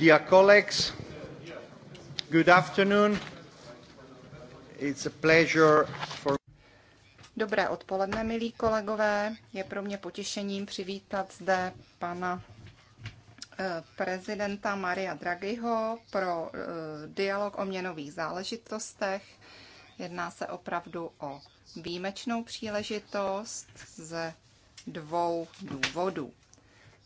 Dear colleagues, good afternoon. It's a pleasure for... Dobré odpoledne, milí kolegové. Je pro mě potěšením přivítat zde pana eh, prezidenta Maria Draghiho pro eh, dialog o měnových záležitostech. Jedná se opravdu o výjimečnou příležitost ze dvou důvodů.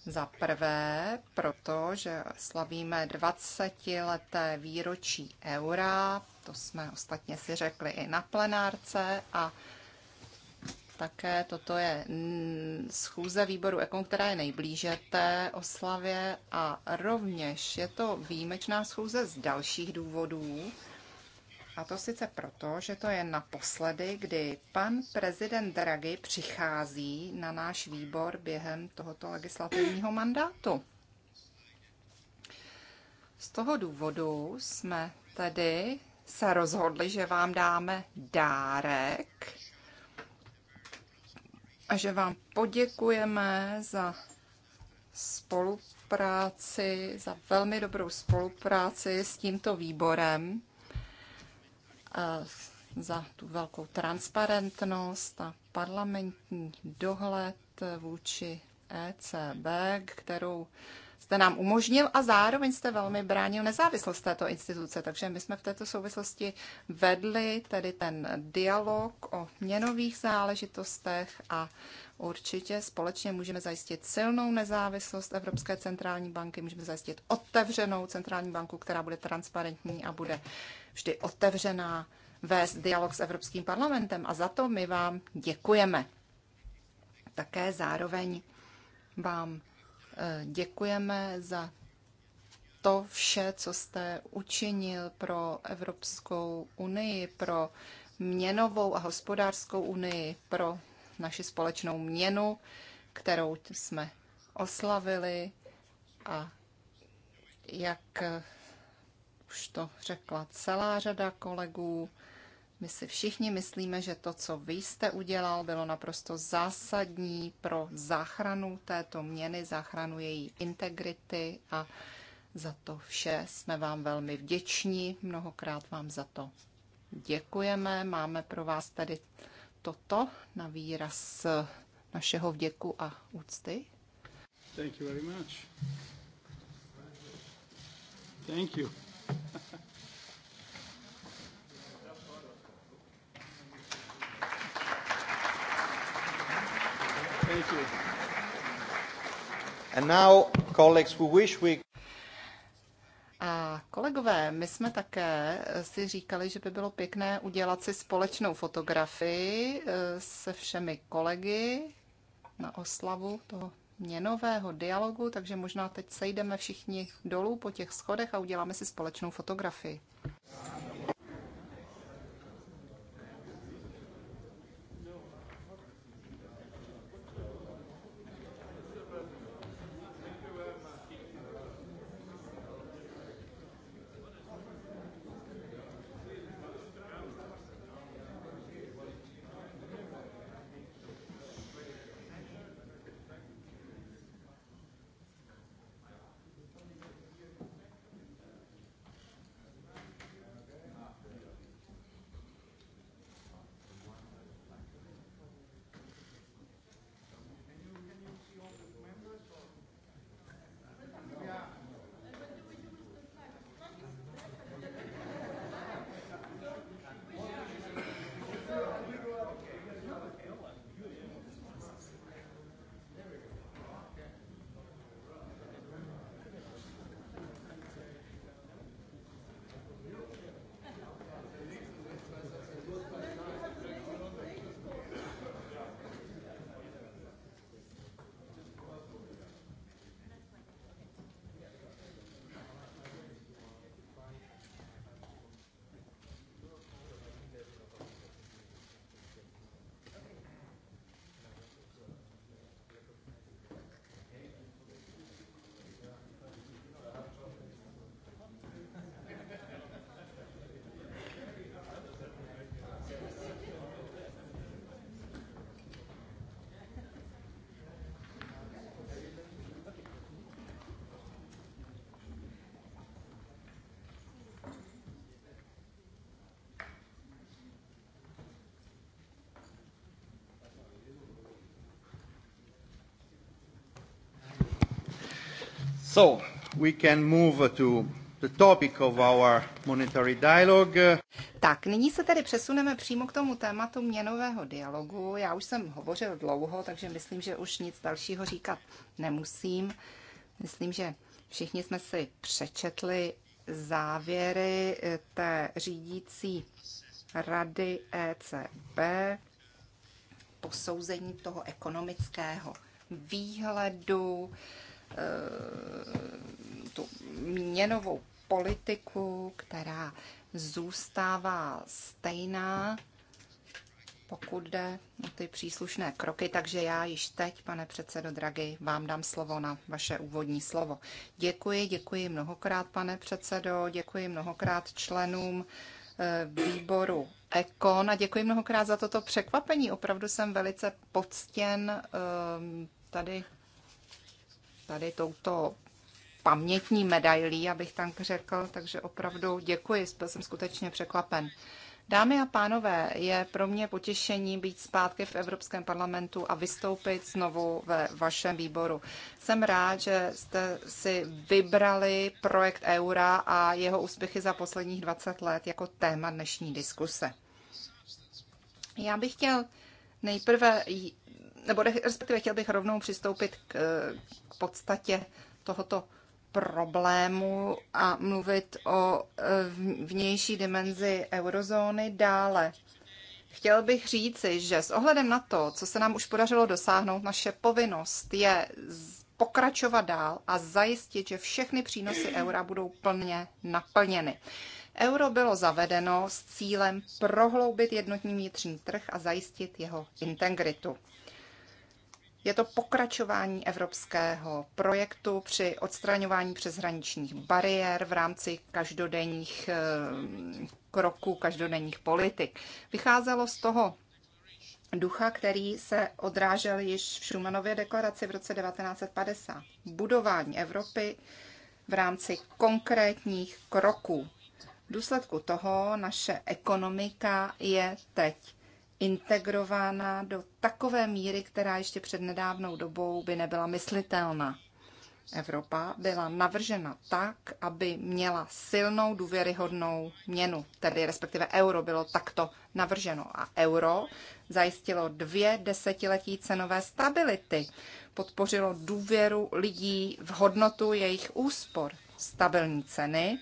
Za prvé, protože slavíme 20. leté výročí eura, to jsme ostatně si řekli i na plenárce a také toto je schůze výboru Ekon, která je nejblíže té oslavě a rovněž je to výjimečná schůze z dalších důvodů, a to sice proto, že to je naposledy, kdy pan prezident Draghi přichází na náš výbor během tohoto legislativního mandátu. Z toho důvodu jsme tedy se rozhodli, že vám dáme dárek a že vám poděkujeme za spolupráci, za velmi dobrou spolupráci s tímto výborem za tu velkou transparentnost a parlamentní dohled vůči ECB, kterou jste nám umožnil a zároveň jste velmi bránil nezávislost této instituce. Takže my jsme v této souvislosti vedli tedy ten dialog o měnových záležitostech a určitě společně můžeme zajistit silnou nezávislost Evropské centrální banky, můžeme zajistit otevřenou centrální banku, která bude transparentní a bude vždy otevřená vést dialog s Evropským parlamentem a za to my vám děkujeme. Také zároveň vám Děkujeme za to vše, co jste učinil pro Evropskou unii, pro měnovou a hospodářskou unii, pro naši společnou měnu, kterou jsme oslavili a jak už to řekla celá řada kolegů, my si všichni myslíme, že to, co vy jste udělal, bylo naprosto zásadní pro záchranu této měny, záchranu její integrity a za to vše jsme vám velmi vděční. Mnohokrát vám za to děkujeme. Máme pro vás tady toto na výraz našeho vděku a úcty. Thank you very much. Thank you. A kolegové, my jsme také si říkali, že by bylo pěkné udělat si společnou fotografii eh, se všemi kolegy na oslavu toho měnového dialogu, takže možná teď sejdeme všichni dolů po těch schodech a uděláme si společnou fotografii. So, we can move to the topic of our monetary dialogue. Tak, nyní se tedy přesuneme přímo k tomu tématu měnového dialogu. Já už jsem hovořil dlouho, takže myslím, že už nic dalšího říkat nemusím. Myslím, že všichni jsme si přečetli závěry eh, té řídící rady ECB, posouzení toho ekonomického výhledu, Eh, tu měnovou politiku, která zůstává stejná, pokud jde o ty příslušné kroky. Takže já již teď, pane předsedo Draghi, vám dám slovo na vaše úvodní slovo. Děkuji, děkuji mnohokrát, pane předsedo, děkuji mnohokrát členům eh, výboru Ekon a děkuji mnohokrát za toto překvapení. Opravdu jsem velice poctěn eh, tady tady touto pamětní medailí, abych tak řekl, takže opravdu děkuji, byl jsem skutečně překvapen. Dámy a pánové, je pro mě potěšení být zpátky v Evropském parlamentu a vystoupit znovu ve vašem výboru. Jsem rád, že jste si vybrali projekt Eura a jeho úspěchy za posledních 20 let jako téma dnešní diskuse. Já bych chtěl nejprve nebo respektive chtěl bych rovnou přistoupit k, eh, k podstatě tohoto problému a mluvit o eh, vnější dimenzi eurozóny dále. Chtěl bych říci, že s ohledem na to, co se nám už podařilo dosáhnout, naše povinnost je pokračovat dál a zajistit, že všechny přínosy eura budou plně naplněny. Euro bylo zavedeno s cílem prohloubit jednotný vnitřní trh a zajistit jeho integritu. Je to pokračování evropského projektu při odstraňování přeshraničních bariér v rámci každodenních eh, kroků, každodenních politik. Vycházelo z toho ducha, který se odrážel již v Schumannově deklaraci v roce 1950. Budování Evropy v rámci konkrétních kroků. V důsledku toho naše ekonomika je teď integrována do takové míry, která ještě před nedávnou dobou by nebyla myslitelná. Evropa byla navržena tak, aby měla silnou důvěryhodnou měnu, tedy respektive euro bylo takto navrženo. A euro zajistilo dvě desetiletí cenové stability, podpořilo důvěru lidí v hodnotu jejich úspor, stabilní ceny,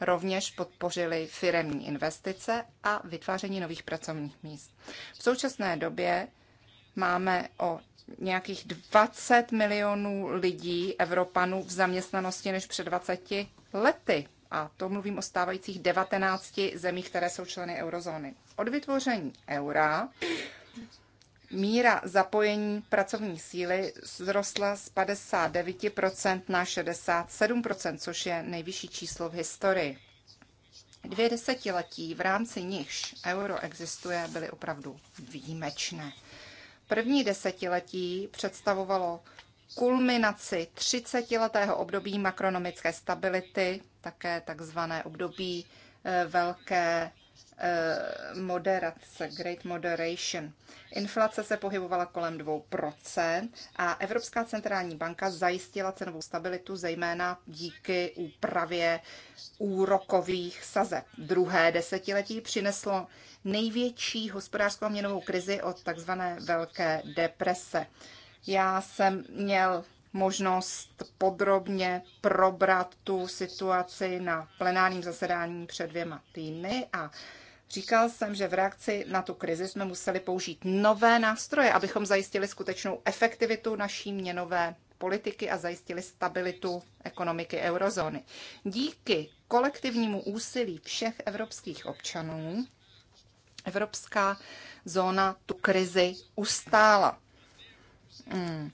rovněž podpořili firemní investice a vytváření nových pracovních míst. V současné době máme o nějakých 20 milionů lidí, Evropanů, v zaměstnanosti než před 20 lety. A to mluvím o stávajících 19 zemích, které jsou členy eurozóny. Od vytvoření eura míra zapojení pracovní síly zrostla z 59% na 67%, což je nejvyšší číslo v historii. Dvě desetiletí, v rámci nichž euro existuje, byly opravdu výjimečné. První desetiletí představovalo kulminaci 30-letého období makronomické stability, také takzvané období eh, velké Eh, moderace, Great Moderation. Inflace se pohybovala kolem 2% a Evropská centrální banka zajistila cenovou stabilitu zejména díky úpravě úrokových sazeb. Druhé desetiletí přineslo největší hospodářskou a měnovou krizi od takzvané Velké deprese. Já jsem měl možnost podrobně probrat tu situaci na plenárním zasedání před dvěma týdny a Říkal jsem, že v reakci na tu krizi jsme museli použít nové nástroje, abychom zajistili skutečnou efektivitu naší měnové politiky a zajistili stabilitu ekonomiky eurozóny. Díky kolektivnímu úsilí všech evropských občanů evropská zóna tu krizi ustála. Hmm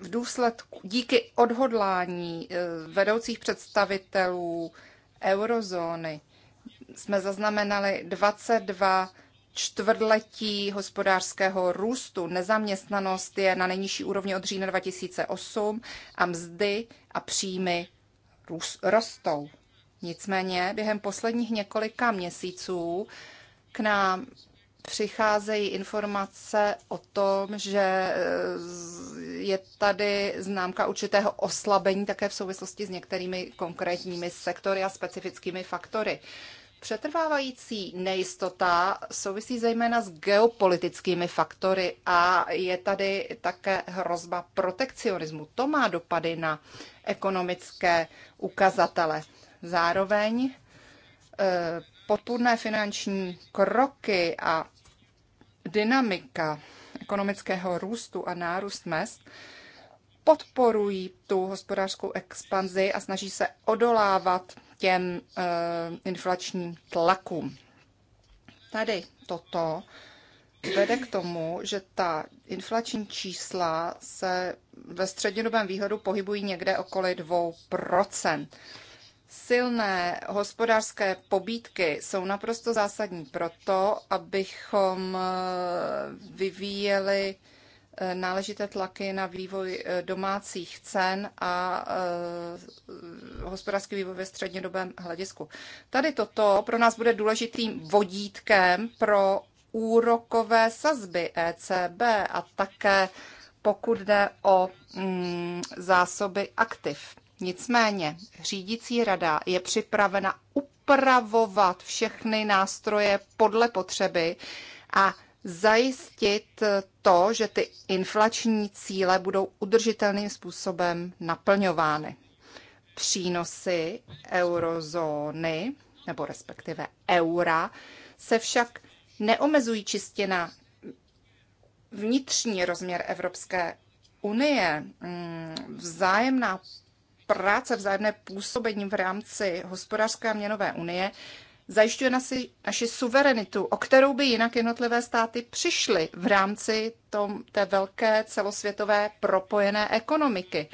v důsledku díky odhodlání eh, vedoucích představitelů eurozóny jsme zaznamenali 22 čtvrtletí hospodářského růstu. Nezaměstnanost je na nejnižší úrovni od října 2008 a mzdy a příjmy rostou. Nicméně během posledních několika měsíců k nám přicházejí informace o tom, že e, je tady známka určitého oslabení také v souvislosti s některými konkrétními sektory a specifickými faktory. Přetrvávající nejistota souvisí zejména s geopolitickými faktory a je tady také hrozba protekcionismu. To má dopady na ekonomické ukazatele. Zároveň e, podpůrné finanční kroky a dynamika ekonomického růstu a nárůst mest podporují tu hospodářskou expanzi a snaží se odolávat těm eh, inflačním tlakům. Tady toto vede k tomu, že ta inflační čísla se ve střednědobém výhledu pohybují někde okolo 2%. Silné hospodářské pobídky jsou naprosto zásadní proto, abychom eh, vyvíjeli Eh, náležité tlaky na vývoj eh, domácích cen a eh, hospodářský vývoj ve střednědobém hledisku. Tady toto pro nás bude důležitým vodítkem pro úrokové sazby ECB a také pokud jde o mm, zásoby aktiv. Nicméně řídící rada je připravena upravovat všechny nástroje podle potřeby a zajistit to, že ty inflační cíle budou udržitelným způsobem naplňovány. Přínosy eurozóny, nebo respektive eura, se však neomezují čistě na vnitřní rozměr Evropské unie. Mm, vzájemná práce, vzájemné působení v rámci hospodářské a měnové unie zajišťuje naši, naši suverenitu, o kterou by jinak jednotlivé státy přišly v rámci tom, té velké celosvětové propojené ekonomiky.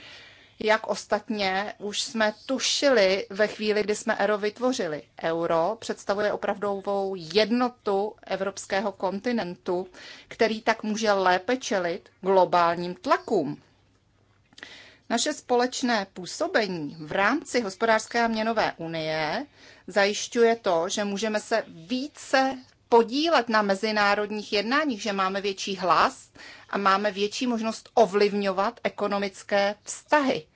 Jak ostatně už jsme tušili ve chvíli, kdy jsme euro vytvořili. Euro představuje opravdovou jednotu evropského kontinentu, který tak může lépe čelit globálním tlakům. Naše společné působení v rámci hospodářské a měnové unie Zajišťuje to, že můžeme se více podílet na mezinárodních jednáních, že máme větší hlas a máme větší možnost ovlivňovat ekonomické vztahy.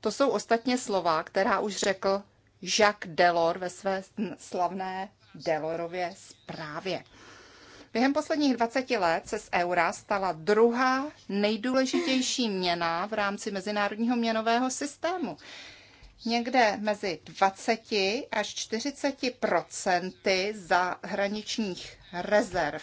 To jsou ostatně slova, která už řekl Jacques Delors ve své slavné Delorově zprávě. Během posledních 20 let se z eura stala druhá nejdůležitější měna v rámci mezinárodního měnového systému někde mezi 20 až 40 procenty zahraničních rezerv,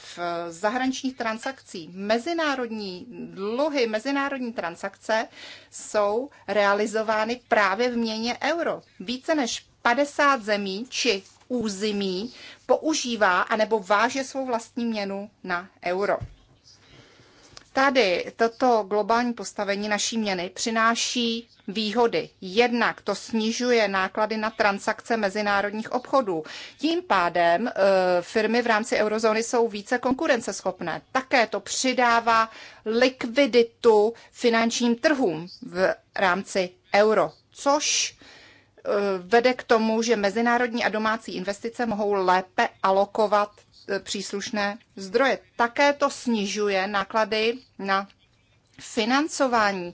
zahraničních transakcí. Mezinárodní dluhy, mezinárodní transakce jsou realizovány právě v měně euro. Více než 50 zemí či území používá anebo váže svou vlastní měnu na euro. Tady toto globální postavení naší měny přináší výhody. Jednak to snižuje náklady na transakce mezinárodních obchodů. Tím pádem e, firmy v rámci eurozóny jsou více konkurenceschopné. Také to přidává likviditu finančním trhům v rámci euro, což e, vede k tomu, že mezinárodní a domácí investice mohou lépe alokovat E, příslušné zdroje. Také to snižuje náklady na financování,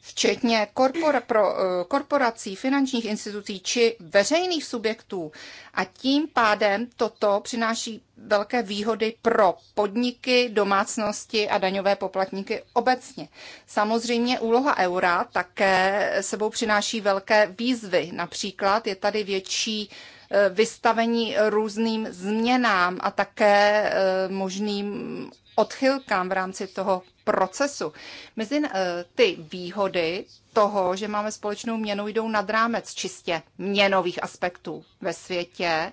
včetně korpora, pro, e, korporací, finančních institucí či veřejných subjektů. A tím pádem toto přináší velké výhody pro podniky, domácnosti a daňové poplatníky obecně. Samozřejmě úloha eura také sebou přináší velké výzvy. Například je tady větší Eh, vystavení různým změnám a také eh, možným odchylkám v rámci toho procesu. Mezi eh, ty výhody toho, že máme společnou měnu, jdou nad rámec čistě měnových aspektů ve světě,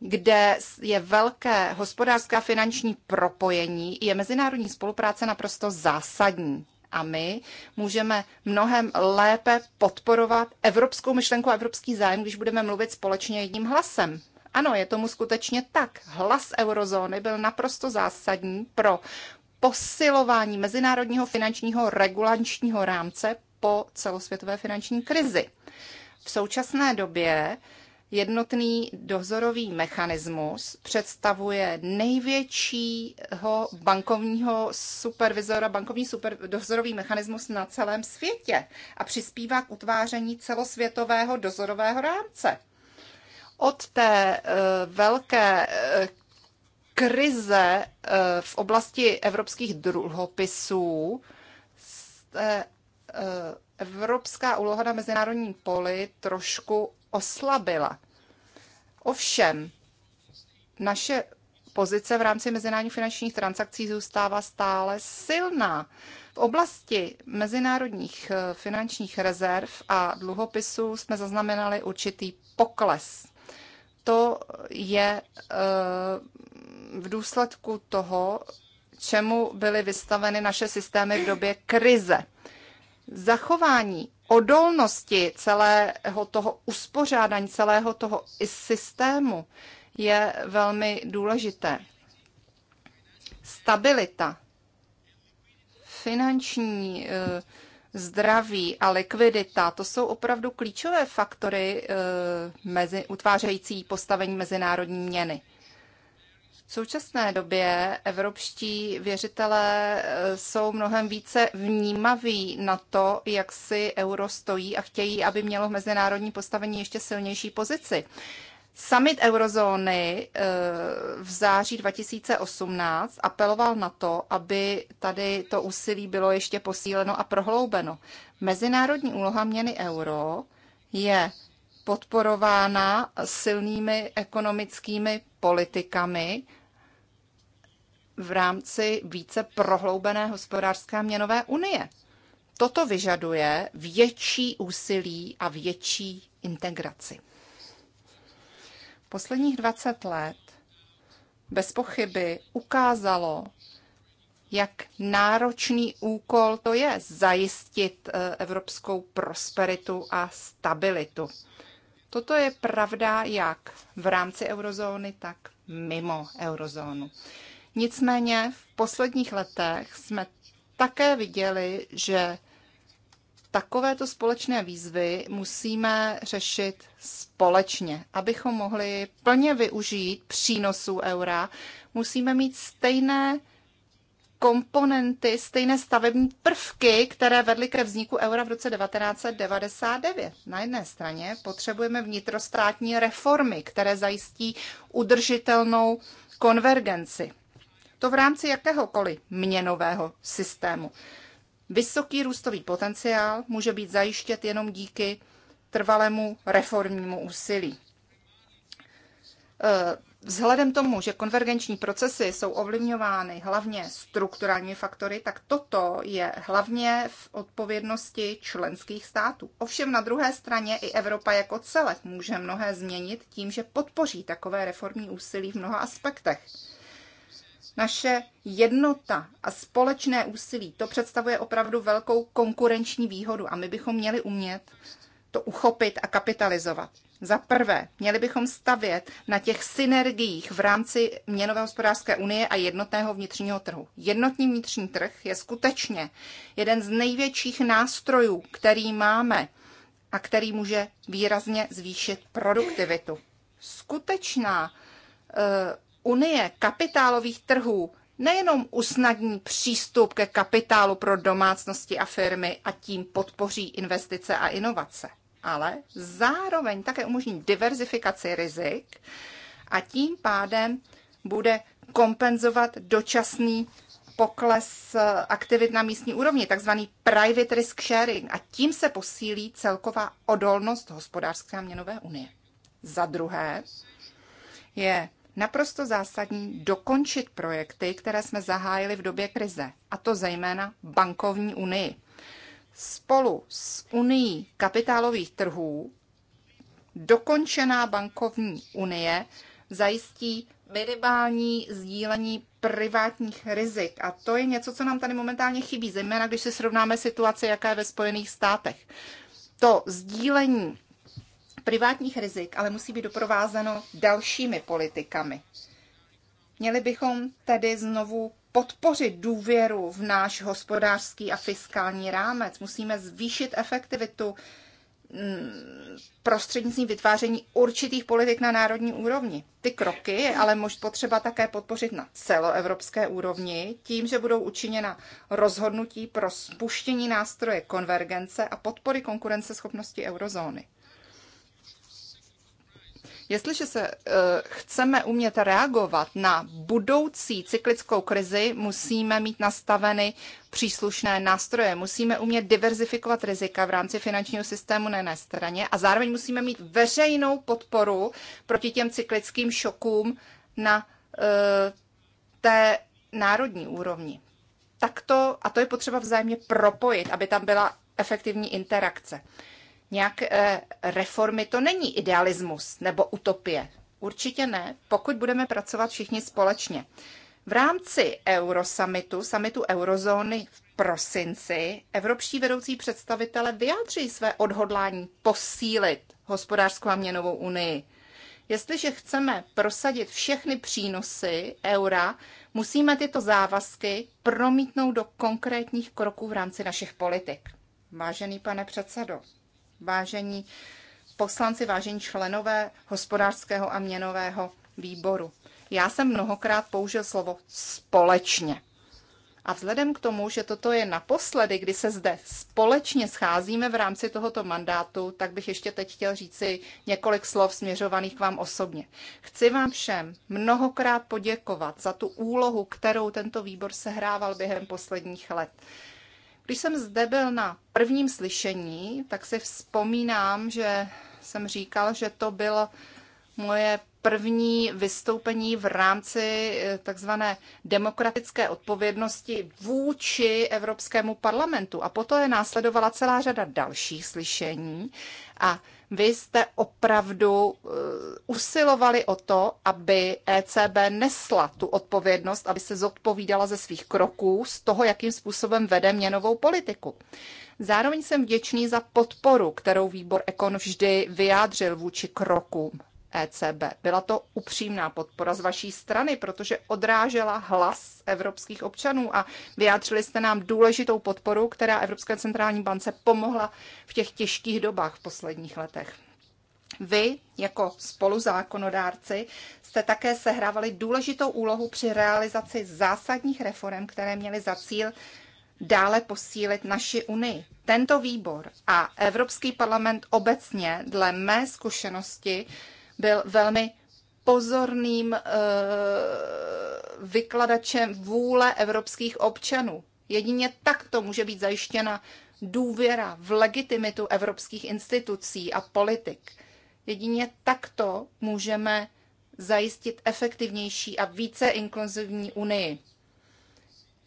kde je velké hospodářské a finanční propojení, je mezinárodní spolupráce naprosto zásadní a my můžeme mnohem lépe podporovat evropskou myšlenku a evropský zájem, když budeme mluvit společně jedním hlasem. Ano, je tomu skutečně tak. Hlas eurozóny byl naprosto zásadní pro posilování mezinárodního finančního regulačního rámce po celosvětové finanční krizi. V současné době jednotný dozorový mechanismus představuje největšího bankovního supervizora, bankovní super, dozorový mechanismus na celém světě a přispívá k utváření celosvětového dozorového rámce. Od té eh, velké eh, krize eh, v oblasti evropských druhopisů Evropská úloha na mezinárodním poli trošku oslabila. Ovšem, naše pozice v rámci mezinárodních finančních transakcí zůstává stále silná. V oblasti mezinárodních eh, finančních rezerv a dluhopisů jsme zaznamenali určitý pokles. To je eh, v důsledku toho, čemu byly vystaveny naše systémy v době krize. Zachování odolnosti celého toho uspořádání, celého toho systému je velmi důležité. Stabilita, finanční eh, zdraví a likvidita, to jsou opravdu klíčové faktory eh, mezi, utvářející postavení mezinárodní měny. V současné době evropští věřitelé eh, jsou mnohem více vnímaví na to, jak si euro stojí a chtějí, aby mělo v mezinárodní postavení ještě silnější pozici. Summit eurozóny eh, v září 2018 apeloval na to, aby tady to úsilí bylo ještě posíleno a prohloubeno. Mezinárodní úloha měny euro je podporována silnými ekonomickými politikami v rámci více prohloubené hospodářské a měnové unie. Toto vyžaduje větší úsilí a větší integraci. Posledních 20 let bez pochyby ukázalo, jak náročný úkol to je zajistit eh, evropskou prosperitu a stabilitu. Toto je pravda jak v rámci eurozóny, tak mimo eurozónu. Nicméně v posledních letech jsme také viděli, že takovéto společné výzvy musíme řešit společně. Abychom mohli plně využít přínosů eura, musíme mít stejné komponenty, stejné stavební prvky, které vedly ke vzniku eura v roce 1999. Na jedné straně potřebujeme vnitrostátní reformy, které zajistí udržitelnou konvergenci. To v rámci jakéhokoliv měnového systému. Vysoký růstový potenciál může být zajištět jenom díky trvalému reformnímu úsilí. E, Vzhledem tomu, že konvergenční procesy jsou ovlivňovány hlavně strukturálními faktory, tak toto je hlavně v odpovědnosti členských států. Ovšem na druhé straně i Evropa jako celek může mnohé změnit tím, že podpoří takové reformní úsilí v mnoha aspektech. Naše jednota a společné úsilí, to představuje opravdu velkou konkurenční výhodu a my bychom měli umět to uchopit a kapitalizovat. Za prvé, měli bychom stavět na těch synergiích v rámci měnové hospodářské unie a jednotného vnitřního trhu. Jednotný vnitřní trh je skutečně jeden z největších nástrojů, který máme a který může výrazně zvýšit produktivitu. Skutečná uh, unie kapitálových trhů nejenom usnadní přístup ke kapitálu pro domácnosti a firmy a tím podpoří investice a inovace ale zároveň také umožní diverzifikaci rizik a tím pádem bude kompenzovat dočasný pokles eh, aktivit na místní úrovni, takzvaný private risk sharing, a tím se posílí celková odolnost hospodářské a měnové unie. Za druhé je naprosto zásadní dokončit projekty, které jsme zahájili v době krize, a to zejména bankovní unii spolu s Unii kapitálových trhů dokončená bankovní unie zajistí minimální sdílení privátních rizik. A to je něco, co nám tady momentálně chybí, zejména když si srovnáme situaci, jaká je ve Spojených státech. To sdílení privátních rizik ale musí být doprovázeno dalšími politikami. Měli bychom tedy znovu podpořit důvěru v náš hospodářský a fiskální rámec. Musíme zvýšit efektivitu mm, prostřednictvím vytváření určitých politik na národní úrovni. Ty kroky je ale možná potřeba také podpořit na celoevropské úrovni tím, že budou učiněna rozhodnutí pro spuštění nástroje konvergence a podpory konkurenceschopnosti eurozóny. Jestliže se uh, chceme umět reagovat na budoucí cyklickou krizi, musíme mít nastaveny příslušné nástroje. Musíme umět diverzifikovat rizika v rámci finančního systému na jedné straně a zároveň musíme mít veřejnou podporu proti těm cyklickým šokům na uh, té národní úrovni. Tak to, a to je potřeba vzájemně propojit, aby tam byla efektivní interakce. Uh, nějak eh, reformy, to není idealismus nebo utopie. Určitě ne, pokud budeme pracovat všichni společně. V rámci Eurosummitu, summitu eurozóny v prosinci, evropští vedoucí představitele vyjádří své odhodlání posílit hospodářskou a měnovou unii. Jestliže chceme prosadit všechny přínosy eura, musíme tyto závazky promítnout do konkrétních kroků v rámci našich politik. Vážený pane předsedo, vážení poslanci, vážení členové hospodářského a měnového výboru. Já jsem mnohokrát použil slovo společně. A vzhledem k tomu, že toto je naposledy, kdy se zde společně scházíme v rámci tohoto mandátu, tak bych ještě teď chtěl říci několik slov směřovaných k vám osobně. Chci vám všem mnohokrát poděkovat za tu úlohu, kterou tento výbor sehrával během posledních let. Když jsem zde byl na prvním slyšení, tak si vzpomínám, že jsem říkal, že to bylo moje první vystoupení v rámci eh, takzvané demokratické odpovědnosti vůči Evropskému parlamentu. A poté je následovala celá řada dalších slyšení a vy jste opravdu eh, usilovali o to, aby ECB nesla tu odpovědnost, aby se zodpovídala ze svých kroků, z toho, jakým způsobem vede měnovou politiku. Zároveň jsem vděčný za podporu, kterou výbor Ekon vždy vyjádřil vůči krokům ECB. Byla to upřímná podpora z vaší strany, protože odrážela hlas evropských občanů a vyjádřili jste nám důležitou podporu, která Evropské centrální bance pomohla v těch těžkých dobách v posledních letech. Vy, jako spoluzákonodárci, jste také sehrávali důležitou úlohu při realizaci zásadních reform, které měly za cíl dále posílit naši unii. Tento výbor a Evropský parlament obecně, dle mé zkušenosti, byl velmi pozorným eh, vykladačem vůle evropských občanů. Jedině takto může být zajištěna důvěra v legitimitu evropských institucí a politik. Jedině takto můžeme zajistit efektivnější a více inkluzivní unii.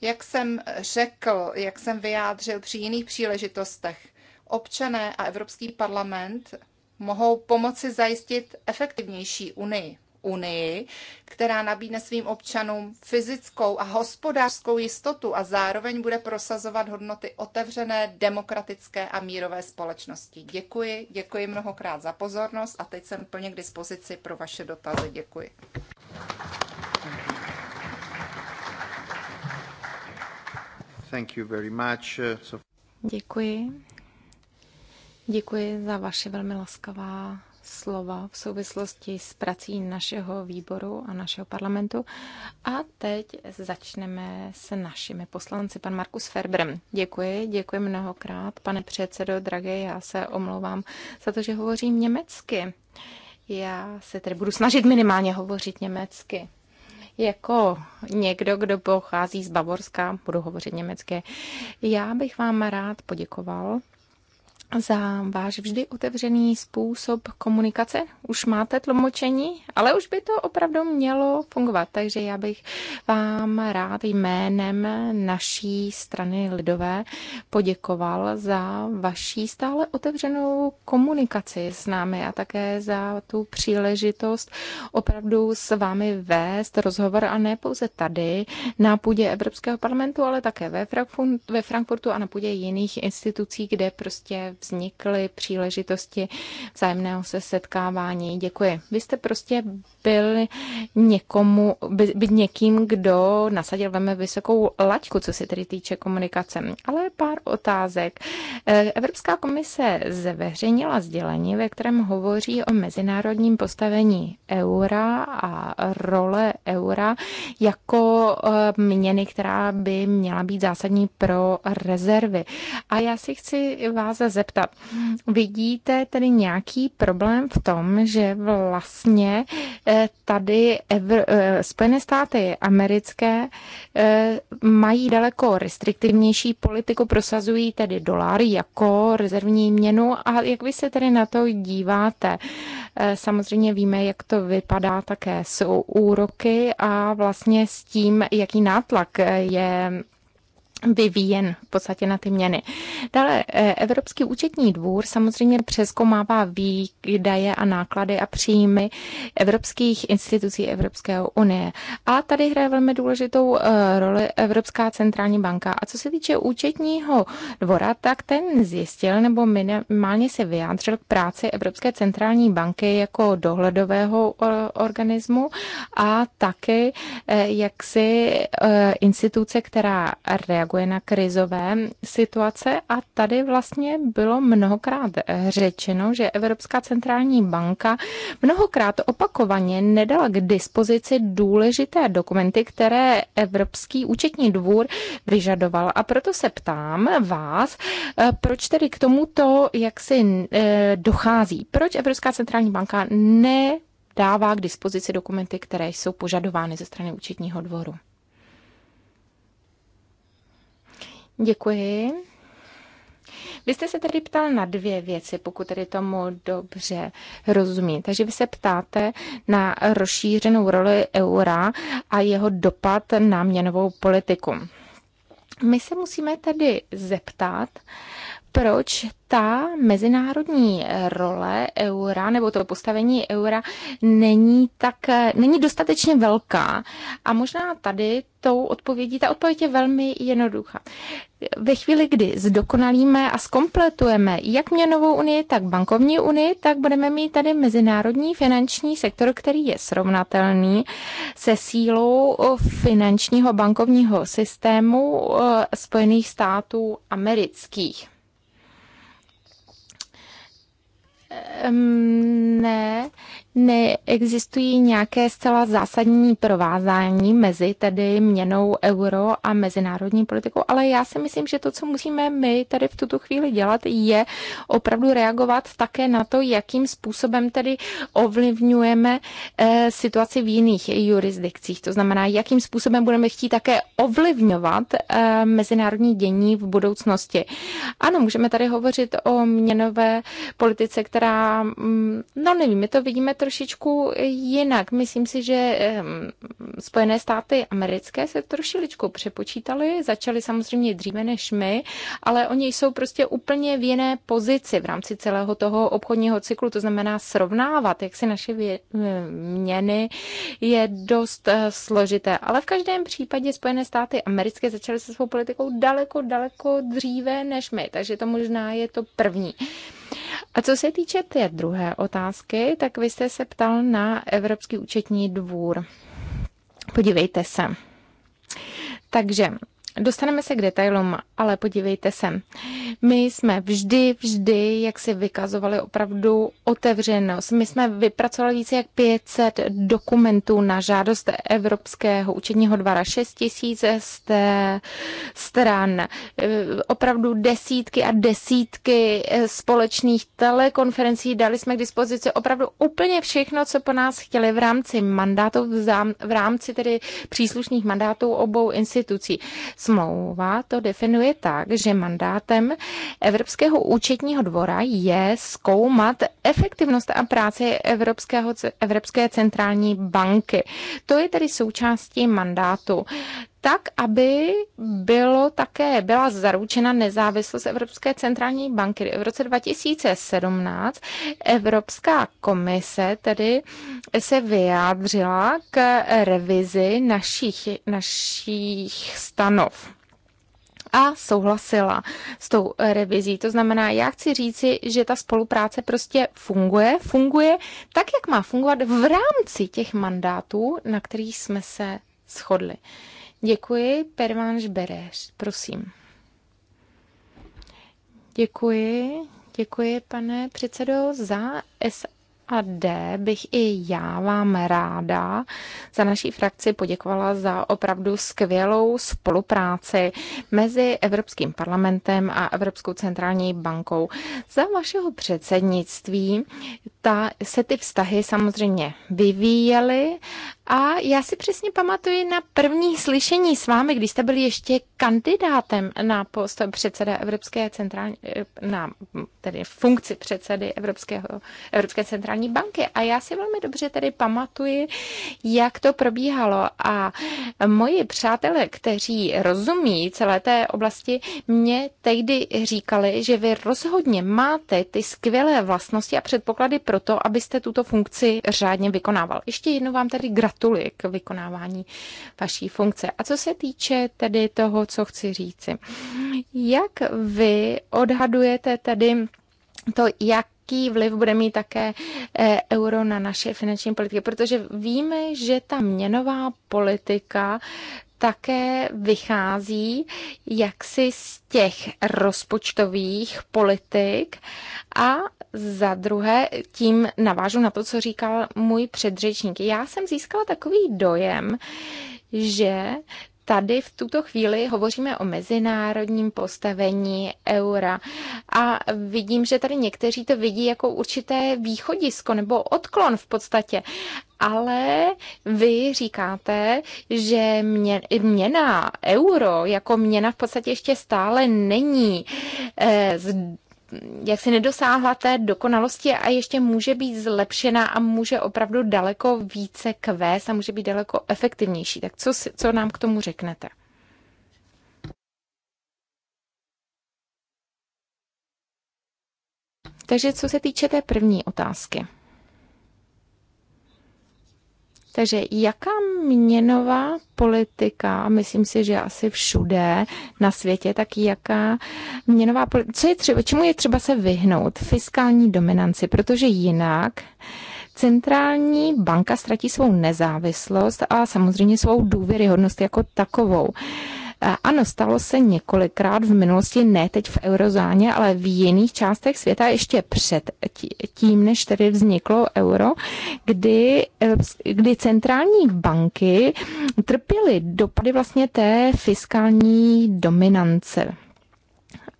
Jak jsem řekl, jak jsem vyjádřil při jiných příležitostech, občané a Evropský parlament mohou pomoci zajistit efektivnější unii. Unii, která nabídne svým občanům fyzickou a hospodářskou jistotu a zároveň bude prosazovat hodnoty otevřené, demokratické a mírové společnosti. Děkuji, děkuji mnohokrát za pozornost a teď jsem plně k dispozici pro vaše dotazy. Děkuji. Thank you very much. Uh, děkuji Děkuji za vaše velmi laskavá slova v souvislosti s prací našeho výboru a našeho parlamentu. A teď začneme s našimi poslanci, pan Markus Ferbrem. Děkuji, děkuji mnohokrát, pane předsedo, drahé, já se omlouvám za to, že hovořím německy. Já se tedy budu snažit minimálně hovořit německy jako někdo, kdo pochází z Bavorska, budu hovořit německy, já bych vám rád poděkoval za váš vždy otevřený způsob komunikace. Už máte tlumočení, ale už by to opravdu mělo fungovat, takže já bych vám rád jménem naší strany Lidové poděkoval za vaší stále otevřenou komunikaci s námi a také za tu příležitost opravdu s vámi vést rozhovor a ne pouze tady na půdě Evropského parlamentu, ale také ve, Frankfurtu a na půdě jiných institucí, kde prostě vznikly příležitosti vzájemného se setkávání. Děkuji. Vy jste prostě byl někomu, by, být někým, kdo nasadil velmi vysokou laťku, co se tedy týče komunikace. Ale pár otázek. Eh, Evropská komise zveřejnila sdělení, ve kterém hovoří o mezinárodním postavení eura a role eura jako eh, měny, která by měla být zásadní pro rezervy. A já si chci vás zeptat, vidíte tedy nějaký problém v tom, že vlastně Eh, tady Evr- eh, Spojené státy americké eh, mají daleko restriktivnější politiku, prosazují tedy dolar jako rezervní měnu a jak vy se tedy na to díváte? Samozřejmě víme, jak to vypadá také s úroky a vlastně s tím, jaký nátlak je vyvíjen v podstatě na ty měny. Dále eh, Evropský účetní dvůr samozřejmě přeskomává výdaje a náklady a příjmy evropských institucí Evropské unie. A tady hraje velmi důležitou eh, roli Evropská centrální banka. A co se týče účetního dvora, tak ten zjistil nebo minimálně se vyjádřil k práci Evropské centrální banky jako dohledového eh, organismu a taky jaksi instituce, která reaguje reaguje na krizové situace a tady vlastně bylo mnohokrát řečeno, že Evropská centrální banka mnohokrát opakovaně nedala k dispozici důležité dokumenty, které Evropský účetní dvůr vyžadoval. A proto se ptám vás, eh, proč tedy k tomuto jak si eh, dochází? Proč Evropská centrální banka ne dává k dispozici dokumenty, které jsou požadovány ze strany účetního dvoru. Děkuji. Vy jste se tedy ptal na dvě věci, pokud tedy tomu dobře rozumím. Takže vy se ptáte na rozšířenou roli eura a jeho dopad na měnovou politiku. My se musíme tedy zeptat, proč ta mezinárodní role eura nebo to postavení eura není tak, není dostatečně velká. A možná tady tou odpovědí, ta odpověď je velmi jednoduchá. Ve chvíli, kdy zdokonalíme a zkompletujeme jak měnovou unii, tak bankovní unii, tak budeme mít tady mezinárodní finanční sektor, který je srovnatelný se sílou finančního bankovního systému eh, Spojených států amerických. ne, neexistují nějaké zcela zásadní provázání mezi tedy měnou euro a mezinárodní politikou, ale já si myslím, že to, co musíme my tady v tuto chvíli dělat, je opravdu reagovat také na to, jakým způsobem tedy ovlivňujeme eh, situaci v jiných jurisdikcích. To znamená, jakým způsobem budeme chtít také ovlivňovat eh, mezinárodní dění v budoucnosti. Ano, můžeme tady hovořit o měnové politice, která, mm, no nevím, my to vidíme trošičku jinak. Myslím si, že Spojené státy americké se trošičku přepočítali, začaly samozřejmě dříve než my, ale oni jsou prostě úplně v jiné pozici v rámci celého toho obchodního cyklu, to znamená srovnávat, jak si naše měny je dost eh, složité. Ale v každém případě Spojené státy americké začaly se svou politikou daleko, daleko dříve než my, takže to možná je to první. A co se týče té druhé otázky, tak vy jste se ptal na Evropský účetní dvůr. Podívejte se. Takže Dostaneme se k detailům, ale podívejte se. My jsme vždy, vždy, jak si vykazovali opravdu otevřenost. My jsme vypracovali více jak 500 dokumentů na žádost Evropského účetního dvara, 6 tisíc stran, opravdu desítky a desítky společných telekonferencí. Dali jsme k dispozici opravdu úplně všechno, co po nás chtěli v rámci mandátu, v rámci tedy příslušných mandátů obou institucí smlouva to definuje tak, že mandátem Evropského účetního dvora je zkoumat efektivnost a práci Evropského, Evropské centrální banky. To je tedy součástí mandátu tak, aby bylo také, byla zaručena nezávislost Evropské centrální banky. V roce 2017 Evropská komise tedy se vyjádřila k revizi našich, našich stanov a souhlasila s tou revizí. To znamená, já chci říci, že ta spolupráce prostě funguje, funguje tak, jak má fungovat v rámci těch mandátů, na kterých jsme se shodli. Děkuji, Pervanš Bereš, prosím. Děkuji, děkuji, pane předsedo, za S a D bych i já vám ráda za naší frakci poděkovala za opravdu skvělou spolupráci mezi Evropským parlamentem a Evropskou centrální bankou. Za vašeho předsednictví ta, se ty vztahy samozřejmě vyvíjely a já si přesně pamatuji na první slyšení s vámi, když jste byli ještě kandidátem na post předseda Evropské centrální, eh, na tedy funkci předsedy Evropského, Evropské centrální banky. A já si velmi dobře tedy pamatuji, jak to probíhalo. A moji přátelé, kteří rozumí celé té oblasti, mě tehdy říkali, že vy rozhodně máte ty skvělé vlastnosti a předpoklady pro to, abyste tuto funkci řádně vykonával. Ještě jednou vám tady gratuluji gratuluji k vykonávání vaší funkce. A co se týče tedy toho, co chci říci, jak vy odhadujete tedy to, jak jaký vliv bude mít také eh, euro na naše finanční politiky, protože víme, že ta měnová politika také vychází jaksi z těch rozpočtových politik a za druhé tím navážu na to, co říkal můj předřečník. Já jsem získala takový dojem, že tady v tuto chvíli hovoříme o mezinárodním postavení eura a vidím, že tady někteří to vidí jako určité východisko nebo odklon v podstatě ale vy říkáte, že mě, měna euro jako měna v podstatě ještě stále není eh, jak si nedosáhla té dokonalosti a ještě může být zlepšena a může opravdu daleko více kvést a může být daleko efektivnější. Tak co, co nám k tomu řeknete? Takže co se týče té první otázky. Takže jaká měnová politika, a myslím si, že asi všude na světě, tak jaká měnová politika, co je třeba, čemu je třeba se vyhnout? Fiskální dominanci, protože jinak centrální banka ztratí svou nezávislost a samozřejmě svou důvěryhodnost jako takovou. Eh, ano, stalo se několikrát v minulosti, ne teď v eurozóně, ale v jiných částech světa ještě před tím, než tedy vzniklo euro, kdy, eh, kdy centrální banky trpěly dopady vlastně té fiskální dominance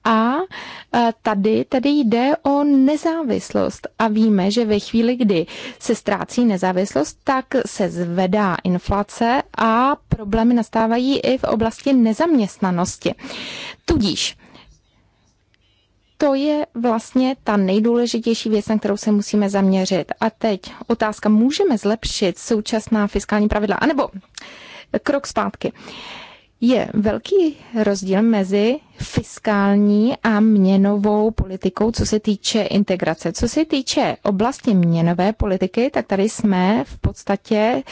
a e, tady tady jde o nezávislost a víme, že ve chvíli, kdy se ztrácí nezávislost, tak se zvedá inflace a problémy nastávají i v oblasti nezaměstnanosti. Tudíž to je vlastně ta nejdůležitější věc, na kterou se musíme zaměřit. A teď otázka, můžeme zlepšit současná fiskální pravidla? A nebo krok zpátky. Uh, je velký rozdíl mezi fiskální a měnovou politikou, co se týče integrace. Co se týče oblasti měnové politiky, tak tady jsme v podstatě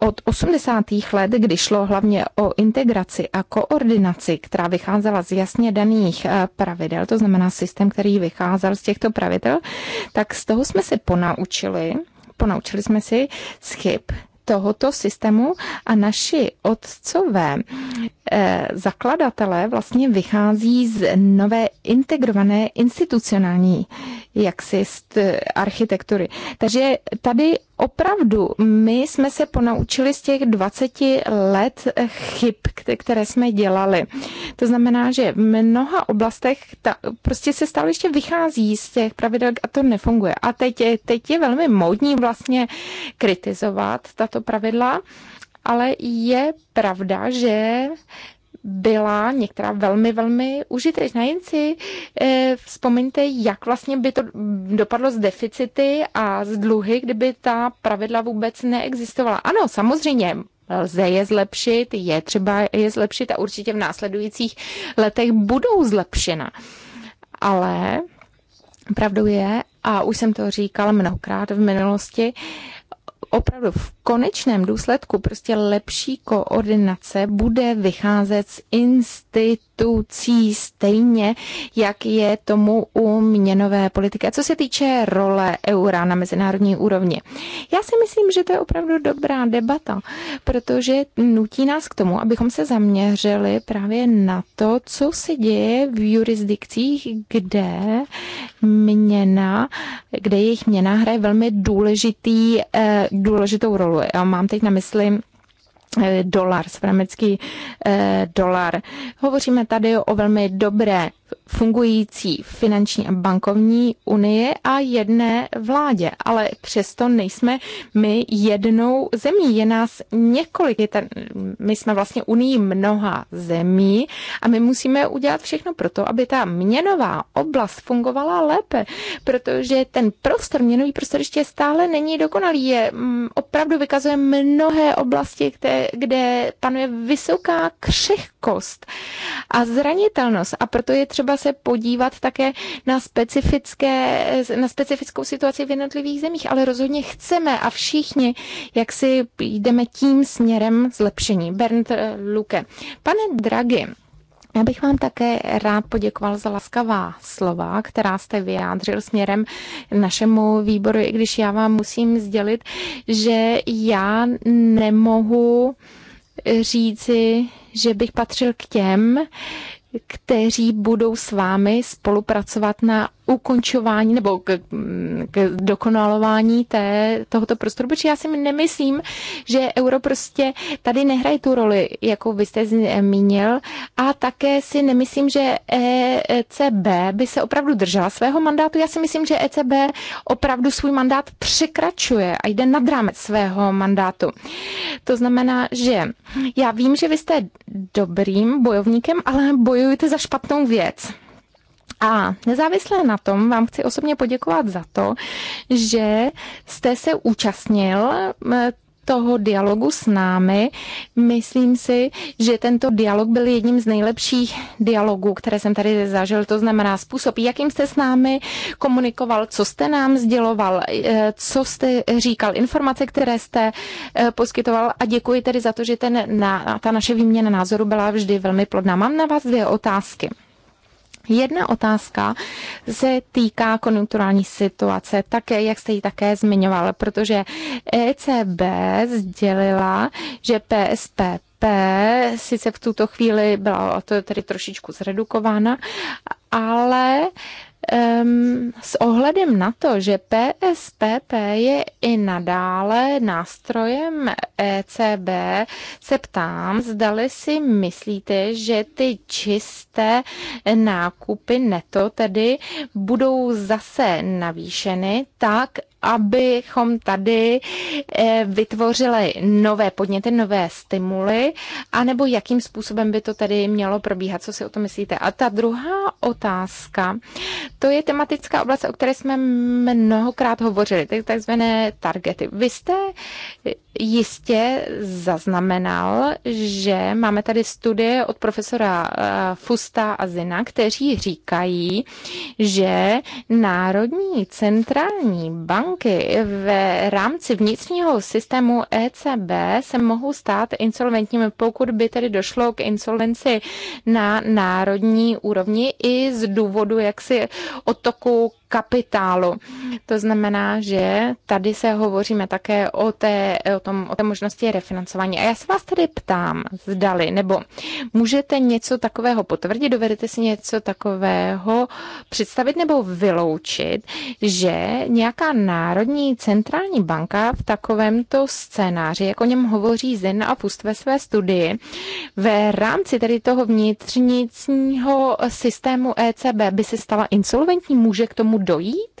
od 80. let, kdy šlo hlavně o integraci a koordinaci, která vycházela z jasně daných eh, pravidel, to znamená systém, který vycházel z těchto pravidel, tak z toho jsme se ponaučili, ponaučili jsme si z chyb, tohoto systému a naši otcové eh, zakladatelé vlastně vychází z nové integrované institucionální jaksi architektury. Takže tady opravdu my jsme se ponaučili z těch 20 let chyb, které jsme dělali. To znamená, že v mnoha oblastech ta, prostě se stále ještě vychází z těch pravidel a to nefunguje. A teď je, teď je velmi módní vlastně kritizovat tato pravidla, ale je pravda, že byla některá velmi, velmi užitečná. Jen si eh, vzpomeňte, jak vlastně by to dopadlo z deficity a z dluhy, kdyby ta pravidla vůbec neexistovala. Ano, samozřejmě, lze je zlepšit, je třeba je zlepšit a určitě v následujících letech budou zlepšena. Ale pravdou je, a už jsem to říkala mnohokrát v minulosti, opravdu v konečném důsledku prostě lepší koordinace bude vycházet z institucí stejně, jak je tomu u měnové politiky. A co se týče role eura na mezinárodní úrovni, já si myslím, že to je opravdu dobrá debata, protože nutí nás k tomu, abychom se zaměřili právě na to, co se děje v jurisdikcích, kde měna, kde jejich měna hraje velmi důležitý, eh, důležitou roli já mám teď na mysli Eh, dolar, svramecký eh, dolar. Hovoříme tady o velmi dobré fungující finanční a bankovní unie a jedné vládě, ale přesto nejsme my jednou zemí, je nás několik, je ten, my jsme vlastně unii mnoha zemí a my musíme udělat všechno pro to, aby ta měnová oblast fungovala lépe, protože ten prostor, měnový prostor ještě stále není dokonalý, je, mm, opravdu vykazuje mnohé oblasti, které kde panuje vysoká křehkost a zranitelnost. A proto je třeba se podívat také na, specifické, na specifickou situaci v jednotlivých zemích. Ale rozhodně chceme a všichni, jak si jdeme tím směrem zlepšení. Bernd eh, Luke. Pane Draghi, já bych vám také rád poděkoval za laskavá slova, která jste vyjádřil směrem našemu výboru, i když já vám musím sdělit, že já nemohu říci, že bych patřil k těm, kteří budou s vámi spolupracovat na ukončování nebo k, k dokonalování té, tohoto prostoru, protože já si nemyslím, že euro prostě tady nehraje tu roli, jakou vy jste zmínil a také si nemyslím, že ECB by se opravdu držela svého mandátu. Já si myslím, že ECB opravdu svůj mandát překračuje a jde nad rámec svého mandátu. To znamená, že já vím, že vy jste dobrým bojovníkem, ale bojujete za špatnou věc. A nezávisle na tom vám chci osobně poděkovat za to, že jste se účastnil toho dialogu s námi. Myslím si, že tento dialog byl jedním z nejlepších dialogů, které jsem tady zažil. To znamená způsob, jakým jste s námi komunikoval, co jste nám sděloval, e, co jste říkal, informace, které jste e, poskytoval. A děkuji tedy za to, že ten, na, ta naše výměna názoru byla vždy velmi plodná. Mám na vás dvě otázky. Jedna otázka se týká konjunkturální situace, také jak jste ji také zmiňoval, protože ECB sdělila, že PSPP sice v tuto chvíli byla to tedy trošičku zredukována, ale um, s ohledem na to, že PSPP je i nadále nástrojem ECB, se ptám, zdali si myslíte, že ty čisté nákupy neto tedy budou zase navýšeny tak, abychom tady eh, vytvořili nové podněty, nové stimuly, anebo jakým způsobem by to tady mělo probíhat, co si o to myslíte. A ta druhá otázka, to je tematická oblast, o které jsme mnohokrát hovořili, takzvané targety. Vy jste jistě zaznamenal, že máme tady studie od profesora eh, Fusta a Zina, kteří říkají, že národní centrální banky v rámci vnitřního systému ECB se mohou stát insolventními, pokud by tedy došlo k insolvenci na národní úrovni i z důvodu jaksi otoku kapitálu. To znamená, že tady se hovoříme také o té o tom, o té možnosti refinancování. A já se vás tedy ptám, zdali, nebo můžete něco takového potvrdit, dovedete si něco takového představit nebo vyloučit, že nějaká národní centrální banka v takovémto scénáři, jak o něm hovoří Zen a Pust ve své studii, ve rámci tedy toho vnitřnícního systému ECB by se stala insolventní, může k tomu dojít?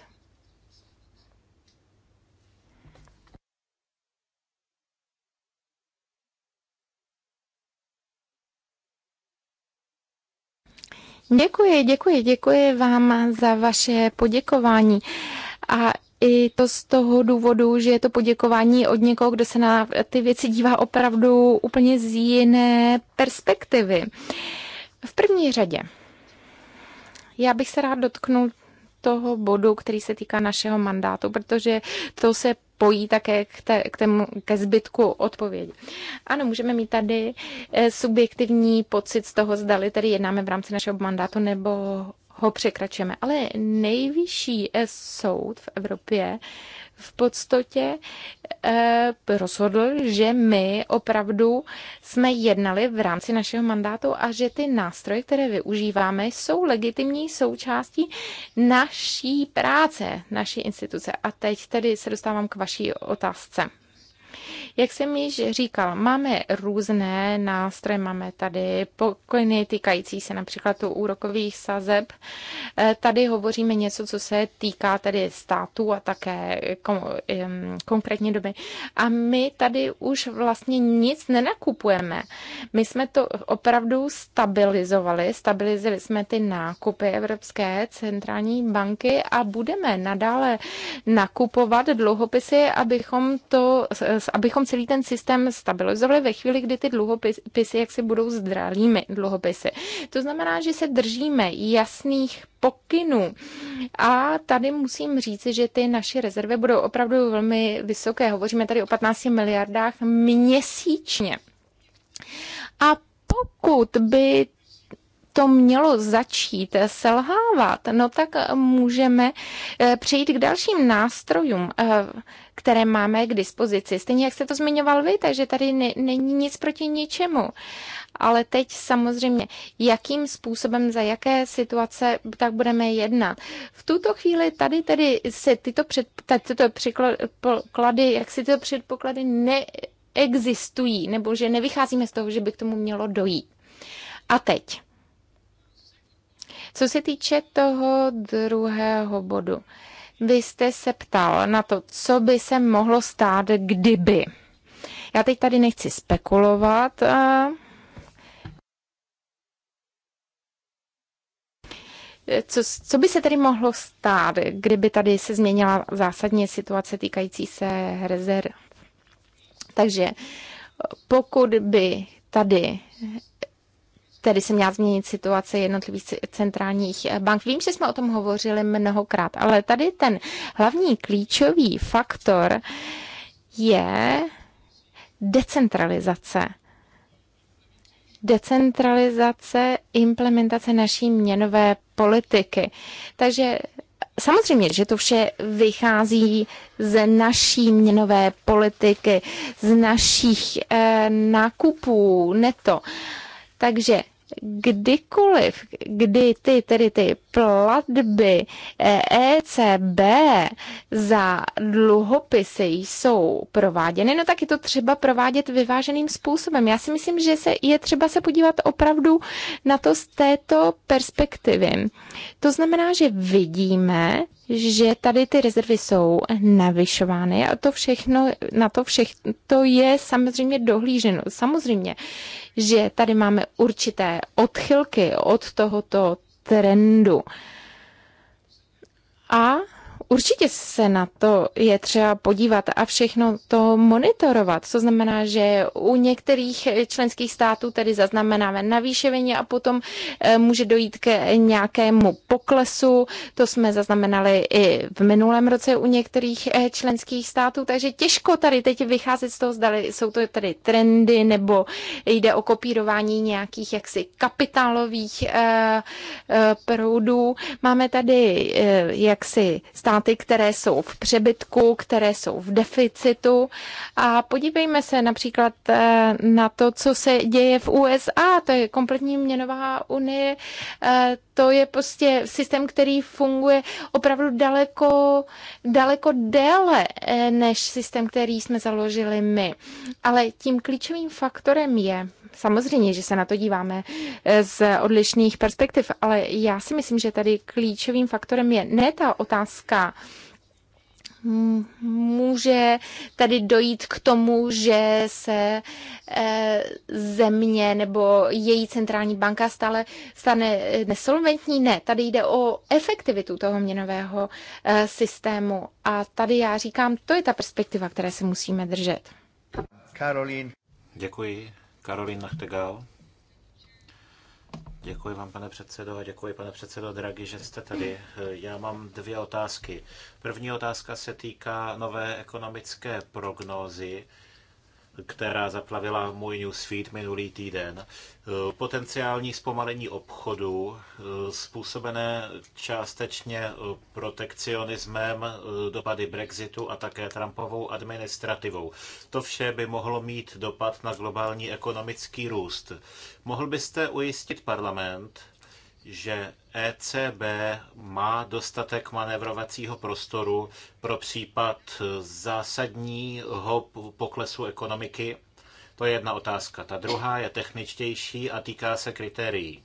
Děkuji, děkuji, děkuji vám za vaše poděkování. A i to z toho důvodu, že je to poděkování od někoho, kdo se na ty věci dívá opravdu úplně z jiné perspektivy. V první řadě, já bych se rád dotknul toho bodu, který se týká našeho mandátu, protože to se pojí také k, te, k tému, ke zbytku odpovědi. Ano, můžeme mít tady eh, subjektivní pocit z toho, zdali tedy jednáme v rámci našeho mandátu nebo ho překračujeme. Ale nejvyšší eh, soud v Evropě v podstatě eh, rozhodl, že my opravdu jsme jednali v rámci našeho mandátu a že ty nástroje, které využíváme, jsou legitimní součástí naší práce, naší instituce. A teď tedy se dostávám k vaší otázce. Jak jsem již říkala, máme různé nástroje, máme tady pokojny týkající se například tu úrokových sazeb. Eh, tady hovoříme něco, co se týká tedy států a také konkrétní doby. A my tady už vlastně nic nenakupujeme. My jsme to opravdu stabilizovali, stabilizovali jsme ty nákupy Evropské centrální banky a budeme nadále nakupovat dluhopisy, abychom to abychom celý ten systém stabilizovali ve chvíli, kdy ty dluhopisy jak budou zdralými dluhopisy. To znamená, že se držíme jasných pokynů. A tady musím říci, že ty naše rezervy budou opravdu velmi vysoké. Hovoříme tady o 15 miliardách měsíčně. A pokud by to mělo začít selhávat, no tak můžeme eh, přejít k dalším nástrojům eh, které máme k dispozici. Stejně jak jste to zmiňoval vy, takže tady ne, není nic proti ničemu. Ale teď samozřejmě, jakým způsobem, za jaké situace tak budeme jednat. V tuto chvíli tady tedy se tyto, před, tyto předpoklady, jak si tyto předpoklady neexistují, nebo že nevycházíme z toho, že by k tomu mělo dojít. A teď. Co se týče toho druhého bodu, vy jste se ptal na to, co by se mohlo stát, kdyby. Já teď tady nechci spekulovat. Co, co by se tedy mohlo stát, kdyby tady se změnila zásadně situace týkající se rezerv? Takže pokud by tady tedy se měla změnit situace jednotlivých centrálních eh, bank. Vím, že jsme o tom hovořili mnohokrát, ale tady ten hlavní klíčový faktor je decentralizace decentralizace implementace naší měnové politiky. Takže samozřejmě, že to vše vychází z naší měnové politiky, z našich eh, nákupů neto. Takže kdykoliv, kdy ty, tedy ty platby ECB eh, e za dluhopisy jsou prováděny, no tak je to třeba provádět vyváženým způsobem. Já si myslím, že se, je třeba se podívat opravdu na to z této perspektivy. To znamená, že vidíme, že tady ty rezervy jsou navyšovány a to všechno, na to všechno to je samozřejmě dohlíženo. Samozřejmě, že tady máme určité odchylky od tohoto trendu. A Určitě se na to je třeba podívat a všechno to monitorovat. Co znamená, že u některých členských států tedy zaznamenáme navýšení a potom eh, může dojít k nějakému poklesu. To jsme zaznamenali i v minulém roce u některých eh, členských států, takže těžko tady teď vycházet z toho, zdali jsou to tady trendy nebo jde o kopírování nějakých jaksi kapitálových eh, proudů. Máme tady jaksi stát státy, které jsou v přebytku, které jsou v deficitu. A podívejme se například eh, na to, co se děje v USA. To je kompletní měnová unie. Eh, to je prostě systém, který funguje opravdu daleko, daleko déle eh, než systém, který jsme založili my. Ale tím klíčovým faktorem je Samozřejmě, že se na to díváme eh, z odlišných perspektiv, ale já si myslím, že tady klíčovým faktorem je ne ta otázka, může tady dojít k tomu, že se eh, země nebo její centrální banka stále stane eh, nesolventní. Ne, tady jde o efektivitu toho měnového systému. A tady já říkám, to je ta perspektiva, které se musíme držet. Karolín. Děkuji. Karolín Nachtegal. Děkuji vám, pane předsedo, a děkuji, pane předsedo Dragi, že jste tady. Já mám dvě otázky. První otázka se týká nové ekonomické prognózy která zaplavila můj newsfeed minulý týden. Potenciální zpomalení obchodu eh, způsobené částečně eh, protekcionismem, eh, dopady Brexitu a také Trumpovou administrativou. To vše by mohlo mít dopad na globální ekonomický růst. Mohl byste ujistit parlament, že ECB má dostatek manévrovacího prostoru pro případ zásadního poklesu ekonomiky? To je jedna otázka. Ta druhá je techničtější a týká se kritérií.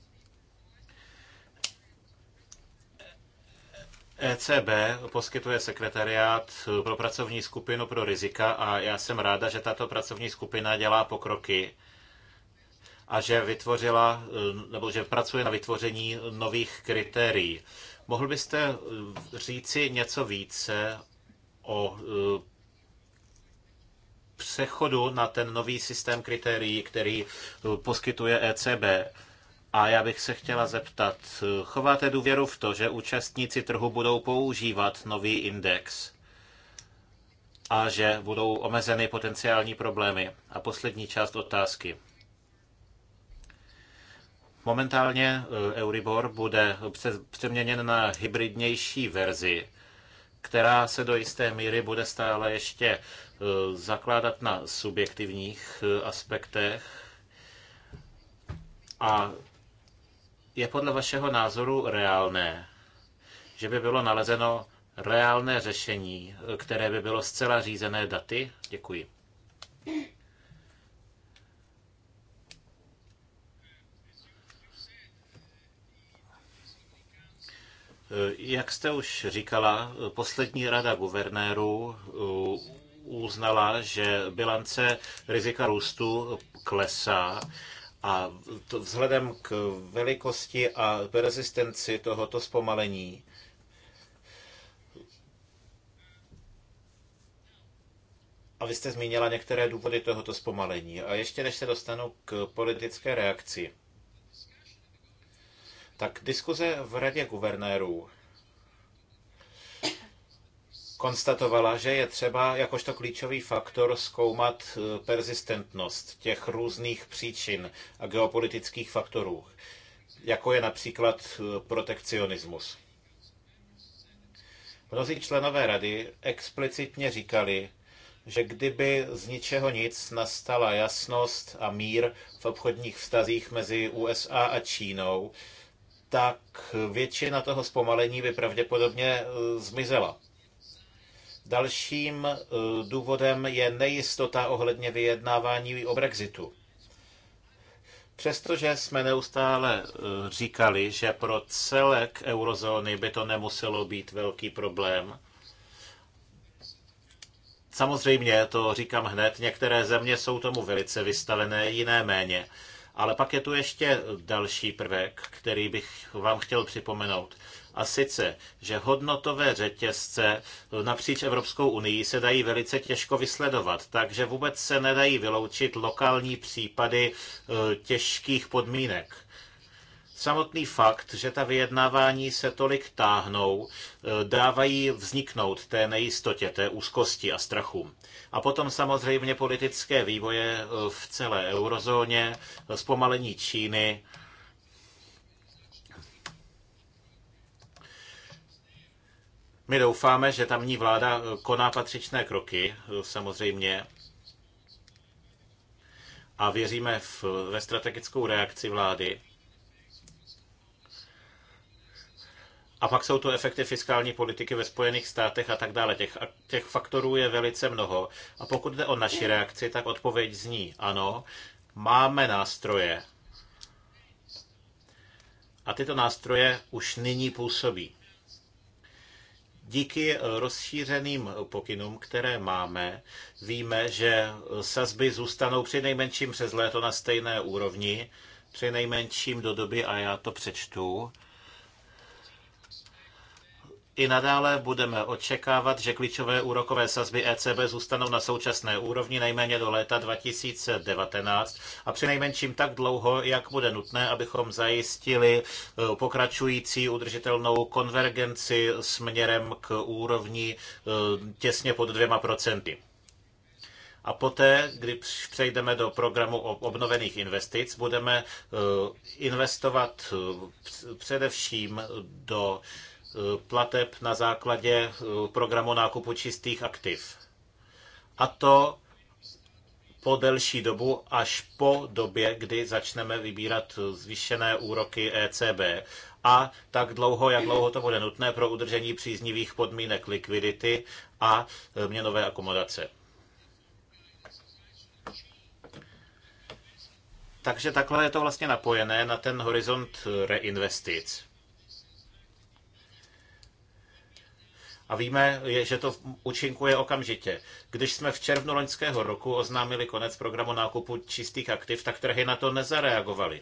ECB poskytuje sekretariát pro pracovní skupinu pro rizika a já jsem ráda, že tato pracovní skupina dělá pokroky a že vytvořila, eh, nebo že pracuje na vytvoření nových kritérií. Mohl byste eh, říci něco více o eh, přechodu na ten nový systém kritérií, který poskytuje ECB? A já bych se chtěla zeptat, chováte důvěru v to, že účastníci trhu budou používat nový index a že budou omezeny potenciální problémy? A poslední část otázky. Momentálně eh, Euribor bude přeměněn na hybridnější verzi, která se do jisté míry bude stále ještě eh, zakládat na subjektivních eh, aspektech. A je podle vašeho názoru reálné, že by bylo nalezeno reálné řešení, které by bylo zcela řízené daty? Děkuji. Jak jste už říkala, poslední rada guvernérů uh, uznala, že bilance rizika růstu klesá. A to vzhledem k velikosti a rezistenci tohoto zpomalení, A vy jste zmínila některé důvody tohoto zpomalení. A ještě než se dostanu k politické reakci, tak diskuze v Radě guvernérů konstatovala, že je třeba jakožto klíčový faktor zkoumat eh, persistentnost těch různých příčin a geopolitických faktorů, jako je například eh, protekcionismus. Mnozí členové rady explicitně říkali, že kdyby z ničeho nic nastala jasnost a mír v obchodních vztazích mezi USA a Čínou, tak většina toho zpomalení by pravděpodobně eh, zmizela. Dalším eh, důvodem je nejistota ohledně vyjednávání o Brexitu. Přestože jsme neustále eh, říkali, že pro celek eurozóny by to nemuselo být velký problém, Samozřejmě, to říkám hned, některé země jsou tomu velice vystavené, jiné méně. Ale pak je tu ještě další prvek, který bych vám chtěl připomenout. A sice, že hodnotové řetězce napříč Evropskou unii se dají velice těžko vysledovat, takže vůbec se nedají vyloučit lokální případy eh, těžkých podmínek. Samotný fakt, že ta vyjednávání se tolik táhnou, eh, dávají vzniknout té nejistotě, té úzkosti a strachu. A potom samozřejmě politické vývoje eh, v celé eurozóně, eh, zpomalení Číny, My doufáme, že tamní vláda koná patřičné kroky, samozřejmě. A věříme v, ve strategickou reakci vlády. A pak jsou to efekty fiskální politiky ve Spojených státech a tak dále. Těch, těch faktorů je velice mnoho. A pokud jde o naši reakci, tak odpověď zní ano, máme nástroje. A tyto nástroje už nyní působí. Díky rozšířeným pokynům, které máme, víme, že sazby zůstanou při nejmenším přes léto na stejné úrovni, při nejmenším do doby, a já to přečtu, i nadále budeme očekávat, že klíčové úrokové sazby ECB zůstanou na současné úrovni nejméně do léta 2019 a přinejmenším tak dlouho, jak bude nutné, abychom zajistili eh, pokračující udržitelnou konvergenci směrem k úrovni eh, těsně pod dvěma procenty. A poté, když přejdeme do programu obnovených investic, budeme eh, investovat především do Eh, plateb na základě eh, programu nákupu čistých aktiv. A to po delší dobu až po době, kdy začneme vybírat eh, zvýšené úroky ECB a tak dlouho, jak dlouho to bude nutné pro udržení příznivých podmínek likvidity a měnové akomodace. Takže takhle je to vlastně napojené na ten horizont reinvestic. A víme, že to účinkuje okamžitě. Když jsme v červnu loňského roku oznámili konec programu nákupu čistých aktiv, tak trhy na to nezareagovaly.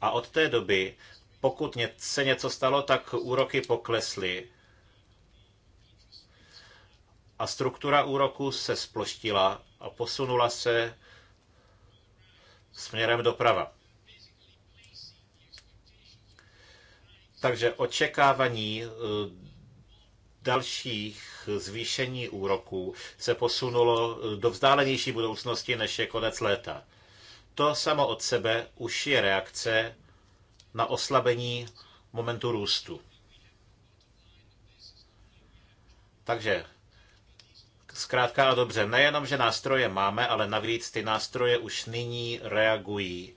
A od té doby, pokud se něco stalo, tak úroky poklesly. A struktura úroku se sploštila a posunula se směrem doprava. Takže očekávání eh, dalších zvýšení úroků se posunulo eh, do vzdálenější budoucnosti, než je konec léta. To samo od sebe už je reakce na oslabení momentu růstu. Takže zkrátka a dobře, nejenom, že nástroje máme, ale navíc ty nástroje už nyní reagují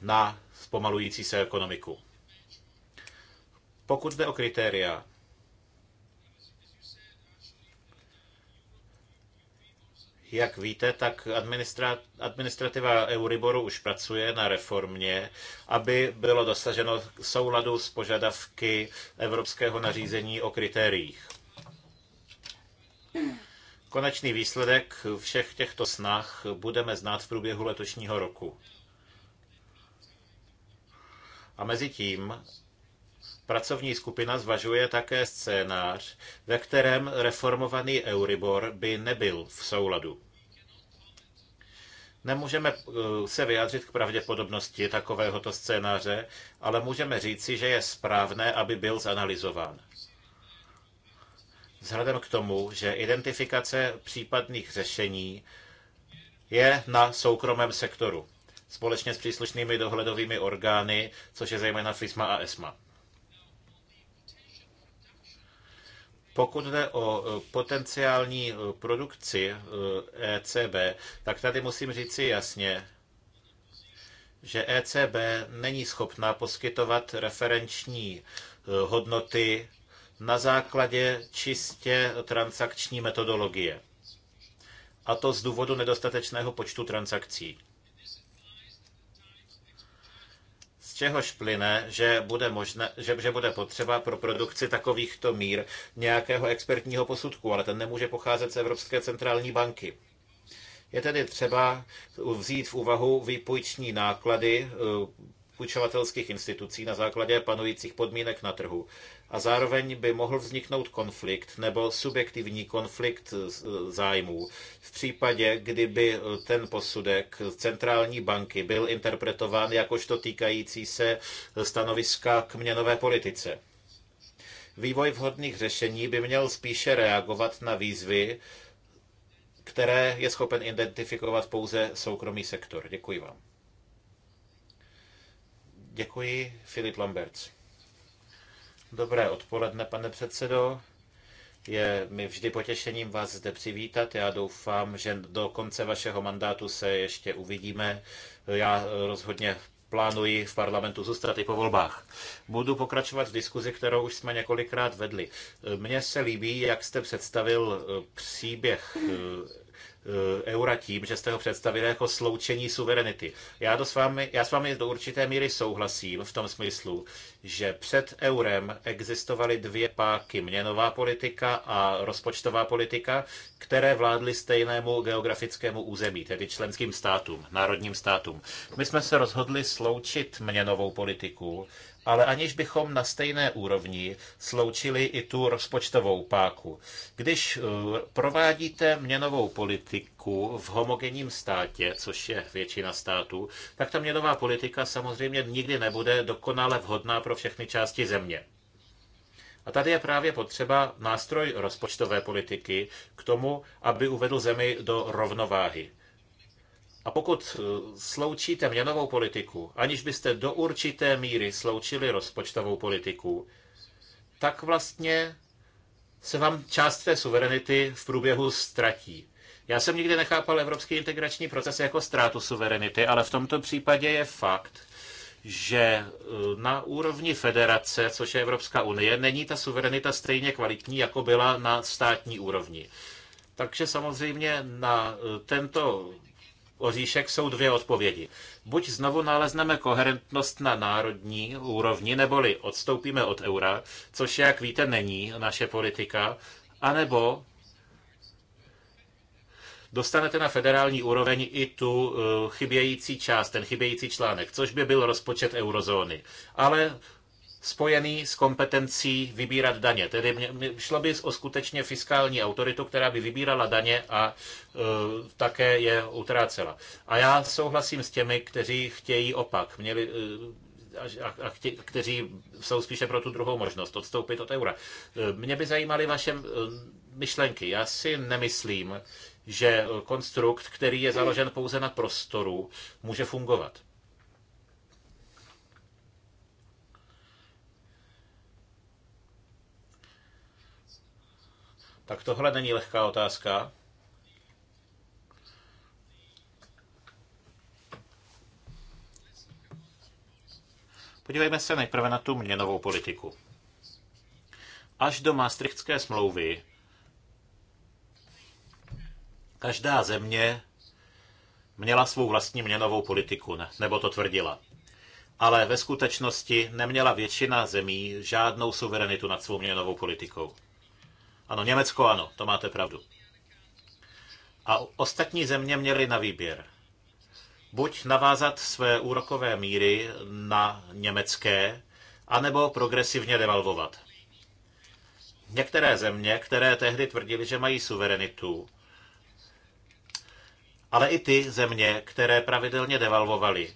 na zpomalující se ekonomiku. Pokud jde o kritéria, Jak víte, tak administrativa Euriboru už pracuje na reformě, aby bylo dosaženo souladu s požadavky evropského nařízení o kritériích. Konečný výsledek všech těchto snah budeme znát v průběhu letošního roku. A mezi tím Pracovní skupina zvažuje také scénář, ve kterém reformovaný Euribor by nebyl v souladu. Nemůžeme eh, se vyjádřit k pravděpodobnosti takovéhoto scénáře, ale můžeme říci, že je správné, aby byl zanalizován. Vzhledem k tomu, že identifikace případných řešení je na soukromém sektoru společně s příslušnými dohledovými orgány, což je zejména FISMA a ESMA. Pokud jde o e, potenciální e, produkci ECB, e tak tady musím říci jasně, že ECB není schopna poskytovat referenční hodnoty na základě čistě transakční metodologie. A to z důvodu nedostatečného počtu transakcí. čehož plyne, že bude, možné, že, že bude potřeba pro produkci takovýchto mír nějakého expertního posudku, ale ten nemůže pocházet z Evropské centrální banky. Je tedy třeba vzít v úvahu výpůjční náklady eh, půjčovatelských institucí na základě panujících podmínek na trhu a zároveň by mohl vzniknout konflikt nebo subjektivní konflikt zájmů v případě, kdyby ten posudek centrální banky byl interpretován jakožto týkající se stanoviska k měnové politice. Vývoj vhodných řešení by měl spíše reagovat na výzvy, které je schopen identifikovat pouze soukromý sektor. Děkuji vám. Děkuji, Filip Lamberts. Dobré odpoledne, pane předsedo. Je mi vždy potěšením vás zde přivítat. Já doufám, že do konce vašeho mandátu se ještě uvidíme. Já rozhodně plánuji v parlamentu zůstat i po volbách. Budu pokračovat v diskuzi, kterou už jsme několikrát vedli. Mně se líbí, jak jste představil eh, příběh eh, Eh, eura tím, že jste ho představili jako sloučení suverenity. Já, to s vámi, já s vámi do určité míry souhlasím v tom smyslu, že před eurem existovaly dvě páky, měnová politika a rozpočtová politika, které vládly stejnému geografickému území, tedy členským státům, národním státům. My jsme se rozhodli sloučit měnovou politiku ale aniž bychom na stejné úrovni sloučili i tu rozpočtovou páku. Když eh, provádíte měnovou politiku v homogenním státě, což je většina států, tak ta měnová politika samozřejmě nikdy nebude dokonale vhodná pro všechny části země. A tady je právě potřeba nástroj rozpočtové politiky k tomu, aby uvedl zemi do rovnováhy. A pokud eh, sloučíte měnovou politiku, aniž byste do určité míry sloučili rozpočtovou politiku, tak vlastně se vám část té suverenity v průběhu ztratí. Já jsem nikdy nechápal evropský integrační proces jako ztrátu suverenity, ale v tomto případě je fakt, že eh, na úrovni federace, což je Evropská unie, není ta suverenita stejně kvalitní, jako byla na státní úrovni. Takže samozřejmě na eh, tento oříšek jsou dvě odpovědi. Buď znovu nalezneme koherentnost na národní úrovni, neboli odstoupíme od eura, což, jak víte, není naše politika, anebo dostanete na federální úroveň i tu eh, chybějící část, ten chybějící článek, což by byl rozpočet eurozóny. Ale spojený s kompetencí vybírat daně. Tedy šlo by o skutečně fiskální autoritu, která by vybírala daně a e, také je utrácela. A já souhlasím s těmi, kteří chtějí opak. Měli, e, a, a tě, kteří jsou spíše pro tu druhou možnost, odstoupit od eura. E, mě by zajímaly vaše e, myšlenky. Já si nemyslím, že konstrukt, který je založen pouze na prostoru, může fungovat. Tak tohle není lehká otázka. Podívejme se nejprve na tu měnovou politiku. Až do Maastrichtské smlouvy každá země měla svou vlastní měnovou politiku, nebo to tvrdila. Ale ve skutečnosti neměla většina zemí žádnou suverenitu nad svou měnovou politikou. Ano, Německo ano, to máte pravdu. A ostatní země měly na výběr. Buď navázat své úrokové míry na německé, anebo progresivně devalvovat. Některé země, které tehdy tvrdili, že mají suverenitu, ale i ty země, které pravidelně devalvovaly,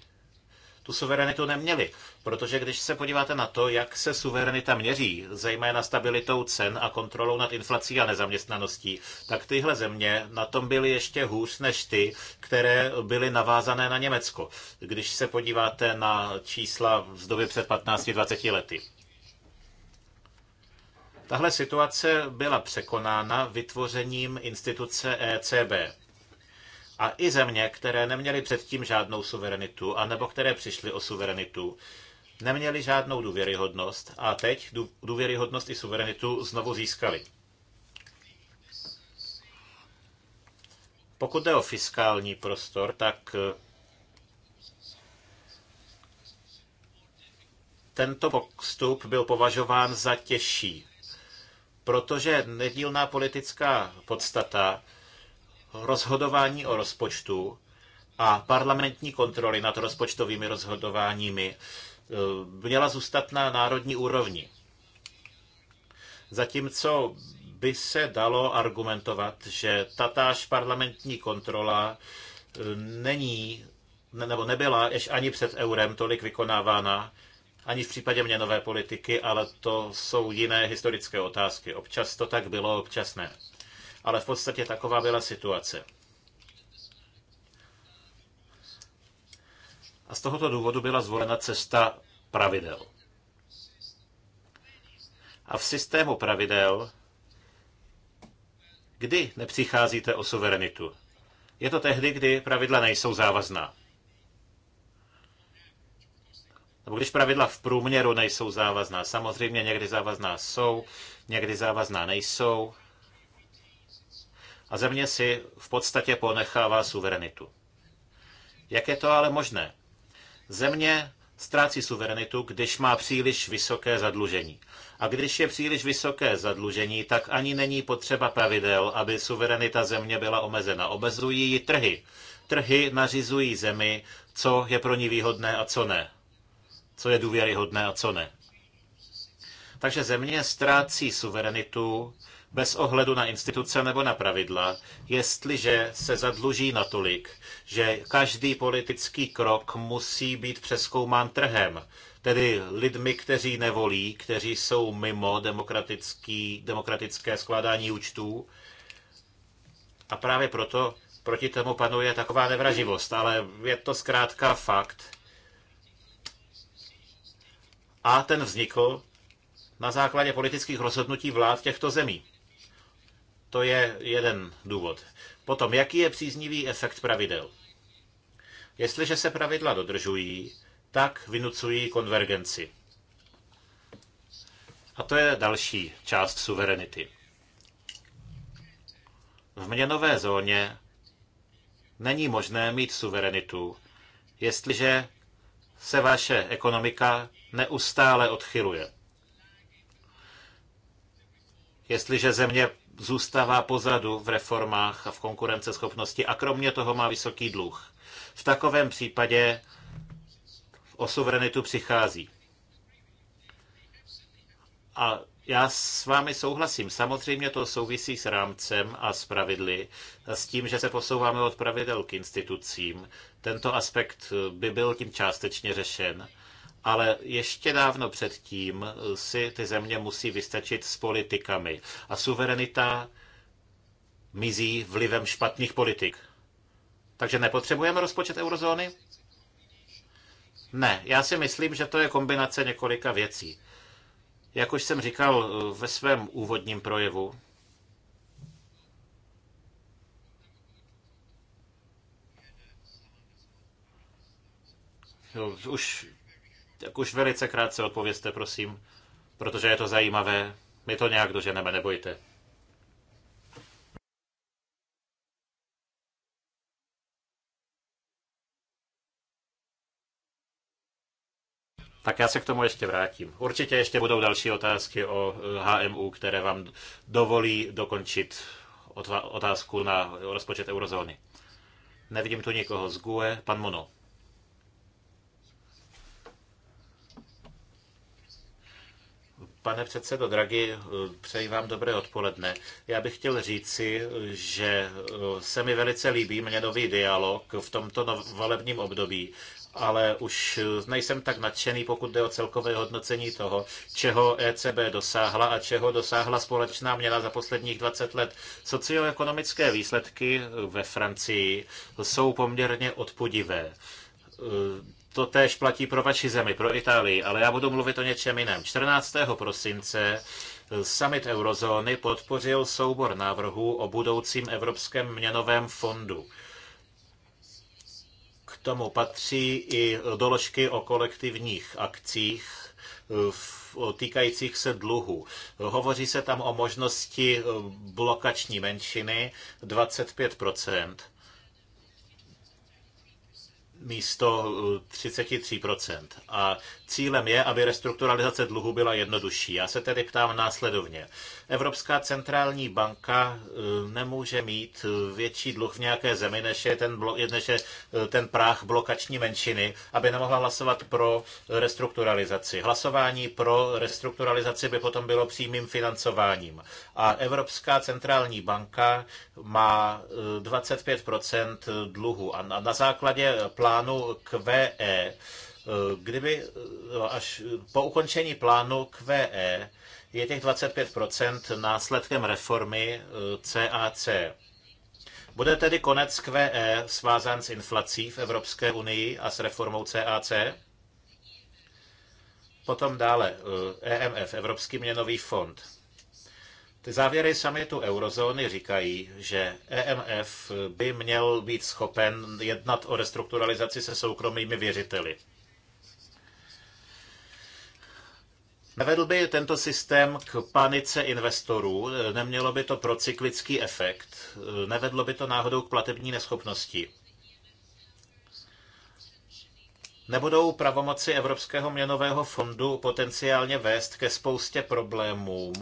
tu suverenitu neměly. Protože když se podíváte na to, jak se suverenita měří, zejména stabilitou cen a kontrolou nad inflací a nezaměstnaností, tak tyhle země na tom byly ještě hůř než ty, které byly navázané na Německo. Když se podíváte na čísla z doby před 15-20 lety. Tahle situace byla překonána vytvořením instituce ECB. A i země, které neměly předtím žádnou suverenitu, anebo které přišly o suverenitu, neměli žádnou důvěryhodnost a teď důvěryhodnost i suverenitu znovu získali. Pokud jde o fiskální prostor, tak eh, tento postup byl považován za těžší, protože nedílná politická podstata rozhodování o rozpočtu a parlamentní kontroly nad rozpočtovými rozhodováními Eh, měla zůstat na národní úrovni. Zatímco by se dalo argumentovat, že tatáž parlamentní kontrola eh, není nebo nebyla ještě ani před eurem tolik vykonávána, ani v případě měnové politiky, ale to jsou jiné historické otázky. Občas to tak bylo, občas ne. Ale v podstatě taková byla situace. z tohoto důvodu byla zvolena cesta pravidel. A v systému pravidel, kdy nepřicházíte o suverenitu? Je to tehdy, kdy pravidla nejsou závazná. Nebo když pravidla v průměru nejsou závazná. Samozřejmě někdy závazná jsou, někdy závazná nejsou. A země si v podstatě ponechává suverenitu. Jak je to ale možné? Země ztrácí suverenitu, když má příliš vysoké zadlužení. A když je příliš vysoké zadlužení, tak ani není potřeba pravidel, aby suverenita země byla omezena. Omezují ji trhy. Trhy nařizují zemi, co je pro ní výhodné a co ne. Co je důvěryhodné a co ne. Takže země ztrácí suverenitu, bez ohledu na instituce nebo na pravidla, jestliže se zadluží natolik, že každý politický krok musí být přeskoumán trhem, tedy lidmi, kteří nevolí, kteří jsou mimo demokratický, demokratické skládání účtů. A právě proto proti tomu panuje taková nevraživost, ale je to zkrátka fakt. A ten vznikl na základě politických rozhodnutí vlád těchto zemí. To je jeden důvod. Potom, jaký je příznivý efekt pravidel? Jestliže se pravidla dodržují, tak vynucují konvergenci. A to je další část suverenity. V měnové zóně není možné mít suverenitu, jestliže se vaše ekonomika neustále odchyluje. Jestliže země zůstává pozadu v reformách a v konkurenceschopnosti a kromě toho má vysoký dluh. V takovém případě o suverenitu přichází. A já s vámi souhlasím. Samozřejmě to souvisí s rámcem a s pravidly, a s tím, že se posouváme od pravidel k institucím. Tento aspekt by byl tím částečně řešen ale ještě dávno předtím si ty země musí vystačit s politikami. A suverenita mizí vlivem špatných politik. Takže nepotřebujeme rozpočet eurozóny? Ne, já si myslím, že to je kombinace několika věcí. Jak už jsem říkal eh, ve svém úvodním projevu, už tak už velice krátce odpověste, prosím, protože je to zajímavé. My to nějak doženeme, nebojte. Tak já se k tomu ještě vrátím. Určitě ještě budou další otázky o HMU, eh, které vám dovolí dokončit otázku na rozpočet eurozóny. Nevidím tu nikoho z GUE. Pan Mono. Pane předsedo Dragi, eh, přeji vám dobré odpoledne. Já bych chtěl říci, že eh, se mi velice líbí měnový dialog v tomto volebním období ale už eh, nejsem tak nadšený, pokud jde o celkové hodnocení toho, čeho ECB dosáhla a čeho dosáhla společná měna za posledních 20 let. Socioekonomické výsledky ve Francii jsou poměrně odpudivé to též platí pro vaši zemi, pro Itálii, ale já budu mluvit o něčem jiném. 14. prosince eh, summit eurozóny podpořil soubor návrhů o budoucím Evropském měnovém fondu. K tomu patří i doložky o kolektivních akcích eh, týkajících se dluhu. Hovoří se tam o možnosti eh, blokační menšiny 25 místo 33%. Eh, A cílem je, aby restrukturalizace dluhu byla jednodušší. Já se tedy ptám následovně. Evropská centrální banka eh, nemůže mít eh, větší dluh v nějaké zemi, než je ten, blo, než je eh, ten práh blokační menšiny, aby nemohla hlasovat pro restrukturalizaci. Hlasování pro restrukturalizaci by potom bylo přímým financováním. A Evropská centrální banka má 25 dluhu a na základě plánu QE kdyby až po ukončení plánu QE je těch 25% následkem reformy CAC. Eh, Bude tedy konec QE svázán s inflací v Evropské unii a s reformou CAC? Potom dále EMF, eh, e Evropský měnový fond. Ty závěry samitu eurozóny říkají, že EMF by měl být schopen jednat o restrukturalizaci se soukromými věřiteli. Nevedl by tento systém k panice investorů, nemělo by to procyklický efekt, nevedlo by to náhodou k platební neschopnosti. Nebudou pravomoci Evropského měnového fondu potenciálně vést ke spoustě problémům,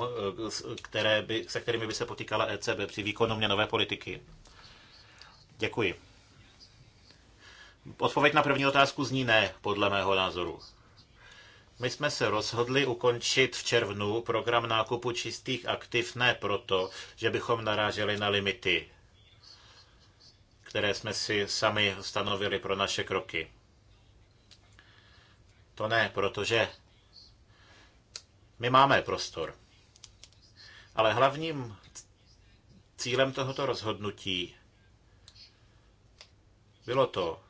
které by, se kterými by se potýkala ECB při výkonu měnové politiky? Děkuji. Odpověď na první otázku zní ne, podle mého názoru. My jsme se rozhodli ukončit v červnu program nákupu čistých aktiv ne proto, že bychom naráželi na limity, které jsme si sami stanovili pro naše kroky. To ne, protože my máme prostor. Ale hlavním cílem tohoto rozhodnutí bylo to,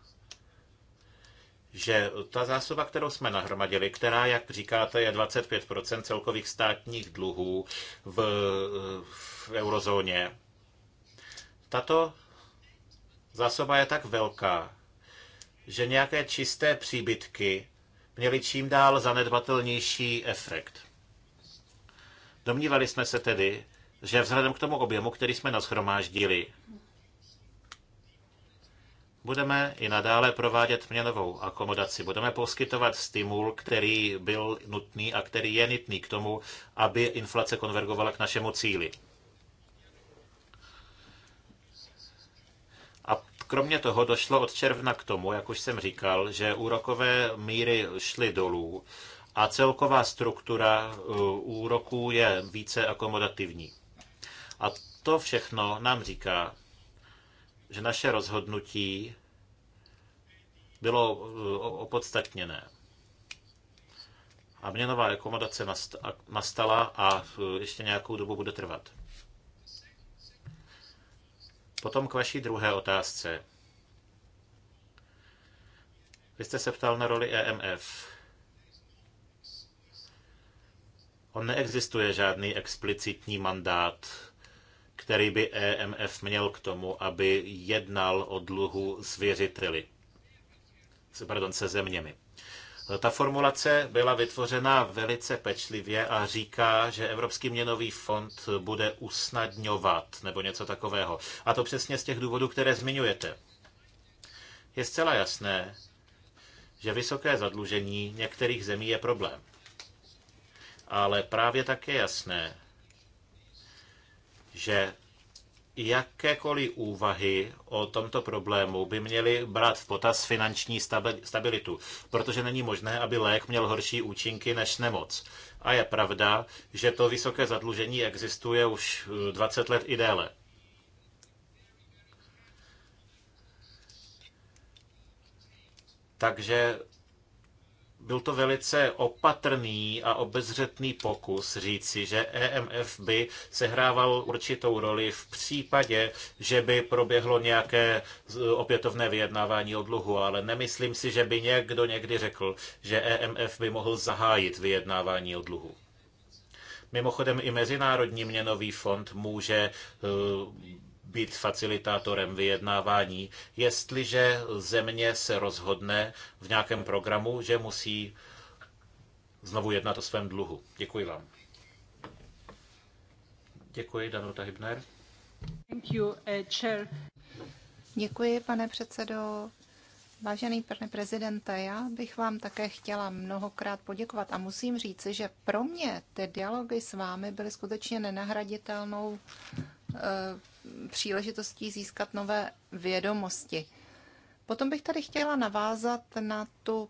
že ta zásoba, kterou jsme nahromadili, která, jak říkáte, je 25% celkových státních dluhů v, v eurozóně, tato zásoba je tak velká, že nějaké čisté příbytky měly čím dál zanedbatelnější efekt. Domnívali jsme se tedy, že vzhledem k tomu objemu, který jsme nashromáždili, Budeme i nadále provádět měnovou akomodaci. Budeme poskytovat stimul, který byl nutný a který je nutný k tomu, aby inflace konvergovala k našemu cíli. A kromě toho došlo od června k tomu, jak už jsem říkal, že úrokové míry šly dolů a celková struktura uh, úroků je více akomodativní. A to všechno nám říká, že naše rozhodnutí bylo eh, opodstatněné. A měnová akomodace nastala a eh, ještě nějakou dobu bude trvat. Potom k vaší druhé otázce. Vy jste se ptal na roli EMF. On neexistuje žádný explicitní mandát který by EMF měl k tomu, aby jednal o dluhu s věřiteli, pardon, se zeměmi. Ta formulace byla vytvořena velice pečlivě a říká, že Evropský měnový fond bude usnadňovat nebo něco takového. A to přesně z těch důvodů, které zmiňujete. Je zcela jasné, že vysoké zadlužení některých zemí je problém. Ale právě tak je jasné, že jakékoliv úvahy o tomto problému by měly brát v potaz finanční stabilitu, protože není možné, aby lék měl horší účinky než nemoc. A je pravda, že to vysoké zadlužení existuje už 20 eh, let i déle. Takže byl to velice opatrný a obezřetný pokus říci, že EMF by sehrával určitou roli v případě, že by proběhlo nějaké opětovné vyjednávání o dluhu, ale nemyslím si, že by někdo někdy řekl, že EMF by mohl zahájit vyjednávání o dluhu. Mimochodem i Mezinárodní měnový fond může eh, být facilitátorem vyjednávání, jestliže země se rozhodne v nějakém programu, že musí znovu jednat o svém dluhu. Děkuji vám. Děkuji, Danuta Hybner. Thank you, uh, chair. Děkuji, pane předsedo. Vážený pane prezidente, já bych vám také chtěla mnohokrát poděkovat a musím říci, že pro mě ty dialogy s vámi byly skutečně nenahraditelnou eh, příležitostí získat nové vědomosti. Potom bych tady chtěla navázat na tu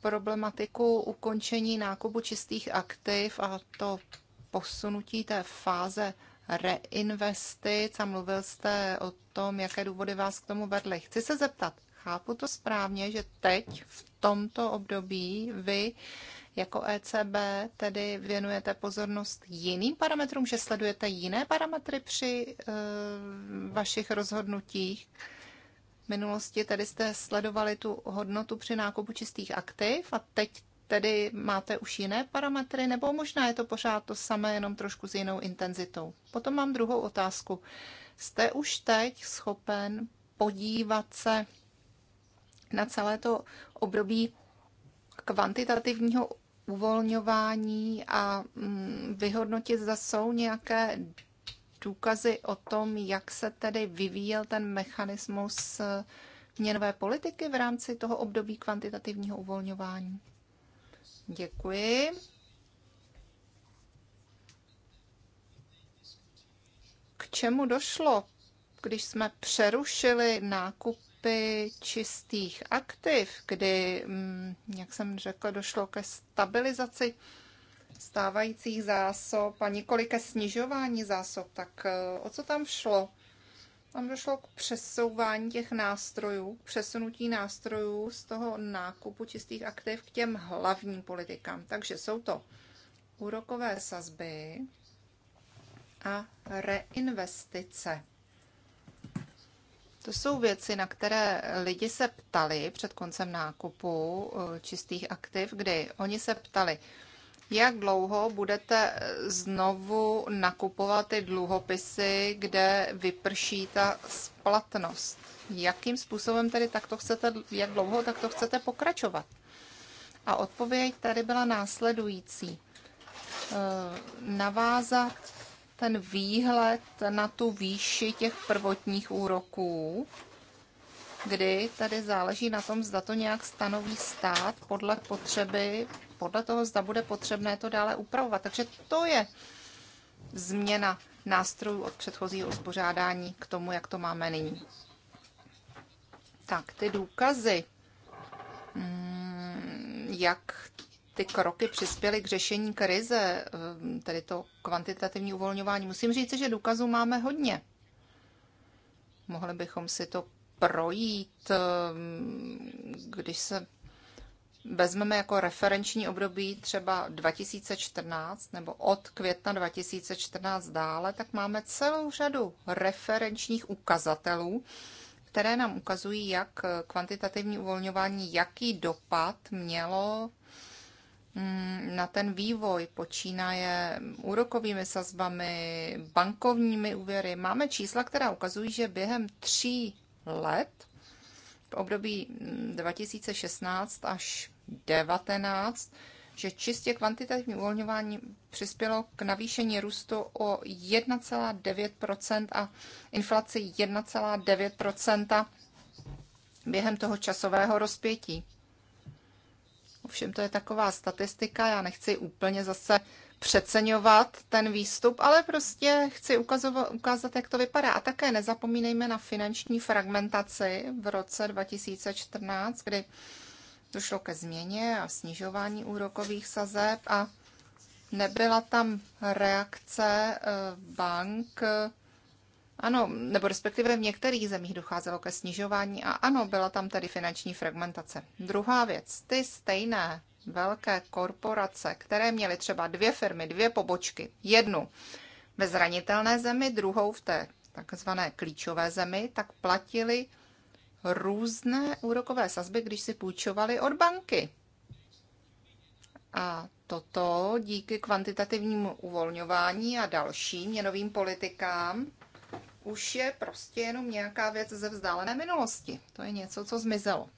problematiku ukončení nákupu čistých aktiv a to posunutí té fáze reinvestic a mluvil jste o tom, jaké důvody vás k tomu vedly. Chci se zeptat, chápu to správně, že teď v tomto období vy jako ECB tedy věnujete pozornost jiným parametrům, že sledujete jiné parametry při uh, vašich rozhodnutích? V minulosti tedy jste sledovali tu hodnotu při nákupu čistých aktiv a teď tedy máte už jiné parametry, nebo možná je to pořád to samé, jenom trošku s jinou intenzitou. Potom mám druhou otázku. Jste už teď schopen podívat se na celé to období kvantitativního uvolňování a mm, vyhodnotit, zda jsou nějaké důkazy o tom, jak se tedy vyvíjel ten mechanismus eh, měnové politiky v rámci toho období kvantitativního uvolňování. Děkuji. K čemu došlo, když jsme přerušili nákup typy čistých aktiv, kdy, mm, jak jsem řekla, došlo ke stabilizaci stávajících zásob a nikoli ke snižování zásob, tak e, o co tam šlo? Tam došlo k přesouvání těch nástrojů, k přesunutí nástrojů z toho nákupu čistých aktiv k těm hlavním politikám. Takže jsou to úrokové sazby a reinvestice. To jsou věci, na které lidi se ptali před koncem nákupu eh, čistých aktiv, kdy oni se ptali, jak dlouho budete eh, znovu nakupovat ty dluhopisy, kde vyprší ta splatnost. Jakým způsobem tedy takto chcete, jak dlouho takto chcete pokračovat? A odpověď tady byla následující. Eh, navázat ten výhled na tu výši těch prvotních úroků, kdy tady záleží na tom, zda to nějak stanoví stát podle potřeby, podle toho, zda bude potřebné to dále upravovat. Takže to je změna nástrojů od předchozího uspořádání k tomu, jak to máme nyní. Tak, ty důkazy, hmm, jak ty kroky přispěly k řešení krize, ehm, tedy to kvantitativní uvolňování. Musím říct, že důkazů máme hodně. Mohli bychom si to projít, ehm, když se vezmeme jako referenční období třeba 2014 nebo od května 2014 dále, tak máme celou řadu referenčních ukazatelů, které nám ukazují, jak kvantitativní uvolňování, jaký dopad mělo Mm, na ten vývoj, počínaje úrokovými sazbami, bankovními úvěry. Máme čísla, která ukazují, že během tří let, v období 2016 mm, až 2019, že čistě kvantitativní uvolňování přispělo k navýšení růstu o 1,9 a inflaci 1,9 během toho časového rozpětí. Ovšem to je taková statistika, já nechci úplně zase přeceňovat ten výstup, ale prostě chci ukazovat, ukázat, jak to vypadá. A také nezapomínejme na finanční fragmentaci v roce 2014, kdy došlo ke změně a snižování úrokových sazeb a nebyla tam reakce eh, bank eh, ano, nebo respektive v některých zemích docházelo ke snižování a ano, byla tam tedy finanční fragmentace. Druhá věc, ty stejné velké korporace, které měly třeba dvě firmy, dvě pobočky, jednu ve zranitelné zemi, druhou v té takzvané klíčové zemi, tak platili různé úrokové sazby, když si půjčovali od banky. A toto díky kvantitativnímu uvolňování a dalším měnovým politikám už je prostě jenom nějaká věc ze vzdálené minulosti. To je něco, co zmizelo.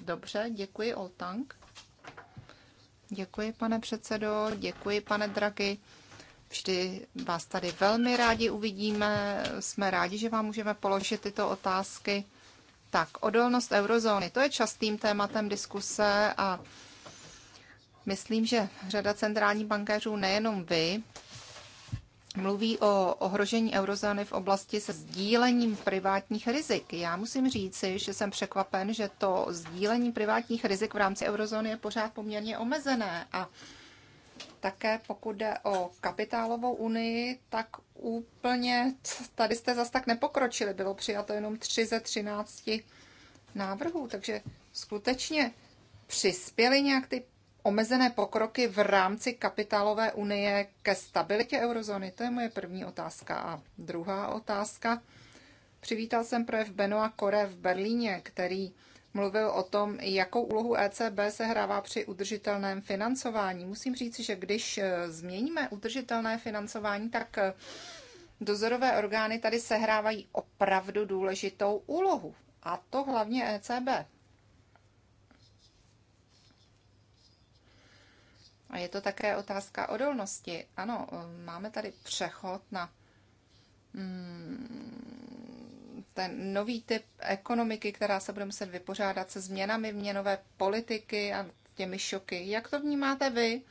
Dobře, děkuji, Oltank. Děkuji, pane předsedo, děkuji, pane Draky. Vždy vás tady velmi rádi uvidíme, jsme rádi, že vám můžeme položit tyto otázky. Tak, odolnost eurozóny, to je častým tématem diskuse a myslím, že řada centrální bankéřů, nejenom vy, mluví o ohrožení eurozóny v oblasti se sdílením privátních rizik. Já musím říci, že jsem překvapen, že to sdílení privátních rizik v rámci eurozóny je pořád poměrně omezené a také pokud jde o kapitálovou unii, tak úplně tady jste zas tak nepokročili. Bylo přijato jenom 3 ze 13 návrhů, takže skutečně přispěly nějak ty omezené pokroky v rámci kapitálové unie ke stabilitě eurozóny? To je moje první otázka. A druhá otázka. Přivítal jsem projev Benoa Kore v Berlíně, který mluvil o tom, jakou úlohu ECB se hrává při udržitelném financování. Musím říct, že když eh, změníme udržitelné financování, tak eh, dozorové orgány tady sehrávají opravdu důležitou úlohu. A to hlavně ECB. A je to také otázka odolnosti. Ano, eh, máme tady přechod na mm, ten nový typ ekonomiky, která se bude muset vypořádat se změnami měnové politiky a těmi šoky. Jak to vnímáte vy,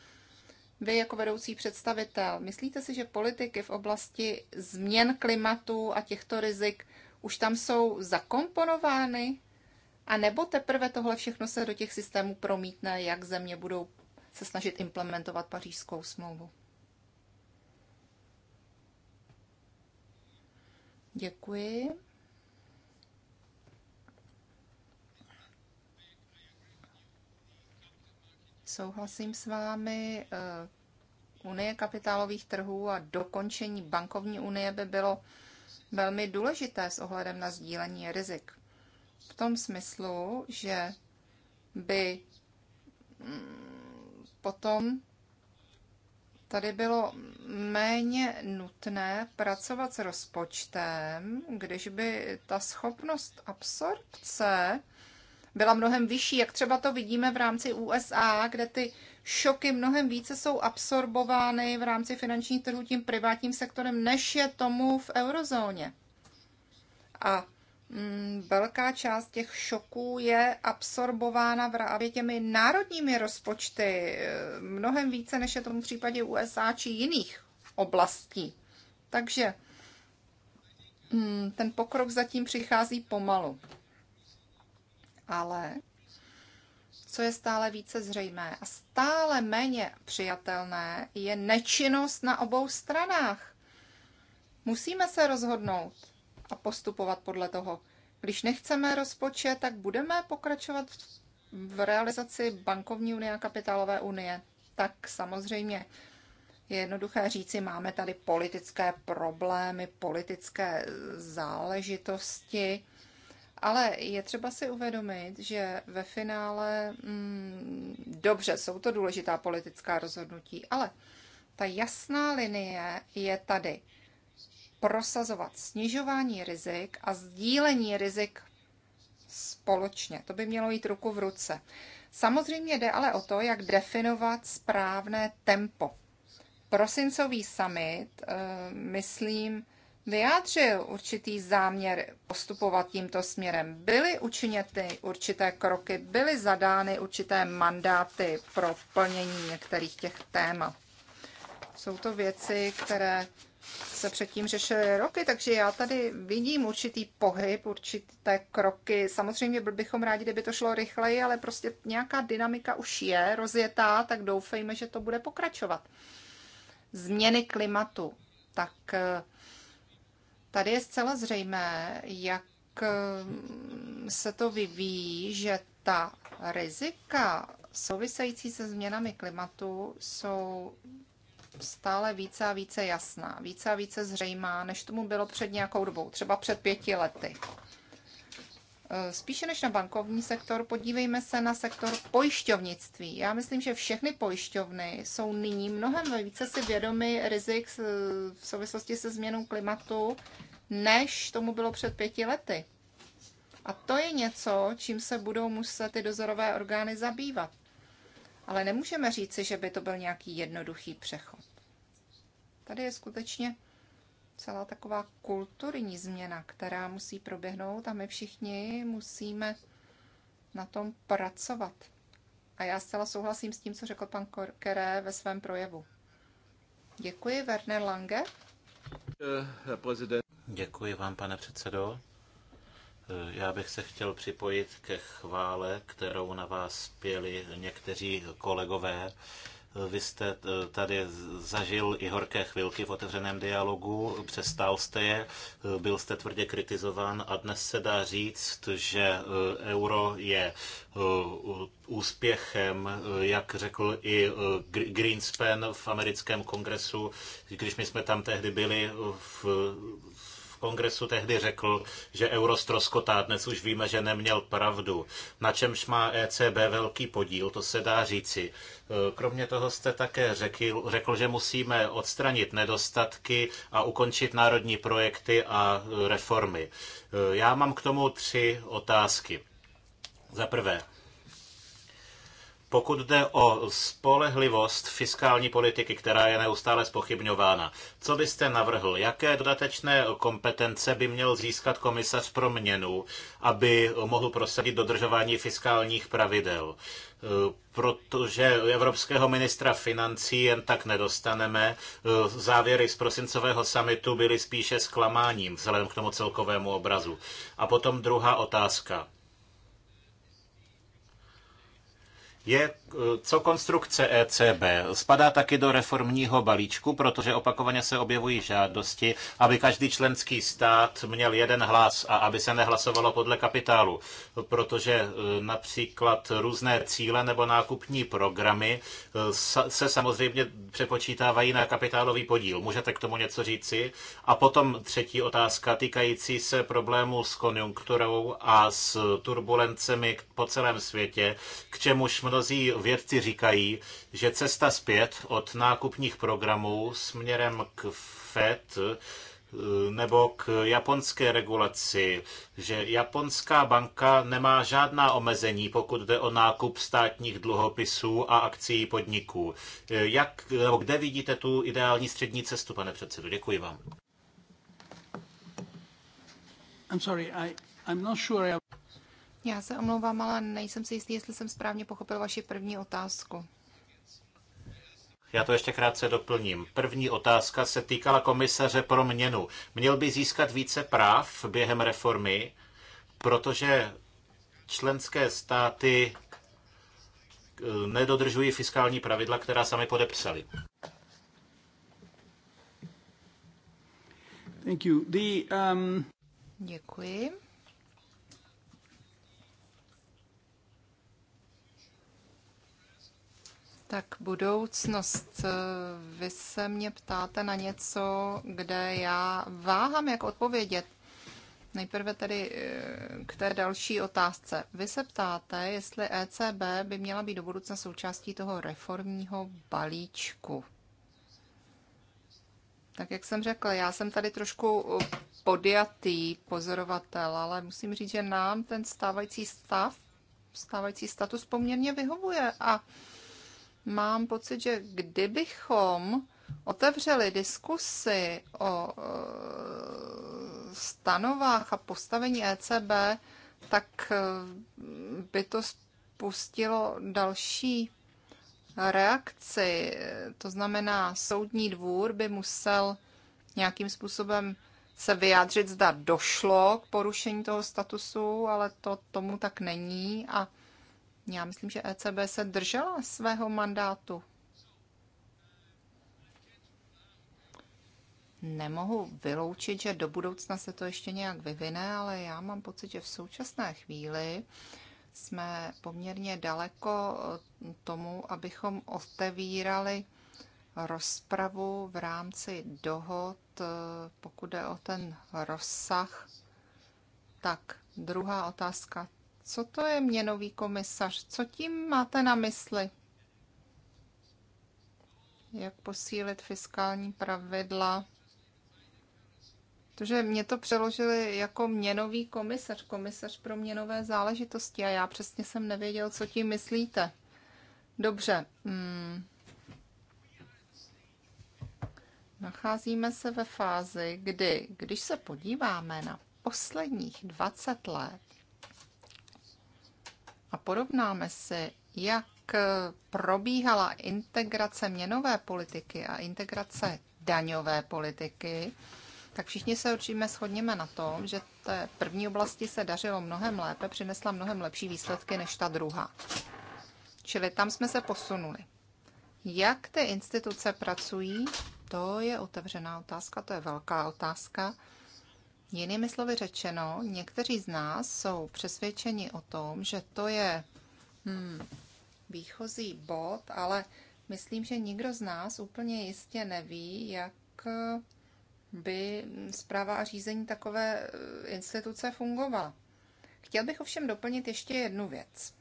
vy jako vedoucí představitel? Myslíte si, že politiky v oblasti změn klimatu a těchto rizik už tam jsou zakomponovány? A nebo teprve tohle všechno se do těch systémů promítne, jak země budou se snažit implementovat pařížskou smlouvu. Děkuji. Souhlasím s vámi. Eh, unie kapitálových trhů a dokončení bankovní unie by bylo velmi důležité s ohledem na sdílení rizik. V tom smyslu, že by mm, potom tady bylo méně nutné pracovat s rozpočtem, když by ta schopnost absorpce byla mnohem vyšší, jak třeba to vidíme v rámci USA, kde ty šoky mnohem více jsou absorbovány v rámci finančních trhů tím privátním sektorem, než je tomu v eurozóně. A Mm, velká část těch šoků je absorbována právě těmi národními rozpočty, eh, mnohem více, než je tomu v případě USA či jiných oblastí. Takže mm, ten pokrok zatím přichází pomalu. Ale co je stále více zřejmé a stále méně přijatelné, je nečinnost na obou stranách. Musíme se rozhodnout, a postupovat podle toho. Když nechceme rozpočet, tak budeme pokračovat v realizaci bankovní unie a kapitálové unie. Tak samozřejmě je jednoduché říci, máme tady politické problémy, politické záležitosti, ale je třeba si uvědomit, že ve finále, mm, dobře, jsou to důležitá politická rozhodnutí, ale ta jasná linie je tady prosazovat snižování rizik a sdílení rizik společně. To by mělo jít ruku v ruce. Samozřejmě jde ale o to, jak definovat správné tempo. Prosincový summit, eh, myslím, vyjádřil určitý záměr postupovat tímto směrem. Byly učiněty určité kroky, byly zadány určité mandáty pro plnění některých těch témat. Jsou to věci, které se předtím řešily roky, takže já tady vidím určitý pohyb, určité kroky. Samozřejmě bychom rádi, kdyby to šlo rychleji, ale prostě nějaká dynamika už je rozjetá, tak doufejme, že to bude pokračovat. Změny klimatu. Tak eh, tady je zcela zřejmé, jak eh, se to vyvíjí, že ta rizika související se změnami klimatu jsou stále více a více jasná, více a více zřejmá, než tomu bylo před nějakou dobou, třeba před pěti lety. E, spíše než na bankovní sektor, podívejme se na sektor pojišťovnictví. Já myslím, že všechny pojišťovny jsou nyní mnohem více si vědomy rizik v souvislosti se změnou klimatu, než tomu bylo před pěti lety. A to je něco, čím se budou muset ty dozorové orgány zabývat. Ale nemůžeme říci, že by to byl nějaký jednoduchý přechod. Tady je skutečně celá taková kulturní změna, která musí proběhnout a my všichni musíme na tom pracovat. A já zcela souhlasím s tím, co řekl pan Keré ve svém projevu. Děkuji, Werner Lange. Eh, Děkuji vám, pane předsedo. Eh, já bych se chtěl připojit ke chvále, kterou na vás pěli někteří kolegové. Eh, vy jste eh, tady zažil i horké chvilky v otevřeném dialogu, přestál jste je, byl jste tvrdě kritizován a dnes se dá říct, že euro je úspěchem, jak řekl i Greenspan v americkém kongresu, když my jsme tam tehdy byli v kongresu tehdy řekl, že euro stroskotá. Dnes už víme, že neměl pravdu. Na čemž má ECB velký podíl, to se dá říci. E, kromě toho jste také řekl, řekl, že musíme odstranit nedostatky a ukončit národní projekty a e, reformy. E, já mám k tomu tři otázky. Za prvé, pokud jde o spolehlivost fiskální politiky, která je neustále spochybňována, co byste navrhl? Jaké dodatečné kompetence by měl získat komisař pro měnu, aby mohl prosadit dodržování fiskálních pravidel? protože evropského ministra financí jen tak nedostaneme. Závěry z prosincového samitu byly spíše zklamáním vzhledem k tomu celkovému obrazu. A potom druhá otázka. je co konstrukce ECB? Spadá taky do reformního balíčku, protože opakovaně se objevují žádosti, aby každý členský stát měl jeden hlas a aby se nehlasovalo podle kapitálu, protože e, například různé cíle nebo nákupní programy e, se samozřejmě přepočítávají na kapitálový podíl. Můžete k tomu něco říci? A potom třetí otázka týkající se problému s konjunkturou a s turbulencemi po celém světě, k čemuž mnozí vědci říkají, že cesta zpět od nákupních programů směrem k FED eh, nebo k japonské regulaci, že japonská banka nemá žádná omezení, pokud jde o nákup státních dluhopisů a akcí podniků. Eh, jak, nebo kde vidíte tu ideální střední cestu, pane předsedu? Děkuji vám. I'm sorry, I, I'm not sure I... Já se omlouvám, ale nejsem si jistý, jestli jsem správně pochopil vaši první otázku. Já to ještě krátce doplním. První otázka se týkala komisaře pro měnu. Měl by získat více práv během reformy, protože členské státy eh, nedodržují fiskální pravidla, která sami podepsali. Thank you. The, um... Děkuji. Tak budoucnost. Eh, vy se mě ptáte na něco, kde já váhám, jak odpovědět. Nejprve tedy eh, k té další otázce. Vy se ptáte, jestli ECB by měla být do budoucna součástí toho reformního balíčku. Tak jak jsem řekl, já jsem tady trošku eh, podjatý pozorovatel, ale musím říct, že nám ten stávající stav, stávající status poměrně vyhovuje a mám pocit, že kdybychom otevřeli diskusy o e, stanovách a postavení ECB, tak e, by to spustilo další reakci. To znamená, soudní dvůr by musel nějakým způsobem se vyjádřit, zda došlo k porušení toho statusu, ale to tomu tak není a já myslím, že ECB se držela svého mandátu. Nemohu vyloučit, že do budoucna se to ještě nějak vyvine, ale já mám pocit, že v současné chvíli jsme poměrně daleko eh, tomu, abychom otevírali rozpravu v rámci dohod, eh, pokud jde o ten rozsah. Tak, druhá otázka co to je měnový komisař? Co tím máte na mysli? Jak posílit fiskální pravidla? Protože mě to přeložili jako měnový komisař, komisař pro měnové záležitosti a já přesně jsem nevěděl, co tím myslíte. Dobře. Hmm. Nacházíme se ve fázi, kdy, když se podíváme na posledních 20 let, a porovnáme si, jak probíhala integrace měnové politiky a integrace daňové politiky, tak všichni se určitě shodněme na tom, že té první oblasti se dařilo mnohem lépe, přinesla mnohem lepší výsledky než ta druhá. Čili tam jsme se posunuli. Jak ty instituce pracují, to je otevřená otázka, to je velká otázka. Jinými slovy řečeno, někteří z nás jsou přesvědčeni o tom, že to je hmm, výchozí bod, ale myslím, že nikdo z nás úplně jistě neví, jak eh, by zpráva a řízení takové eh, instituce fungovala. Chtěl bych ovšem doplnit ještě jednu věc,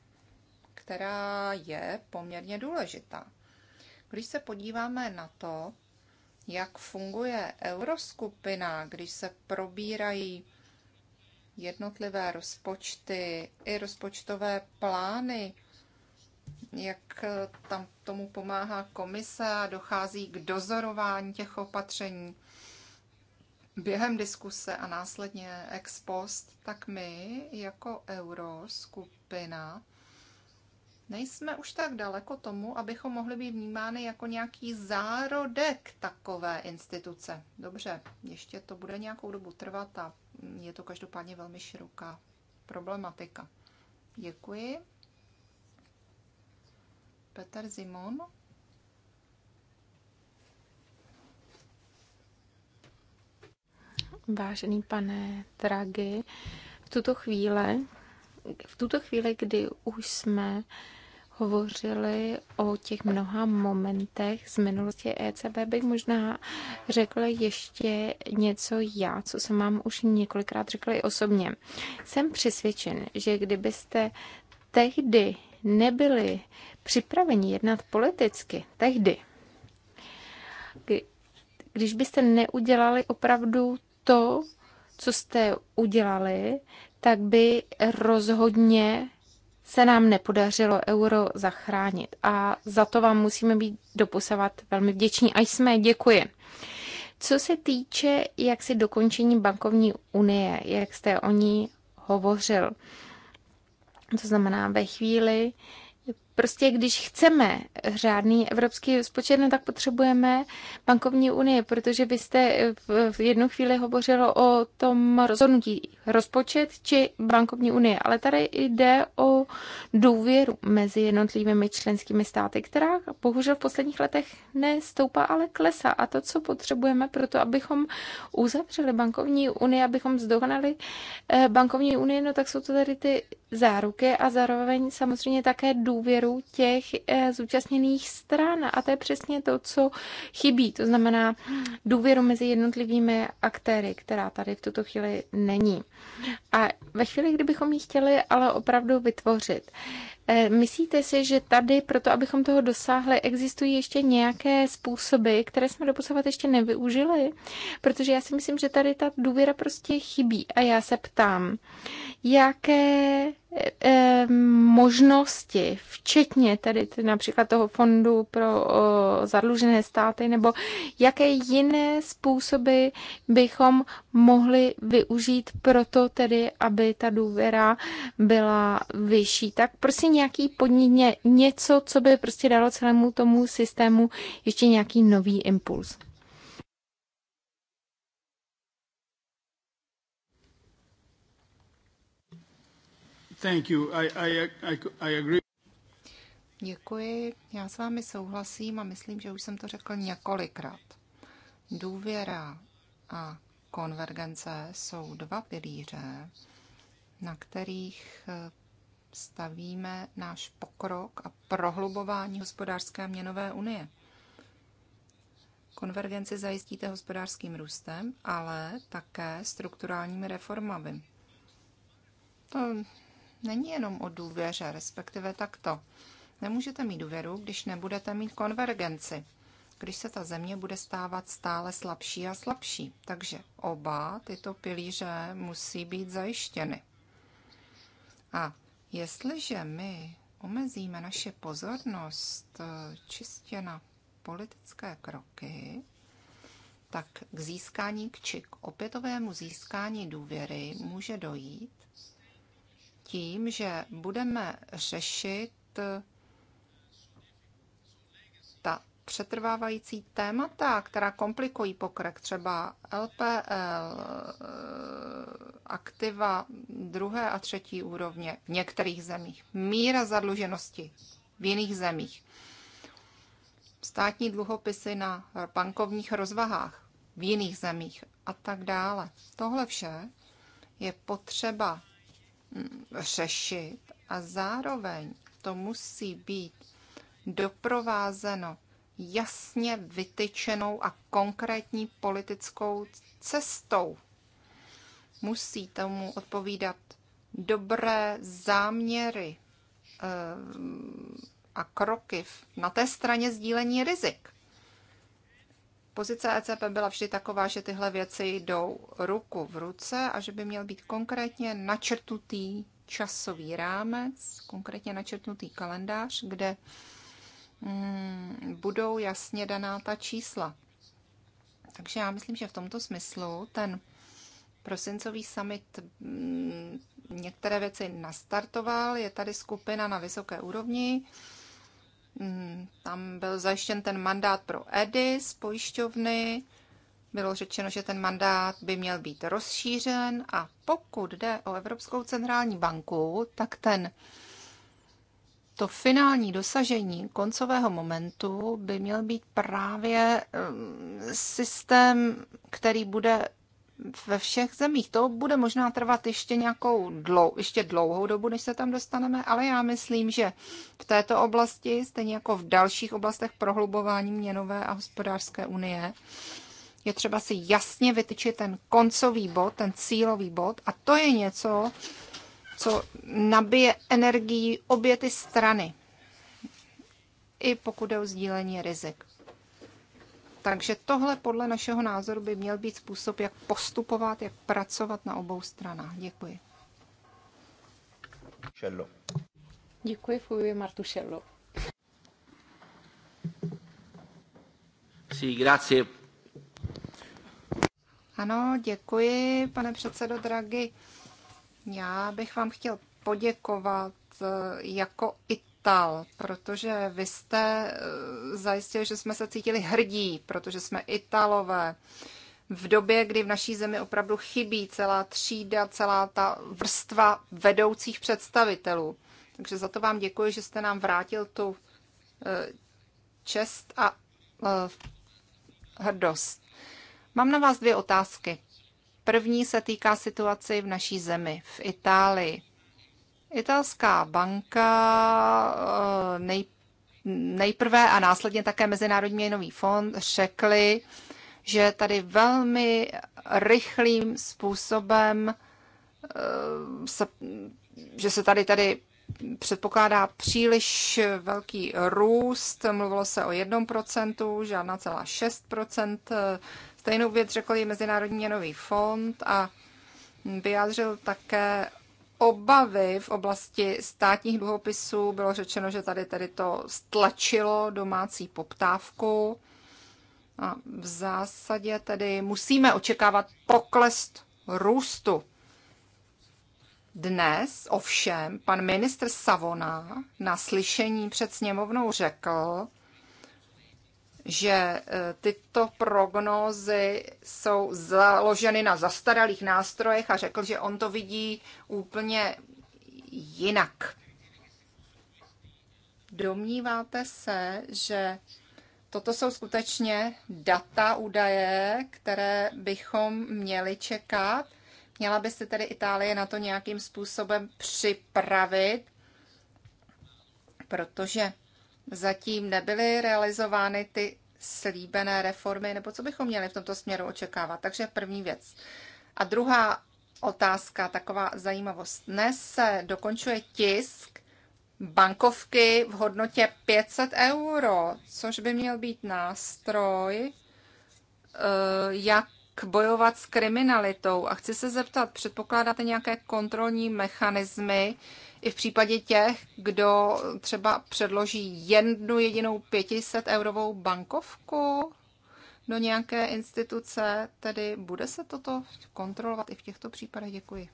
která je poměrně důležitá. Když se podíváme na to, jak funguje euroskupina, když se probírají jednotlivé rozpočty i rozpočtové plány, jak eh, tam tomu pomáhá komise a dochází k dozorování těch opatření během diskuse a následně ex post, tak my jako euroskupina Nejsme už tak daleko tomu, abychom mohli být vnímány jako nějaký zárodek takové instituce. Dobře, ještě to bude nějakou dobu trvat a je to každopádně velmi široká problematika. Děkuji. Petr Zimon. Vážený pane Tragy, v tuto chvíli, v tuto chvíli, kdy už jsme uh, hovořili o těch mnoha momentech z minulosti ECB, bych možná řekla ještě něco já, co jsem vám už několikrát řekla i osobně. Jsem přesvědčen, že kdybyste tehdy nebyli připraveni jednat politicky, tehdy, když byste neudělali opravdu to, co jste udělali, tak by rozhodně se nám nepodařilo euro zachránit. A za to vám musíme být doposavat velmi vděční. A jsme, děkuji. Co se týče jaksi dokončení bankovní unie, jak jste o ní hovořil, to znamená ve chvíli, Prostě když chceme řádný evropský rozpočet, no tak potřebujeme bankovní unie, protože vy jste eh, v jednu chvíli hovořilo o tom rozhodnutí rozpočet či bankovní unie, ale tady jde o důvěru mezi jednotlivými členskými státy, která bohužel v posledních letech nestoupá, ale klesá. A to, co potřebujeme pro to, abychom uzavřeli bankovní unie, abychom zdohnali eh, bankovní unii, no tak jsou to tady ty záruky a zároveň samozřejmě také důvěru těch eh, zúčastněných stran. A to je přesně to, co chybí. To znamená důvěru mezi jednotlivými aktéry, která tady v tuto chvíli není. A ve chvíli, kdybychom ji chtěli ale opravdu vytvořit, eh, Myslíte si, že tady, proto abychom toho dosáhli, existují ještě nějaké způsoby, které jsme doposavat ještě nevyužili? Protože já si myslím, že tady ta důvěra prostě chybí. A já se ptám, jaké Eh, možnosti, včetně tedy například toho fondu pro zadlužené státy, nebo jaké jiné způsoby bychom mohli využít proto tedy, aby ta důvěra byla vyšší. Tak prostě nějaký podnik, něco, co by prostě dalo celému tomu systému ještě nějaký nový impuls. Thank you. I, I, I, I agree. Děkuji. Já s vámi souhlasím a myslím, že už jsem to řekl několikrát. Důvěra a konvergence jsou dva pilíře, na kterých eh, stavíme náš pokrok a prohlubování hospodářské a měnové unie. Konvergenci zajistíte hospodářským růstem, ale také strukturálními reformami. To není jenom o důvěře, respektive takto. Nemůžete mít důvěru, když nebudete mít konvergenci, když se ta země bude stávat stále slabší a slabší. Takže oba tyto pilíře musí být zajištěny. A jestliže my omezíme naše pozornost eh, čistě na politické kroky, tak k získání či k opětovému získání důvěry může dojít tím, že budeme řešit eh, ta přetrvávající témata, která komplikují pokrek, třeba LPL, eh, aktiva druhé a třetí úrovně v některých zemích, míra zadluženosti v jiných zemích, státní dluhopisy na bankovních rozvahách v jiných zemích a tak dále. Tohle vše je potřeba řešit a zároveň to musí být doprovázeno jasně vytyčenou a konkrétní politickou cestou. Musí tomu odpovídat dobré záměry eh, a kroky na té straně sdílení rizik. Pozice ECP byla vždy taková, že tyhle věci jdou ruku v ruce a že by měl být konkrétně načrtutý časový rámec, konkrétně načrtnutý kalendář, kde mm, budou jasně daná ta čísla. Takže já myslím, že v tomto smyslu ten prosincový summit mm, některé věci nastartoval, je tady skupina na vysoké úrovni, Mm, tam byl zajištěn ten mandát pro EDIS, pojišťovny. Bylo řečeno, že ten mandát by měl být rozšířen a pokud jde o Evropskou centrální banku, tak ten to finální dosažení koncového momentu by měl být právě mm, systém, který bude ve všech zemích. To bude možná trvat ještě nějakou dlou, ještě dlouhou dobu, než se tam dostaneme, ale já myslím, že v této oblasti, stejně jako v dalších oblastech prohlubování měnové a hospodářské unie, je třeba si jasně vytyčit ten koncový bod, ten cílový bod a to je něco, co nabije energii obě ty strany. I pokud je o sdílení rizik. Takže tohle podle našeho názoru by měl být způsob, jak postupovat, jak pracovat na obou stranách. Děkuji. Šello. Děkuji, Fulvio Martušello. Sí, grazie. Ano, děkuji, pane předsedo Draghi. Já bych vám chtěl poděkovat eh, jako i ptal, protože vy jste eh, zajistili, že jsme se cítili hrdí, protože jsme Italové. V době, kdy v naší zemi opravdu chybí celá třída, celá ta vrstva vedoucích představitelů. Takže za to vám děkuji, že jste nám vrátil tu eh, čest a eh, hrdost. Mám na vás dvě otázky. První se týká situaci v naší zemi, v Itálii. Italská banka eh, nej, nejprve a následně také Mezinárodní měnový fond řekli, že tady velmi rychlým způsobem eh, se, že se tady tady předpokládá příliš velký růst, mluvilo se o 1%, žádná celá 6%. Stejnou věc řekl i Mezinárodní měnový fond a vyjádřil také obavy v oblasti státních dluhopisů. Bylo řečeno, že tady tedy to stlačilo domácí poptávku. A v zásadě tedy musíme očekávat pokles růstu. Dnes ovšem pan ministr Savona na slyšení před sněmovnou řekl, že e, tyto prognózy jsou založeny na zastaralých nástrojech a řekl, že on to vidí úplně jinak. Domníváte se, že toto jsou skutečně data, údaje, které bychom měli čekat? Měla by se tedy Itálie na to nějakým způsobem připravit, protože zatím nebyly realizovány ty slíbené reformy, nebo co bychom měli v tomto směru očekávat. Takže první věc. A druhá otázka, taková zajímavost. Dnes se dokončuje tisk bankovky v hodnotě 500 euro, což by měl být nástroj, eh, jak bojovat s kriminalitou. A chci se zeptat, předpokládáte nějaké kontrolní mechanismy, i v případě těch, kdo třeba předloží jednu jedinou 500 eurovou bankovku do nějaké instituce, tedy bude se toto kontrolovat i v těchto případech? Děkuji.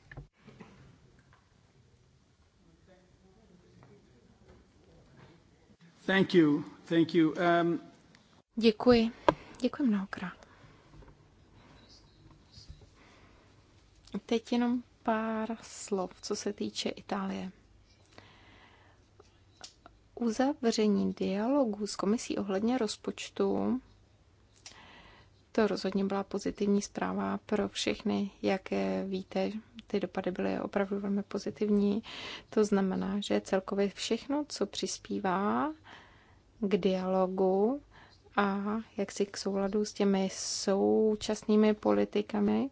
Thank you. Thank you. Um... Děkuji. Děkuji mnohokrát. Teď jenom pár slov, co se týče Itálie uzavření dialogu s komisí ohledně rozpočtu, to rozhodně byla pozitivní zpráva pro všechny. Jak víte, ty dopady byly opravdu velmi pozitivní. To znamená, že celkově všechno, co přispívá k dialogu a jak si k souladu s těmi současnými politikami,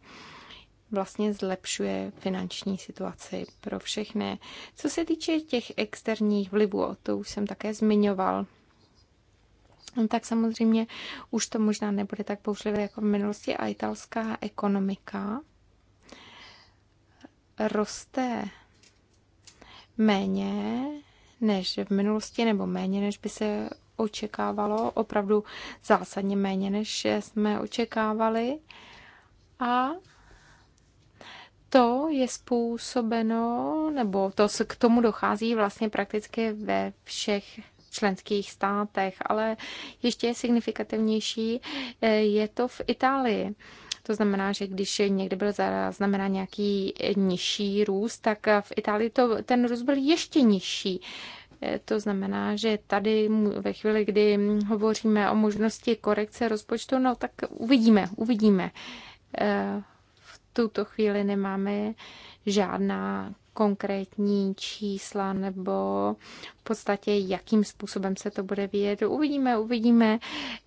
vlastně zlepšuje finanční situaci pro všechny. Co se týče těch externích vlivů, to už jsem také zmiňoval, no tak samozřejmě už to možná nebude tak bouřlivé jako v minulosti a italská ekonomika roste méně než v minulosti nebo méně než by se očekávalo, opravdu zásadně méně než jsme očekávali a to je způsobeno, nebo to k tomu dochází vlastně prakticky ve všech členských státech, ale ještě je signifikativnější eh, je to v Itálii. To znamená, že když někde byl zaznamená nějaký eh, nižší růst, tak eh, v Itálii to, ten růst byl ještě nižší. To znamená, že tady ve chvíli, kdy hovoříme o možnosti korekce rozpočtu, no tak uvidíme, uvidíme tuto chvíli nemáme žádná konkrétní čísla nebo v podstatě jakým způsobem se to bude vyjet. Uvidíme, uvidíme,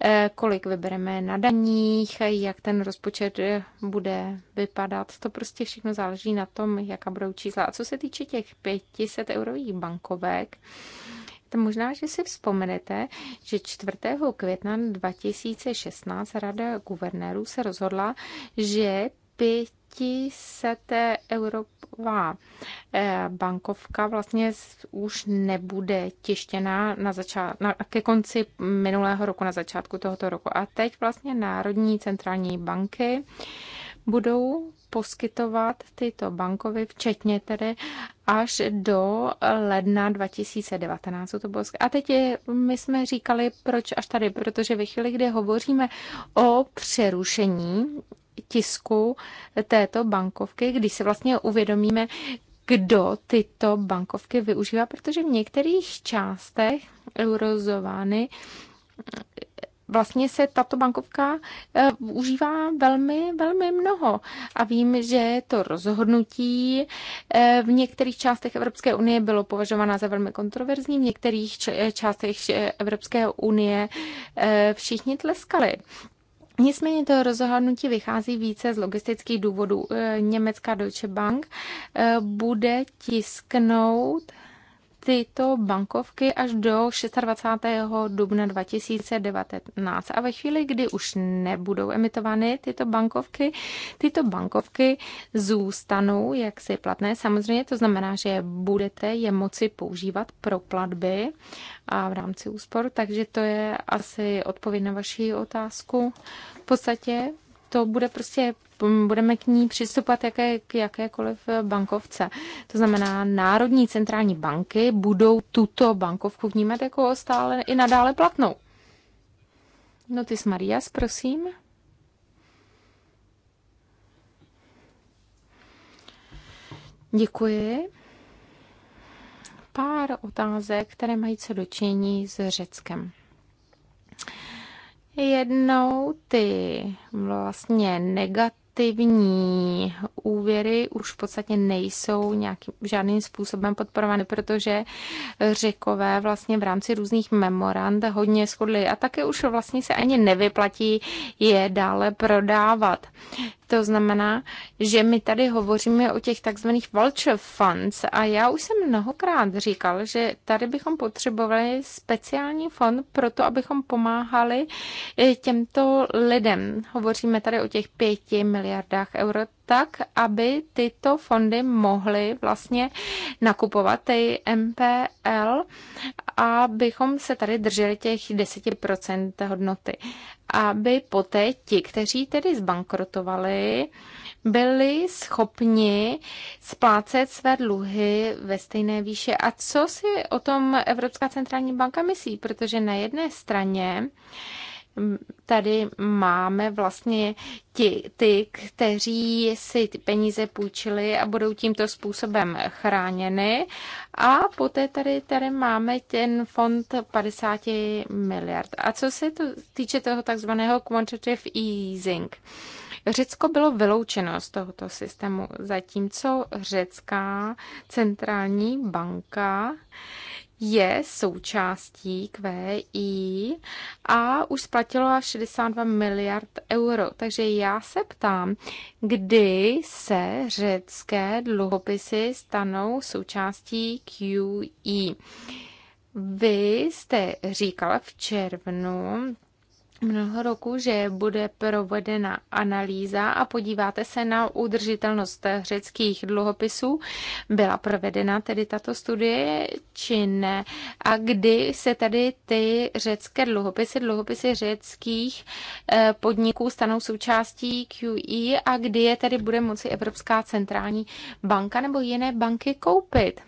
eh, kolik vybereme na daních, jak ten rozpočet eh, bude vypadat. To prostě všechno záleží na tom, jaká budou čísla. A co se týče těch 500 eurových bankovek, to možná, že si vzpomenete, že 4. května 2016 Rada guvernérů se rozhodla, že 500 eurová eh, bankovka vlastně už nebude tištěná na začát, na, ke konci minulého roku, na začátku tohoto roku. A teď vlastně Národní centrální banky budou poskytovat tyto bankovy, včetně tedy až do ledna 2019. To bylo... A teď je, my jsme říkali, proč až tady, protože ve chvíli, kdy hovoříme o přerušení tisku této bankovky, když se vlastně uvědomíme, kdo tyto bankovky využívá, protože v některých částech eurozóny eh, vlastně se tato bankovka eh, užívá velmi, velmi mnoho. A vím, že to rozhodnutí eh, v některých částech Evropské unie bylo považováno za velmi kontroverzní, v některých částech Evropské unie všichni tleskali. Nicméně to rozhodnutí vychází více z logistických důvodů. E, Německá Deutsche Bank e, bude tisknout tyto bankovky až do 26. dubna 2019. A ve chvíli, kdy už nebudou emitovány tyto bankovky, tyto bankovky zůstanou jaksi platné. Samozřejmě to znamená, že budete je moci používat pro platby a v rámci úspor, takže to je asi odpověď na vaši otázku. V podstatě to bude prostě budeme k ní přistupovat jaké, k jakékoliv bankovce. To znamená, národní centrální banky budou tuto bankovku vnímat jako stále i nadále platnou. No ty Marias, prosím. Děkuji. Pár otázek, které mají co dočení s Řeckem. Jednou ty vlastně negativní negativní úvěry už v podstatě nejsou nějakým, žádným způsobem podporovány, protože řekové vlastně v rámci různých memorand hodně schodly a také už vlastně se ani nevyplatí je dále prodávat. To znamená, že my tady hovoříme o těch takzvaných vulture funds a já už jsem mnohokrát říkal, že tady bychom potřebovali speciální fond pro to, abychom pomáhali e, těmto lidem. Hovoříme tady o těch pěti miliardách euro, tak, aby tyto fondy mohly vlastně nakupovat ty MPL, abychom se tady drželi těch 10% hodnoty aby poté ti, kteří tedy zbankrotovali, byli schopni splácet své dluhy ve stejné výše. A co si o tom Evropská centrální banka myslí? Protože na jedné straně tady máme vlastně ti, ty, kteří si ty peníze půjčili a budou tímto způsobem chráněny. A poté tady, tady máme ten fond 50 miliard. A co se to týče toho takzvaného quantitative easing, Řecko bylo vyloučeno z tohoto systému, zatímco Řecká centrální banka je součástí QI e a už splatilo 62 miliard euro. Takže já se ptám, kdy se řecké dluhopisy stanou součástí QI. E Vy jste říkala v červnu, mnoho roku, že bude provedena analýza a podíváte se na udržitelnost řeckých dluhopisů. Byla provedena tedy tato studie, či ne? A kdy se tady ty řecké dluhopisy, dluhopisy řeckých eh, podniků stanou součástí QE a kdy je tedy bude moci Evropská centrální banka nebo jiné banky koupit?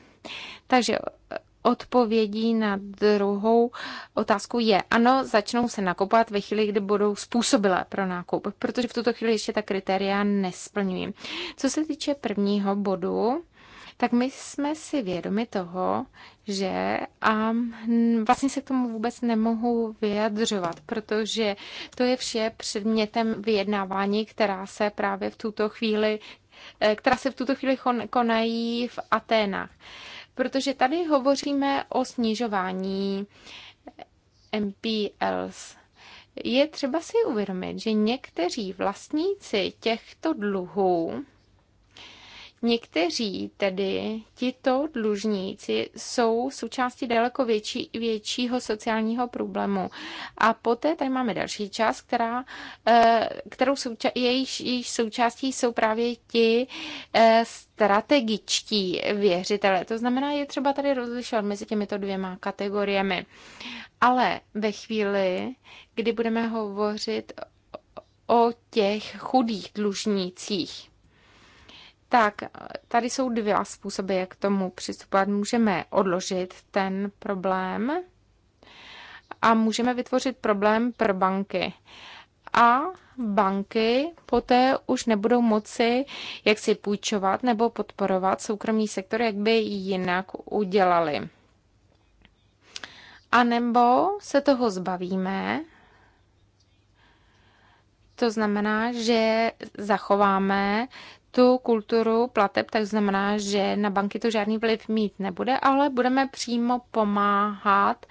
Takže eh, odpovědí na druhou otázku je, ano, začnou se nakupovat ve chvíli, kdy budou způsobilé pro nákup, protože v tuto chvíli ještě ta kritéria nesplňují. Co se týče prvního bodu, tak my jsme si vědomi toho, že a vlastně se k tomu vůbec nemohu vyjadřovat, protože to je vše předmětem vyjednávání, která se právě v tuto chvíli, eh, která se v tuto chvíli konají v Aténách protože tady hovoříme o snižování MPLs. Je třeba si uvědomit, že někteří vlastníci těchto dluhů Někteří tedy tito dlužníci jsou součástí daleko větší, většího sociálního problému. A poté tady máme další část, která, eh, kterou souča- jejich, součástí jsou právě ti eh, strategičtí věřitelé. To znamená, je třeba tady rozlišovat mezi těmito dvěma kategoriemi. Ale ve chvíli, kdy budeme hovořit o těch chudých dlužnících, tak tady jsou dva způsoby, jak k tomu přistupovat. Můžeme odložit ten problém a můžeme vytvořit problém pro banky. A banky poté už nebudou moci jak si půjčovat nebo podporovat soukromý sektor, jak by jinak udělali. A nebo se toho zbavíme, to znamená, že zachováme tu kulturu plateb, tak znamená, že na banky to žádný vliv mít nebude, ale budeme přímo pomáhat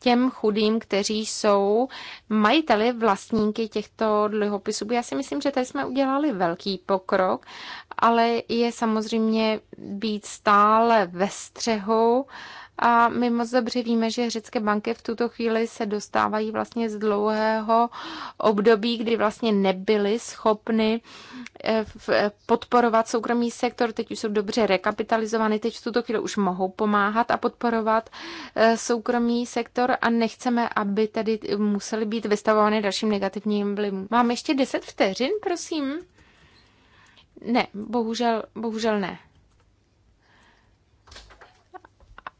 těm chudým, kteří jsou majiteli, vlastníky těchto dluhopisů. Já si myslím, že tady jsme udělali velký pokrok, ale je samozřejmě být stále ve střehu a my moc dobře víme, že řecké banky v tuto chvíli se dostávají vlastně z dlouhého období, kdy vlastně nebyly schopny eh, eh, podporovat soukromý sektor. Teď už jsou dobře rekapitalizovány, teď v tuto chvíli už mohou pomáhat a podporovat eh, soukromý sektor a nechceme, aby tedy museli být vystavovány dalším negativním vlivům. Mám ještě 10 vteřin, prosím? Ne, bohužel, bohužel ne.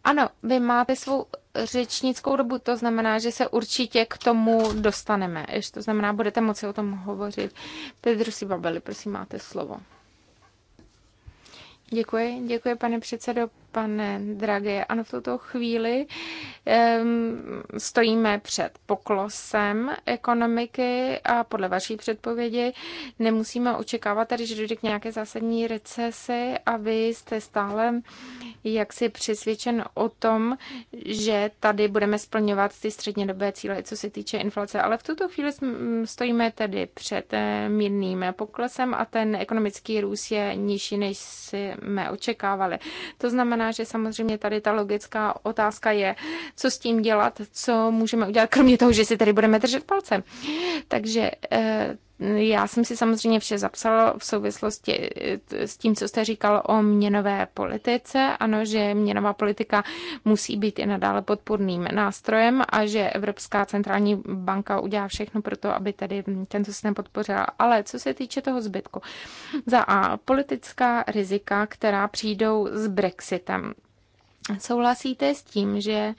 Ano, vy máte svou řečnickou dobu, to znamená, že se určitě k tomu dostaneme. Ještě to znamená, budete moci o tom hovořit. Pedro babeli, prosím, máte slovo. Děkuji, děkuji, pane předsedo pane Draghi. Ano, v tuto chvíli um, stojíme před poklosem ekonomiky a podle vaší předpovědi nemusíme očekávat tady, že dojde k nějaké zásadní recesi a vy jste stále jaksi přesvědčen o tom, že tady budeme splňovat ty střednědobé cíle, co se týče inflace, ale v tuto chvíli stojíme tedy před eh, mírným poklesem a ten ekonomický růst je nižší, než jsme očekávali. To znamená, znamená, že samozřejmě tady ta logická otázka je, co s tím dělat, co můžeme udělat, kromě toho, že si tady budeme držet palcem. Takže eh, já jsem si samozřejmě vše zapsala v souvislosti eh, s tím, co jste říkal o měnové politice. Ano, že měnová politika musí být i nadále podporným nástrojem a že Evropská centrální banka udělá všechno pro to, aby tady tento systém podpořila. Ale co se týče toho zbytku, za A politická rizika, která přijdou s Brexitem. Souhlasíte s tím, že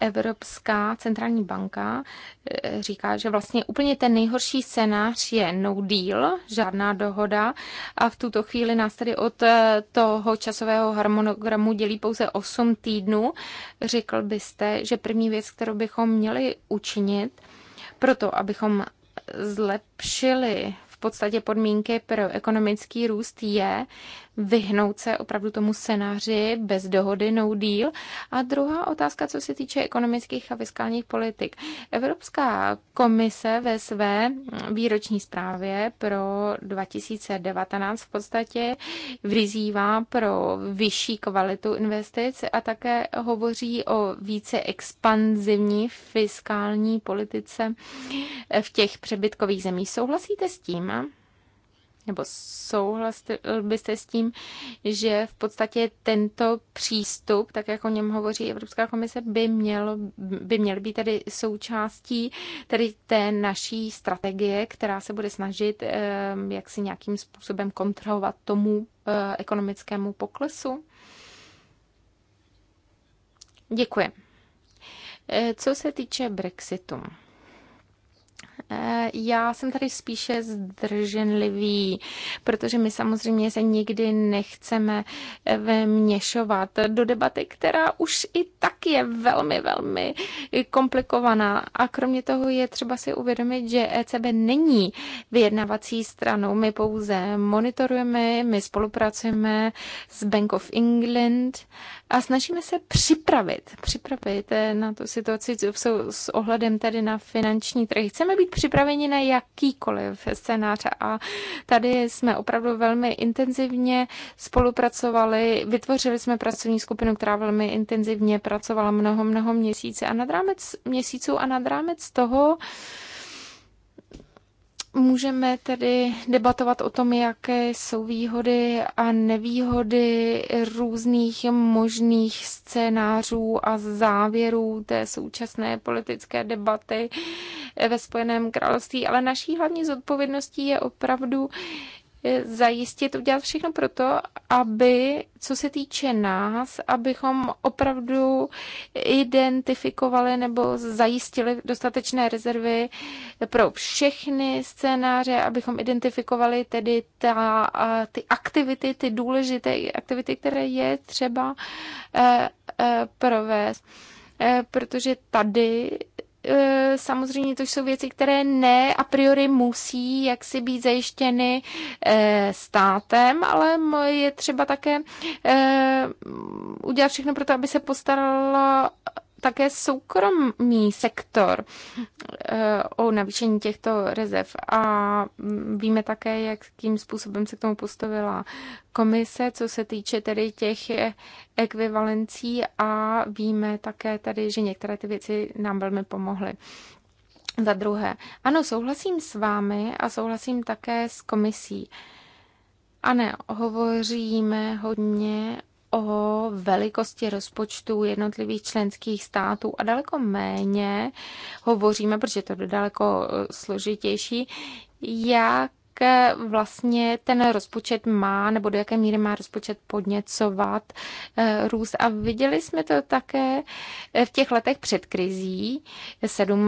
Evropská centrální banka eh, říká, že vlastně úplně ten nejhorší scénář je no deal, žádná dohoda a v tuto chvíli nás tedy od eh, toho časového harmonogramu dělí pouze 8 týdnů. Řekl byste, že první věc, kterou bychom měli učinit, proto abychom zlepšili v podstatě podmínky pro ekonomický růst je vyhnout se opravdu tomu scénáři bez dohody no deal. A druhá otázka, co se týče ekonomických a fiskálních politik. Evropská komise ve své výroční zprávě pro 2019 v podstatě vyzývá pro vyšší kvalitu investic a také hovoří o více expanzivní fiskální politice v těch přebytkových zemích. Souhlasíte s tím? nebo souhlasil byste s tím, že v podstatě tento přístup, tak jak o něm hovoří Evropská komise, by měl, by měl být tady součástí tedy té naší strategie, která se bude snažit ehm, jak si nějakým způsobem kontrolovat tomu eh, ekonomickému poklesu? Děkuji. Eh, co se týče Brexitu, Eh, já jsem tady spíše zdrženlivý, protože my samozřejmě se nikdy nechceme eh, vměšovat do debaty, která už i tak je velmi, velmi komplikovaná. A kromě toho je třeba si uvědomit, že ECB není vyjednavací stranou. My pouze monitorujeme, my spolupracujeme s Bank of England, a snažíme se připravit, připravit eh, na tu situaci s ohledem tedy na finanční trhy. Chceme být připraveni na jakýkoliv scénář a tady jsme opravdu velmi intenzivně spolupracovali, vytvořili jsme pracovní skupinu, která velmi intenzivně pracovala mnoho, mnoho měsíců a nad rámec měsíců a nad rámec toho, Můžeme tedy debatovat o tom, jaké jsou výhody a nevýhody různých možných scénářů a závěrů té současné politické debaty ve Spojeném království, ale naší hlavní zodpovědností je opravdu zajistit, udělat všechno pro to, aby, co se týče nás, abychom opravdu identifikovali nebo zajistili dostatečné rezervy pro všechny scénáře, abychom identifikovali tedy ta, ty aktivity, ty důležité aktivity, které je třeba eh, eh, provést. Eh, protože tady E, samozřejmě to jsou věci, které ne a priori musí jaksi být zajištěny e, státem, ale je třeba také e, udělat všechno pro to, aby se postarala také soukromý sektor eh, o navýšení těchto rezerv a víme také, jakým způsobem se k tomu postavila komise, co se týče tedy těch ekvivalencí a víme také tady, že některé ty věci nám velmi pomohly. Za druhé, ano, souhlasím s vámi a souhlasím také s komisí. Ano, hovoříme hodně o velikosti rozpočtu jednotlivých členských států a daleko méně hovoříme, protože to je daleko eh, složitější, jak vlastně ten rozpočet má, nebo do jaké míry má rozpočet podněcovat eh, růst. A viděli jsme to také eh, v těch letech před krizí, sedm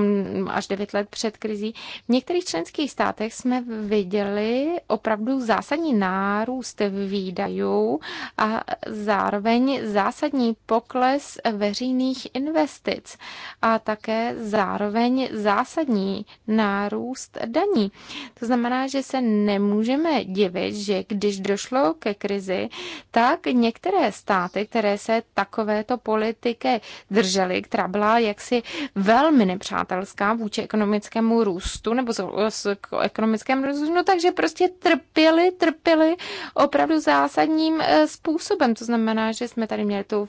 až devět let před krizí. V některých členských státech jsme viděli opravdu zásadní nárůst výdajů a zároveň zásadní pokles veřejných investic a také zároveň zásadní nárůst daní. To znamená, že se nemůžeme divit, že když došlo ke krizi, tak některé státy, které se takovéto politiky držely, která byla jaksi velmi nepřátelská vůči ekonomickému růstu nebo s ekonomickému růstu, no takže prostě trpěli, trpěli opravdu zásadním eh, způsobem. To znamená, že jsme tady měli tu,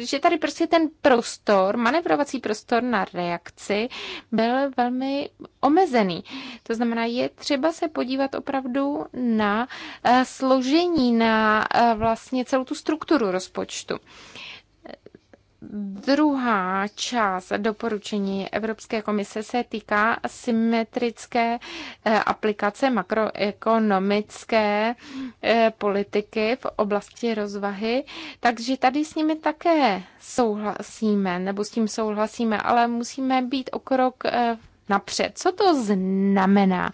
že tady prostě ten prostor, manevrovací prostor na reakci byl velmi omezený. To znamená, je třeba se podívat podívat opravdu na eh, složení, na eh, vlastně celou tu strukturu rozpočtu. Druhá část doporučení Evropské komise se týká symetrické eh, aplikace makroekonomické politiky v oblasti rozvahy, takže tady s nimi také souhlasíme, nebo s tím souhlasíme, ale musíme být o krok napřed. Co to znamená?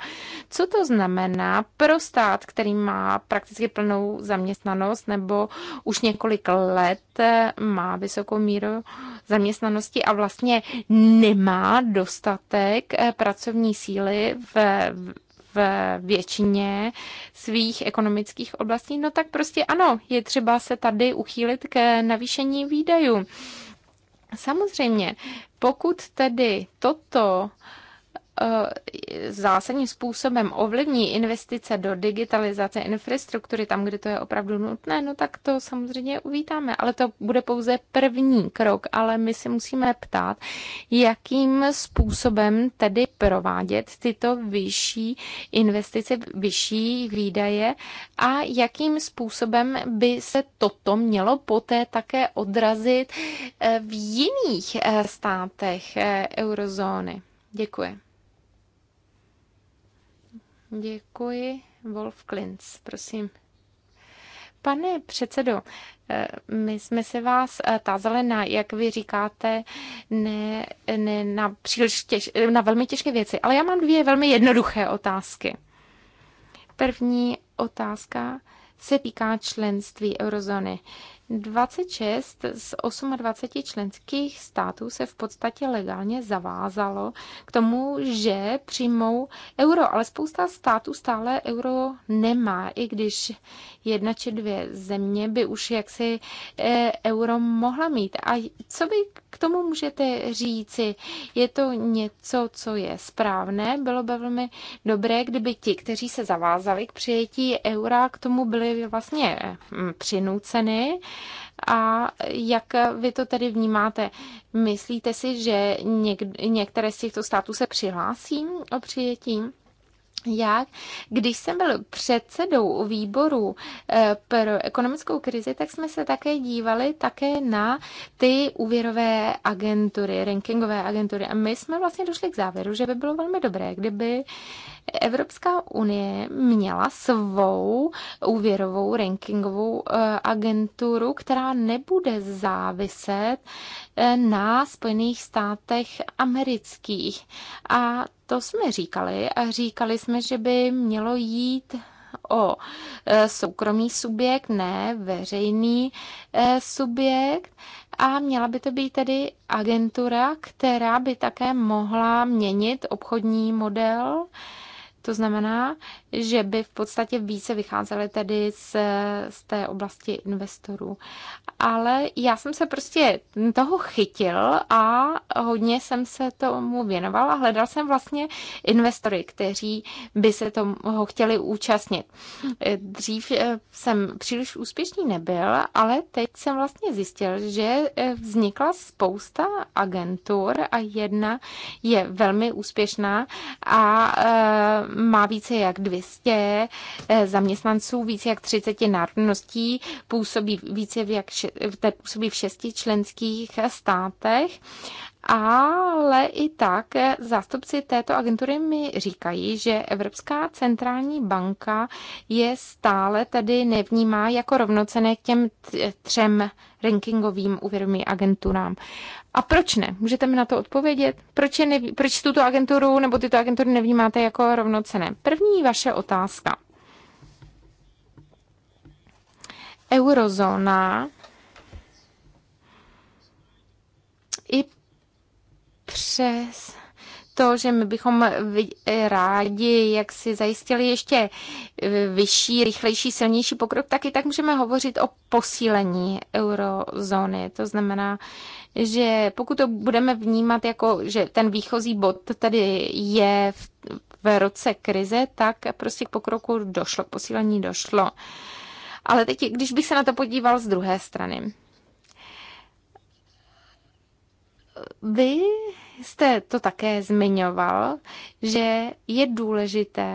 Co to znamená pro stát, který má prakticky plnou zaměstnanost nebo už několik let eh, má vysokou míru zaměstnanosti a vlastně nemá dostatek eh, pracovní síly v v většině svých ekonomických oblastí, no tak prostě ano, je třeba se tady uchýlit ke navýšení výdajů. Samozřejmě, pokud tedy toto Eh, zásadním způsobem ovlivní investice do digitalizace infrastruktury tam, kde to je opravdu nutné, no tak to samozřejmě uvítáme. Ale to bude pouze první krok, ale my si musíme ptát, jakým způsobem tedy provádět tyto vyšší investice, vyšší výdaje a jakým způsobem by se toto mělo poté také odrazit eh, v jiných eh, státech eurozóny. Děkuji. Děkuji. Wolf Klinc, prosím. Pane předsedo, eh, my jsme se vás eh, tázali na, jak vy říkáte, ne, ne na, příliš těž, eh, na velmi těžké věci, ale já mám dvě velmi jednoduché otázky. První otázka se týká členství eurozóny. 26 z 28 členských států se v podstatě legálně zavázalo k tomu, že přijmou euro, ale spousta států stále euro nemá, i když jedna či dvě země by už jaksi eh, euro mohla mít. A co vy k tomu můžete říci? Je to něco, co je správné? Bylo by velmi dobré, kdyby ti, kteří se zavázali k přijetí eura, k tomu byli vlastně hm, přinuceni? a jak vy to tedy vnímáte? Myslíte si, že něk- některé z těchto států se přihlásí o přijetí? Jak? Když jsem byl předsedou výboru eh, pro ekonomickou krizi, tak jsme se také dívali také na ty úvěrové agentury, rankingové agentury. A my jsme vlastně došli k závěru, že by bylo velmi dobré, kdyby Evropská unie měla svou úvěrovou rankingovou eh, agenturu, která nebude záviset eh, na Spojených státech amerických. A to jsme říkali a říkali jsme, že by mělo jít o eh, soukromý subjekt, ne veřejný subjekt. A měla by to být tedy agentura, která by také mohla měnit obchodní model to znamená, že by v podstatě více vycházely tedy z, z té oblasti investorů. Ale já jsem se prostě toho chytil a hodně jsem se tomu věnoval a hledal jsem vlastně investory, kteří by se toho chtěli účastnit. Dřív eh, jsem příliš úspěšný nebyl, ale teď jsem vlastně zjistil, že eh, vznikla spousta agentur a jedna je velmi úspěšná a eh, má více jak 200 eh, zaměstnanců, více jak 30 národností, působí, více jak, působí v šesti členských státech ale i tak zástupci této agentury mi říkají, že Evropská centrální banka je stále tedy nevnímá jako rovnocené k těm třem rankingovým úvěrovým agenturám. A proč ne? Můžete mi na to odpovědět? Proč, je neví, proč tuto agenturu nebo tyto agentury nevnímáte jako rovnocené? První vaše otázka. Eurozóna i přes to, že my bychom rádi, jak si zajistili ještě eh, vyšší, rychlejší, silnější pokrok, tak i tak můžeme hovořit o posílení eurozóny. To znamená, že pokud to budeme vnímat jako, že ten výchozí bod tady je v, v roce krize, tak prostě k pokroku došlo, k posílení došlo. Ale teď, když bych se na to podíval z druhé strany, vy jste to také zmiňoval, že je důležité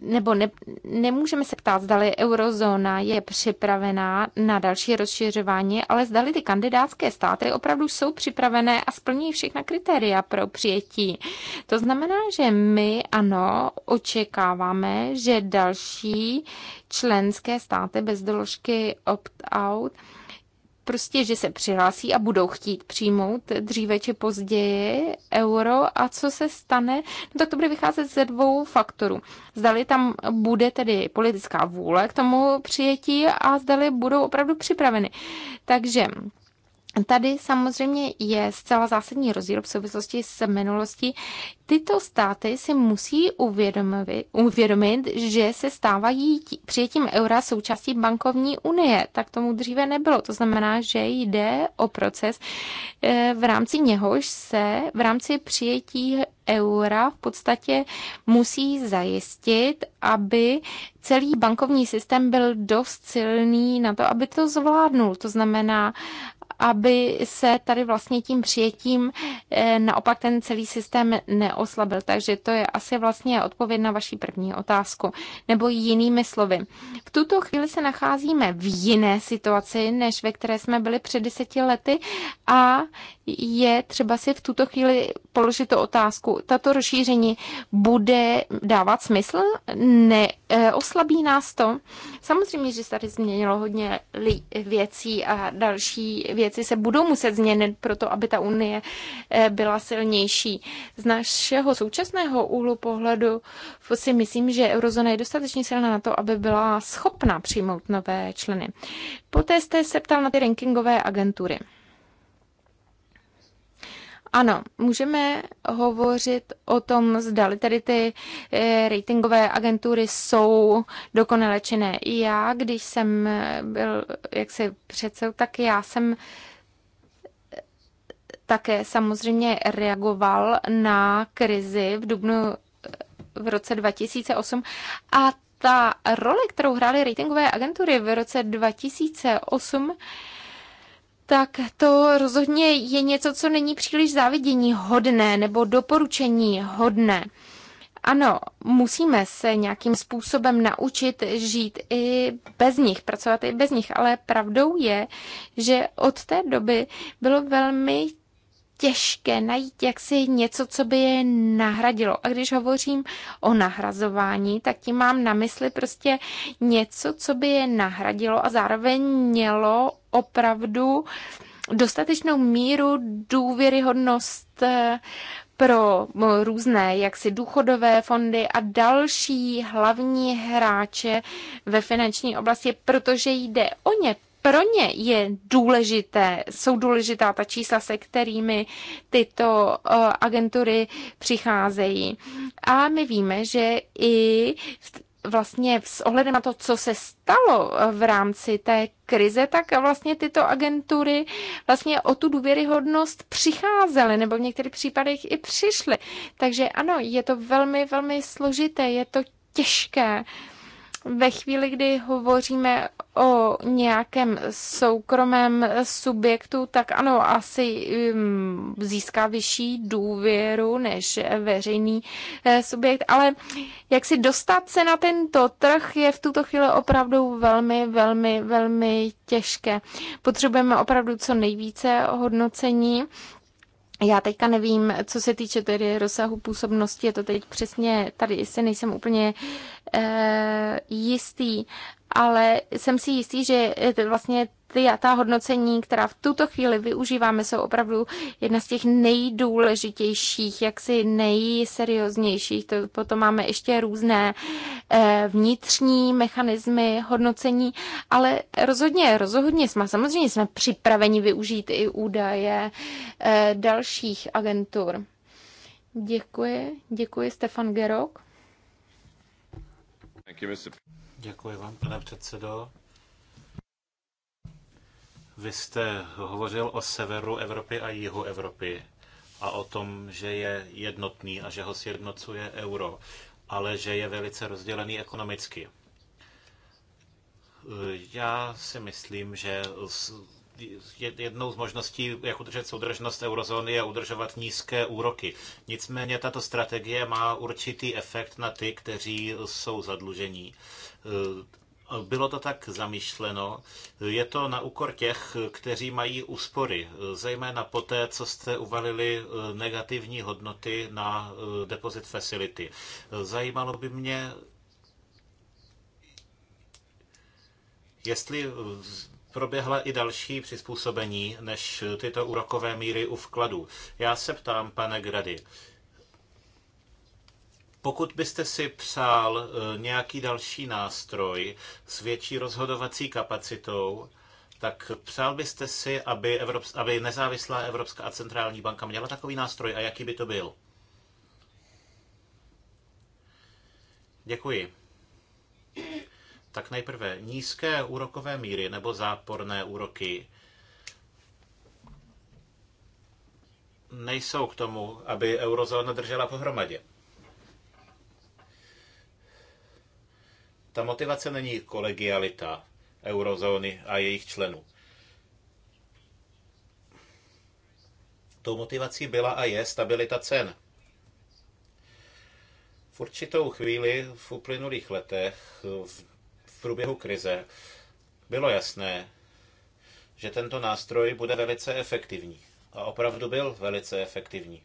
nebo ne, nemůžeme se ptát, zdali eurozóna je připravená na další rozšiřování, ale zdali ty kandidátské státy opravdu jsou připravené a splní všechna kritéria pro přijetí. To znamená, že my ano, očekáváme, že další členské státy bez doložky opt-out prostě, že se přihlásí a budou chtít přijmout dříve či později euro a co se stane, no tak to bude vycházet ze dvou faktorů. Zdali tam bude tedy politická vůle k tomu přijetí a zdali budou opravdu připraveny. Takže Tady samozřejmě je zcela zásadní rozdíl v souvislosti s minulostí. Tyto státy si musí uvědomit, že se stávají přijetím eura součástí bankovní unie. Tak tomu dříve nebylo. To znamená, že jde o proces, eh, v rámci něhož se v rámci přijetí eura v podstatě musí zajistit, aby celý bankovní systém byl dost silný na to, aby to zvládnul. To znamená, aby se tady vlastně tím přijetím eh, naopak ten celý systém neoslabil. Takže to je asi vlastně odpověď na vaši první otázku. Nebo jinými slovy, v tuto chvíli se nacházíme v jiné situaci, než ve které jsme byli před deseti lety a je třeba si v tuto chvíli položit tu otázku. Tato rozšíření bude dávat smysl? Neoslabí eh, nás to? Samozřejmě, že se tady změnilo hodně věcí a další věci se budou muset změnit proto, aby ta unie eh, byla silnější. Z našeho současného úhlu pohledu si myslím, že eurozona je dostatečně silná na to, aby byla schopna přijmout nové členy. Poté jste se ptal na ty rankingové agentury. Ano, můžeme hovořit o tom, zda tedy ty eh, ratingové agentury jsou dokonale či ne. Já, když jsem eh, byl jak se přece, tak já jsem eh, také samozřejmě reagoval na krizi v dubnu v roce 2008 a ta role, kterou hrály ratingové agentury v roce 2008, tak to rozhodně je něco, co není příliš závidění hodné nebo doporučení hodné. Ano, musíme se nějakým způsobem naučit žít i bez nich, pracovat i bez nich, ale pravdou je, že od té doby bylo velmi těžké najít jaksi něco, co by je nahradilo. A když hovořím o nahrazování, tak tím mám na mysli prostě něco, co by je nahradilo a zároveň mělo opravdu dostatečnou míru důvěryhodnost eh, pro různé jaksi důchodové fondy a další hlavní hráče ve finanční oblasti, protože jde o ně, pro ně je důležité, jsou důležitá ta čísla, se kterými tyto eh, agentury přicházejí. A my víme, že i vlastně s ohledem na to, co se stalo eh, v rámci té krize, tak vlastně tyto agentury vlastně o tu důvěryhodnost přicházely, nebo v některých případech i přišly. Takže ano, je to velmi, velmi složité, je to těžké. Uh, ve chvíli, kdy hovoříme o nějakém soukromém subjektu, tak ano, asi um, získá vyšší důvěru než veřejný eh, subjekt, ale jak si dostat se na tento trh je v tuto chvíli opravdu velmi, velmi, velmi těžké. Potřebujeme opravdu co nejvíce hodnocení já teďka nevím, co se týče tedy rozsahu působnosti, je to teď přesně, tady si nejsem úplně e, jistý, ale jsem si jistý, že eh, vlastně ty, a ta hodnocení, která v tuto chvíli využíváme, jsou opravdu jedna z těch nejdůležitějších, jaksi nejserióznějších. To, potom máme ještě různé eh, vnitřní mechanismy hodnocení, ale rozhodně, rozhodně jsme, samozřejmě jsme připraveni využít i údaje eh, dalších agentur. Děkuji, děkuji Stefan Gerok. Thank you, Mr. Děkuji vám, pane předsedo. Vy jste hovořil o severu Evropy a jihu Evropy a o tom, že je jednotný a že ho sjednocuje euro, ale že je velice rozdělený ekonomicky. Já si myslím, že jednou z možností, jak udržet soudržnost eurozóny, je udržovat nízké úroky. Nicméně tato strategie má určitý efekt na ty, kteří jsou zadlužení. Eh, bylo to tak zamýšleno. Je to na úkor těch, kteří mají úspory, zejména poté, co jste uvalili eh, negativní hodnoty na eh, deposit facility. Zajímalo by mě, jestli proběhla i další přizpůsobení než tyto úrokové míry u vkladů. Já se ptám, pane Grady, pokud byste si přál eh, nějaký další nástroj s větší rozhodovací kapacitou, tak přál byste si, aby, Evrops- aby nezávislá Evropská a centrální banka měla takový nástroj a jaký by to byl? Děkuji. Tak nejprve nízké úrokové míry nebo záporné úroky nejsou k tomu, aby eurozóna držela pohromadě. Ta motivace není kolegialita eurozóny a jejich členů. Tou motivací byla a je stabilita cen. V určitou chvíli v uplynulých letech v v průběhu krize bylo jasné, že tento nástroj bude velice efektivní. A opravdu byl velice efektivní.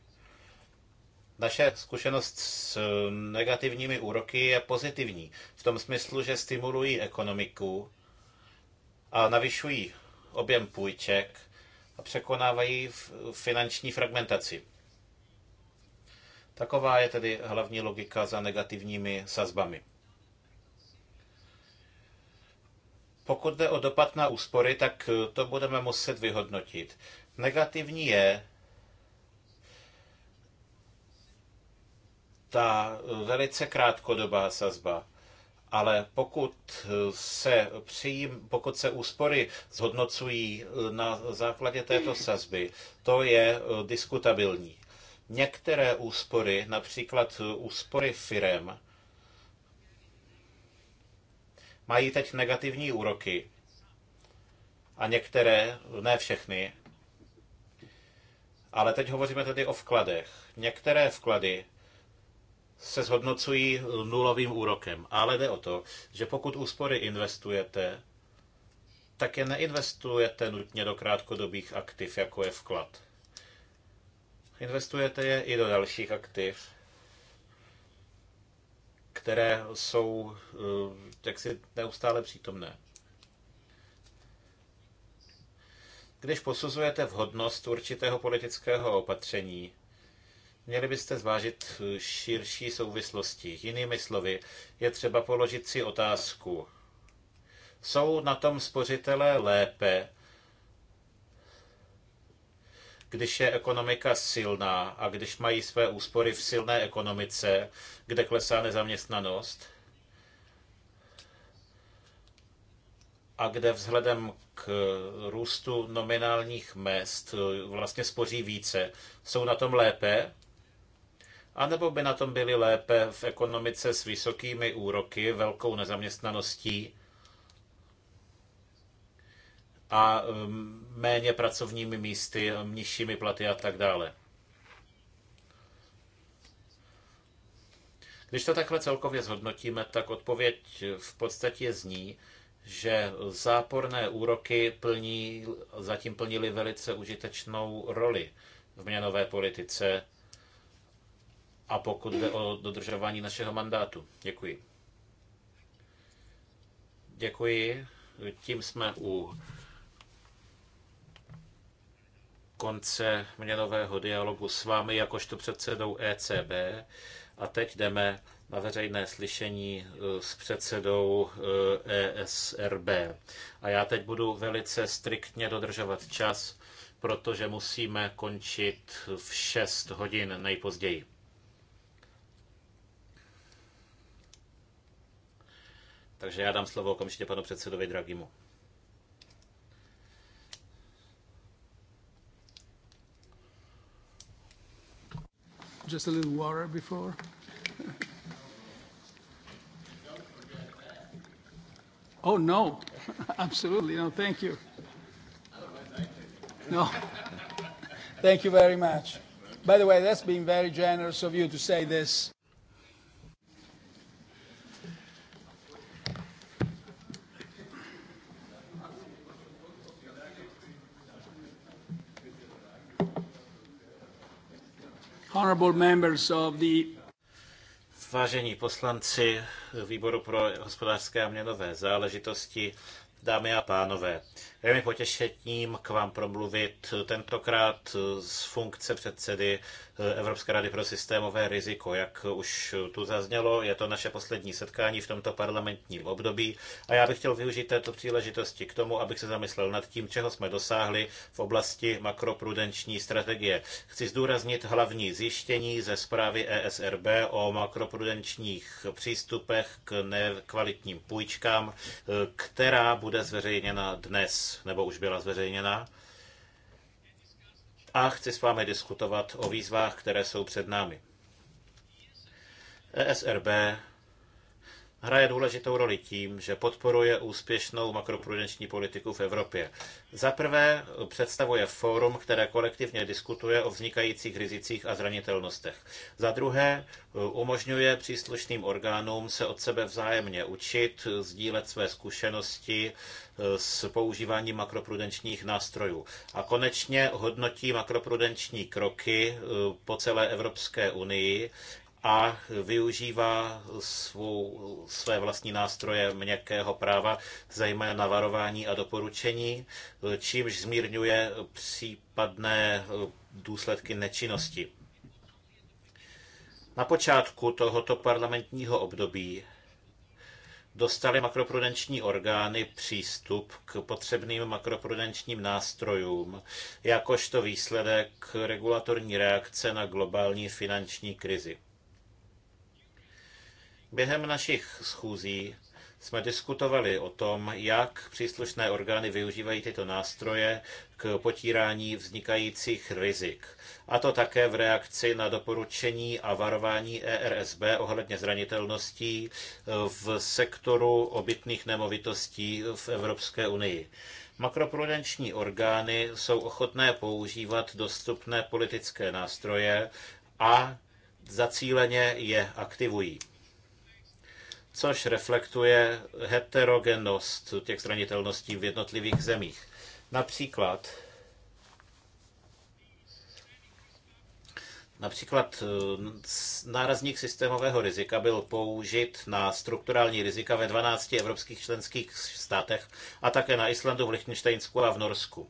Naše zkušenost s negativními úroky je pozitivní v tom smyslu, že stimulují ekonomiku a navyšují objem půjček a překonávají finanční fragmentaci. Taková je tedy hlavní logika za negativními sazbami. Pokud jde o dopad na úspory, tak eh, to budeme muset vyhodnotit. Negativní je ta eh, velice krátkodobá sazba. Ale pokud eh, se, přijím, pokud se úspory zhodnocují na základě této sazby, to je diskutabilní. Některé úspory, například úspory firem, mají teď negativní úroky. A některé, ne všechny, ale teď hovoříme tedy o vkladech. Některé vklady se zhodnocují nulovým úrokem, ale jde o to, že pokud úspory investujete, tak je neinvestujete nutně do krátkodobých aktiv, jako je vklad. Investujete je i do dalších aktiv, které jsou eh, jaksi neustále přítomné. Když posuzujete vhodnost určitého politického opatření, Měli byste zvážit širší souvislosti. Jinými slovy, je třeba položit si otázku. Jsou na tom spořitelé lépe když je ekonomika silná a když mají své úspory v silné ekonomice, kde klesá nezaměstnanost a kde vzhledem k růstu nominálních mest vlastně spoří více, jsou na tom lépe, A nebo by na tom byli lépe v ekonomice s vysokými úroky, velkou nezaměstnaností a um, méně pracovními místy, nižšími platy a tak dále. Když to takhle celkově zhodnotíme, tak odpověď v podstatě zní, že záporné úroky plní, zatím plnili velice užitečnou roli v měnové politice a pokud jde o dodržování našeho mandátu. Děkuji. Děkuji. Tím jsme u konce měnového dialogu s vámi jakožto předsedou ECB. A teď jdeme na veřejné slyšení eh, s předsedou ESRB. Eh, e A já teď budu velice striktně dodržovat čas, protože musíme končit v 6 hodin nejpozději. Takže já dám slovo okamžitě panu předsedovi Dragimu. Just a little water before. Oh, no. Absolutely. No, thank you. No. Thank you very much. By the way, that's been very generous of you to say this. Vážení poslanci výboru pro hospodářské a měnové záležitosti, Dámy a pánové, je mi potěšením k vám promluvit tentokrát z funkce předsedy eh, Evropské rady pro systémové riziko. Jak už tu zaznělo, je to naše poslední setkání v tomto parlamentním období a já bych chtěl využít této příležitosti k tomu, abych se zamyslel nad tím, čeho jsme dosáhli v oblasti makroprudenční strategie. Chci zdůraznit hlavní zjištění ze zprávy ESRB o makroprudenčních přístupech k nekvalitním půjčkám, eh, která bude bude zveřejněna dnes, nebo už byla zveřejněna. A chci s vámi diskutovat o výzvách, které jsou před námi. ESRB hraje důležitou roli tím, že podporuje úspěšnou makroprudenční politiku v Evropě. Za prvé představuje fórum, které kolektivně diskutuje o vznikajících rizicích a zranitelnostech. Za druhé umožňuje příslušným orgánům se od sebe vzájemně učit, sdílet své zkušenosti eh, s používáním makroprudenčních nástrojů. A konečně hodnotí makroprudenční kroky eh, po celé Evropské unii, a využívá svou, své vlastní nástroje měkkého práva, zejména varování a doporučení, čímž zmírňuje případné eh, důsledky nečinnosti. Na počátku tohoto parlamentního období dostali makroprudenční orgány přístup k potřebným makroprudenčním nástrojům, jakožto výsledek regulatorní reakce na globální finanční krizi. Během našich schůzí jsme diskutovali o tom, jak příslušné orgány využívají tyto nástroje k potírání vznikajících rizik. A to také v reakci na doporučení a varování ERSB ohledně zranitelností eh, v sektoru obytných nemovitostí v Evropské unii. Makroprudenční orgány jsou ochotné používat dostupné politické nástroje a zacíleně je aktivují což reflektuje heterogennost těch zranitelností v jednotlivých zemích. Například Například eh, nárazník systémového rizika byl použit na strukturální rizika ve 12 evropských členských státech a také na Islandu, v Lichtensteinsku a v Norsku.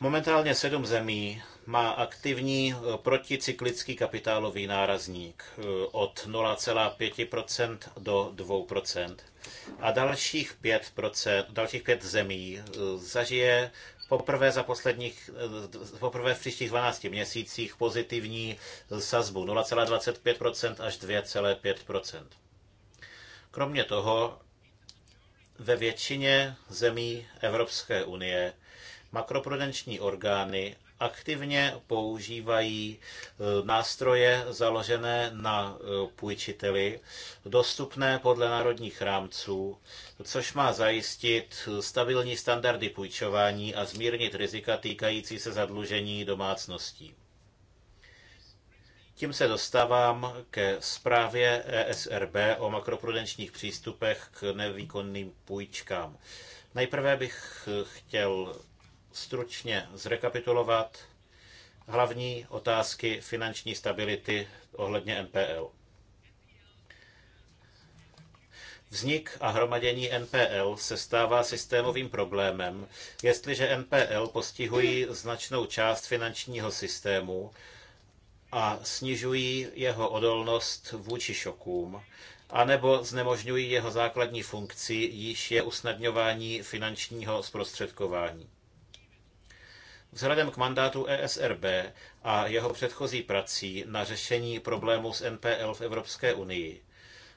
Momentálně sedm zemí má aktivní eh, proticyklický kapitálový nárazník eh, od 0,5% do 2%. A dalších 5%, dalších 5 zemí eh, zažije poprvé za posledních, poprvé v příštích 12 měsících pozitivní sazbu 0,25% až 2,5%. Kromě toho ve většině zemí Evropské unie makroprudenční orgány aktivně používají e, nástroje založené na e, půjčiteli, dostupné podle národních rámců, což má zajistit stabilní standardy půjčování a zmírnit rizika týkající se zadlužení domácností. Tím se dostávám ke zprávě ESRB o makroprudenčních přístupech k nevýkonným půjčkám. Nejprve bych e, chtěl stručně zrekapitulovat hlavní otázky finanční stability ohledně NPL. Vznik a hromadění NPL se stává systémovým problémem, jestliže NPL postihují značnou část finančního systému a snižují jeho odolnost vůči šokům, anebo znemožňují jeho základní funkci, již je usnadňování finančního zprostředkování. Vzhledem k mandátu ESRB a jeho předchozí prací na řešení problémů s NPL v Evropské unii,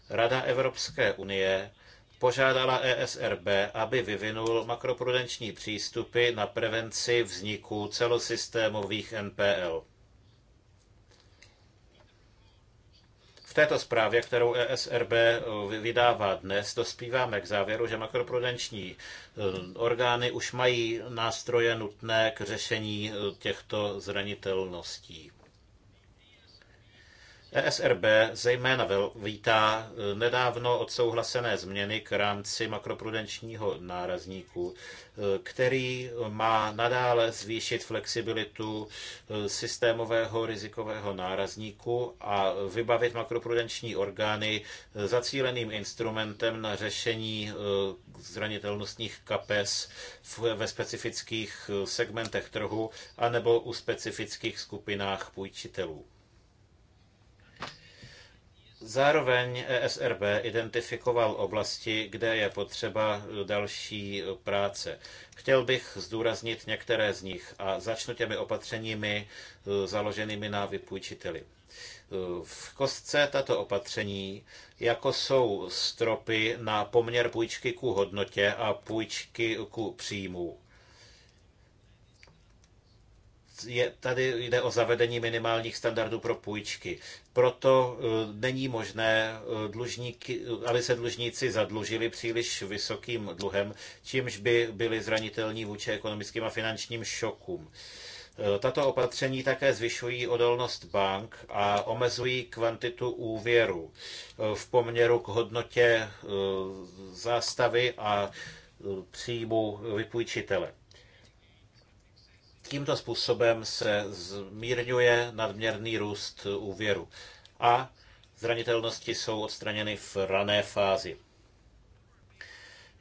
Rada Evropské unie požádala ESRB, aby vyvinul makroprudenční přístupy na prevenci vzniku celosystémových NPL. této zprávě, kterou ESRB eh, vydává dnes, dospíváme k závěru, že makroprudenční eh, orgány už mají nástroje nutné k řešení eh, těchto zranitelností. ESRB zejména vítá e, nedávno odsouhlasené změny k rámci makroprudenčního nárazníku, e, který má nadále zvýšit flexibilitu e, systémového rizikového nárazníku a vybavit makroprudenční orgány zacíleným instrumentem na řešení zranitelnostních kapes ve specifických segmentech trhu anebo u specifických skupinách půjčitelů. Zároveň ESRB identifikoval oblasti, kde je potřeba další práce. Chtěl bych zdůraznit některé z nich a začnu těmi opatřeními eh, založenými na vypůjčiteli. Eh, v kostce tato opatření, jako jsou stropy na poměr půjčky ku hodnotě a půjčky ku příjmu, je, tady jde o zavedení minimálních standardů pro půjčky. Proto e, není možné, e, dlužníky, aby se dlužníci zadlužili příliš vysokým dluhem, čímž by byli zranitelní vůči ekonomickým a finančním šokům. E, tato opatření také zvyšují odolnost bank a omezují kvantitu úvěru v poměru k hodnotě zástavy a příjmu vypůjčitele. Tímto způsobem se zmírňuje nadměrný růst úvěru a zranitelnosti jsou odstraněny v rané fázi.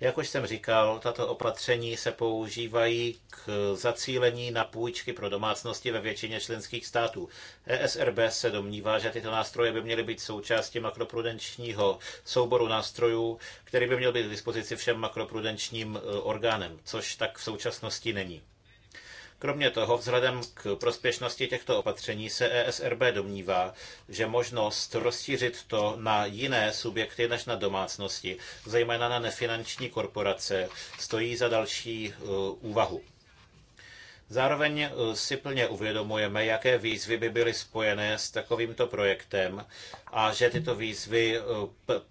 Jak už jsem říkal, tato opatření se používají k zacílení na půjčky pro domácnosti ve většině členských států. ESRB se domnívá, že tyto nástroje by měly být součástí makroprudenčního souboru nástrojů, který by měl být k dispozici všem makroprudenčním eh, orgánem, což tak v současnosti není. Kromě toho, vzhledem k prospěšnosti těchto opatření se ESRB domnívá, že možnost rozšířit to na jiné subjekty než na domácnosti, zejména na nefinanční korporace, stojí za další uh, úvahu. Zároveň eh, si plně uvědomujeme, jaké výzvy by byly spojené s takovýmto projektem a že tyto výzvy eh,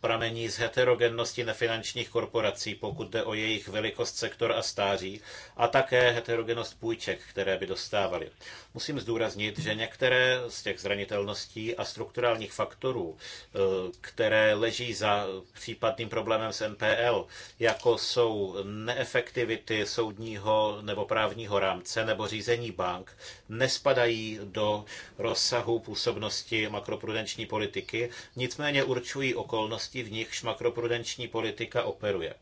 pramení z heterogennosti nefinančních korporací, pokud jde o jejich velikost, sektor a stáří, a také heterogenost půjček, které by dostávali. Musím zdůraznit, že některé z těch zranitelností a strukturálních faktorů, eh, které leží za případným problémem s NPL, jako jsou neefektivity soudního nebo právního rámce nebo řízení bank, nespadají do rozsahu působnosti makroprudenční politiky, nicméně určují okolnosti, v nichž makroprudenční politika operuje.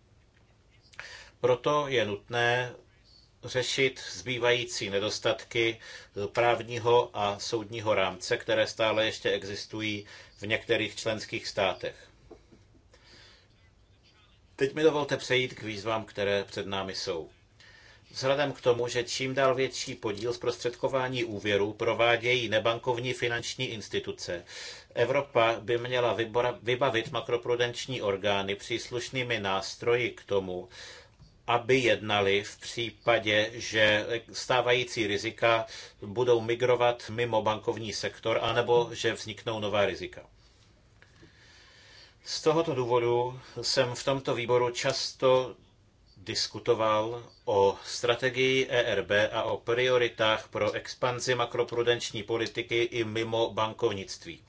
Proto je nutné řešit zbývající nedostatky právního a soudního rámce, které stále ještě existují v některých členských státech. Teď mi dovolte přejít k výzvám, které před námi jsou. Vzhledem k tomu, že čím dál větší podíl zprostředkování úvěru provádějí nebankovní finanční instituce, Evropa by měla vybavit makroprudenční orgány příslušnými nástroji k tomu, aby jednali v případě, že stávající rizika budou migrovat mimo bankovní sektor, anebo že vzniknou nová rizika. Z tohoto důvodu jsem v tomto výboru často diskutoval o strategii ERB a o prioritách pro expanzi makroprudenční politiky i mimo bankovnictví.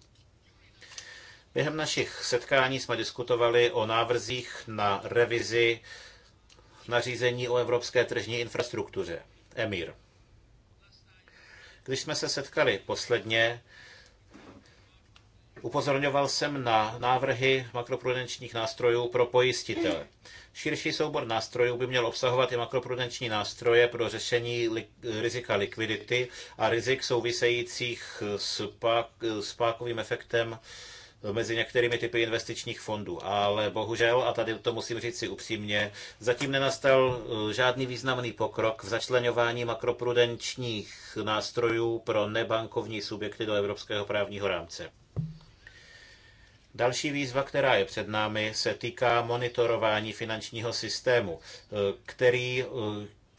Během našich setkání jsme diskutovali o návrzích na revizi nařízení o evropské tržní infrastruktuře, EMIR. Když jsme se setkali posledně, Upozorňoval jsem na návrhy makroprudenčních nástrojů pro pojistitele. Širší soubor nástrojů by měl obsahovat i makroprudenční nástroje pro řešení li- rizika likvidity a rizik souvisejících s, pák- s pákovým efektem mezi některými typy investičních fondů. Ale bohužel, a tady to musím říct si upřímně, zatím nenastal eh, žádný významný pokrok v začlenování makroprudenčních nástrojů pro nebankovní subjekty do evropského právního rámce. Další výzva, která je před námi, se týká monitorování finančního systému, eh, který eh,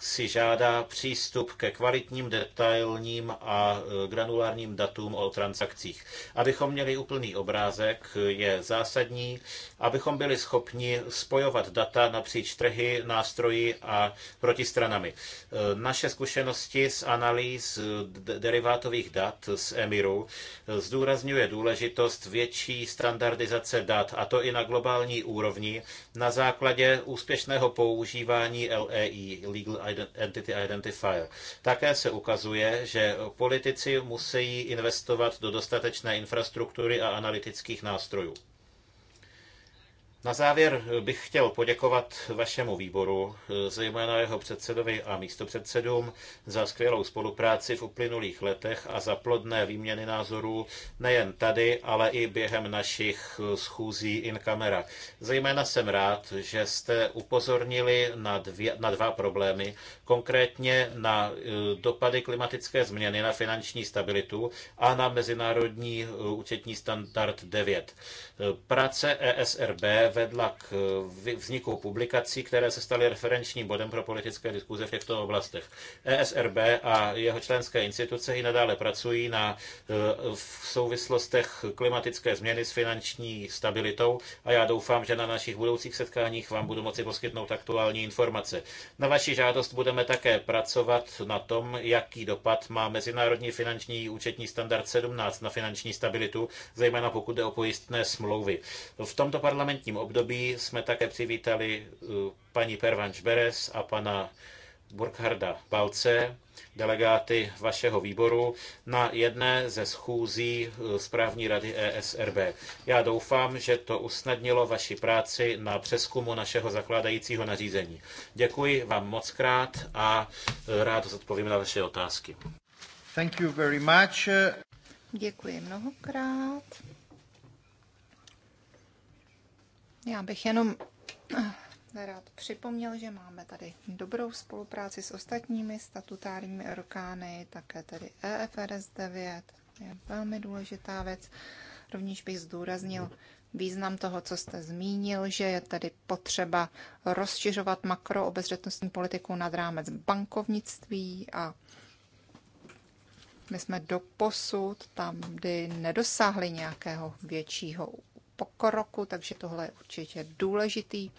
si žádá přístup ke kvalitním, detailním a e, granulárním datům o transakcích. Abychom měli úplný obrázek, je zásadní, abychom byli schopni spojovat data napříč trhy, nástroji a protistranami. E, naše zkušenosti z analýz e, derivátových dat z Emiru zdůrazňuje důležitost větší standardizace dat, a to i na globální úrovni, na základě úspěšného používání LEI, Legal Entity Identifier. Také se ukazuje, že politici musí investovat do dostatečné infrastruktury a analytických nástrojů. Na závěr bych chtěl poděkovat vašemu výboru, eh, zejména jeho předsedovi a místopředsedům, za skvělou spolupráci v uplynulých letech a za plodné výměny názorů nejen tady, ale i během našich eh, schůzí in camera. Zejména jsem rád, že jste upozornili na, dvě, na dva problémy, konkrétně na eh, dopady klimatické změny na finanční stabilitu a na mezinárodní účetní standard 9. Práce ESRB vedla k eh, vzniku publikací, které se staly referenčním bodem pro politické diskuze v těchto oblastech. ESRB a jeho členské instituce i nadále pracují na eh, v souvislostech klimatické změny s finanční stabilitou a já doufám, že na našich budoucích setkáních vám budu moci poskytnout aktuální informace. Na vaši žádost budeme také pracovat na tom, jaký dopad má Mezinárodní finanční účetní standard 17 na finanční stabilitu, zejména pokud jde o pojistné smlouvy. V tomto parlamentním období jsme také přivítali eh, paní Pervanč Beres a pana Burkharda Balce, delegáty vašeho výboru, na jedné ze schůzí eh, správní rady ESRB. Já doufám, že to usnadnilo vaši práci na přeskumu našeho zakládajícího nařízení. Děkuji vám moc krát a eh, rád zodpovím na vaše otázky. Thank you very much. Děkuji mnohokrát. Já bych jenom eh, rád připomněl, že máme tady dobrou spolupráci s ostatními statutárními orgány, také tedy EFRS 9, je velmi důležitá věc. Rovněž bych zdůraznil význam toho, co jste zmínil, že je tedy potřeba rozšiřovat makroobezřetnostní politiku nad rámec bankovnictví a my jsme do posud tam, kdy nedosáhli nějakého většího pokroku, takže tohle je určitě důležitý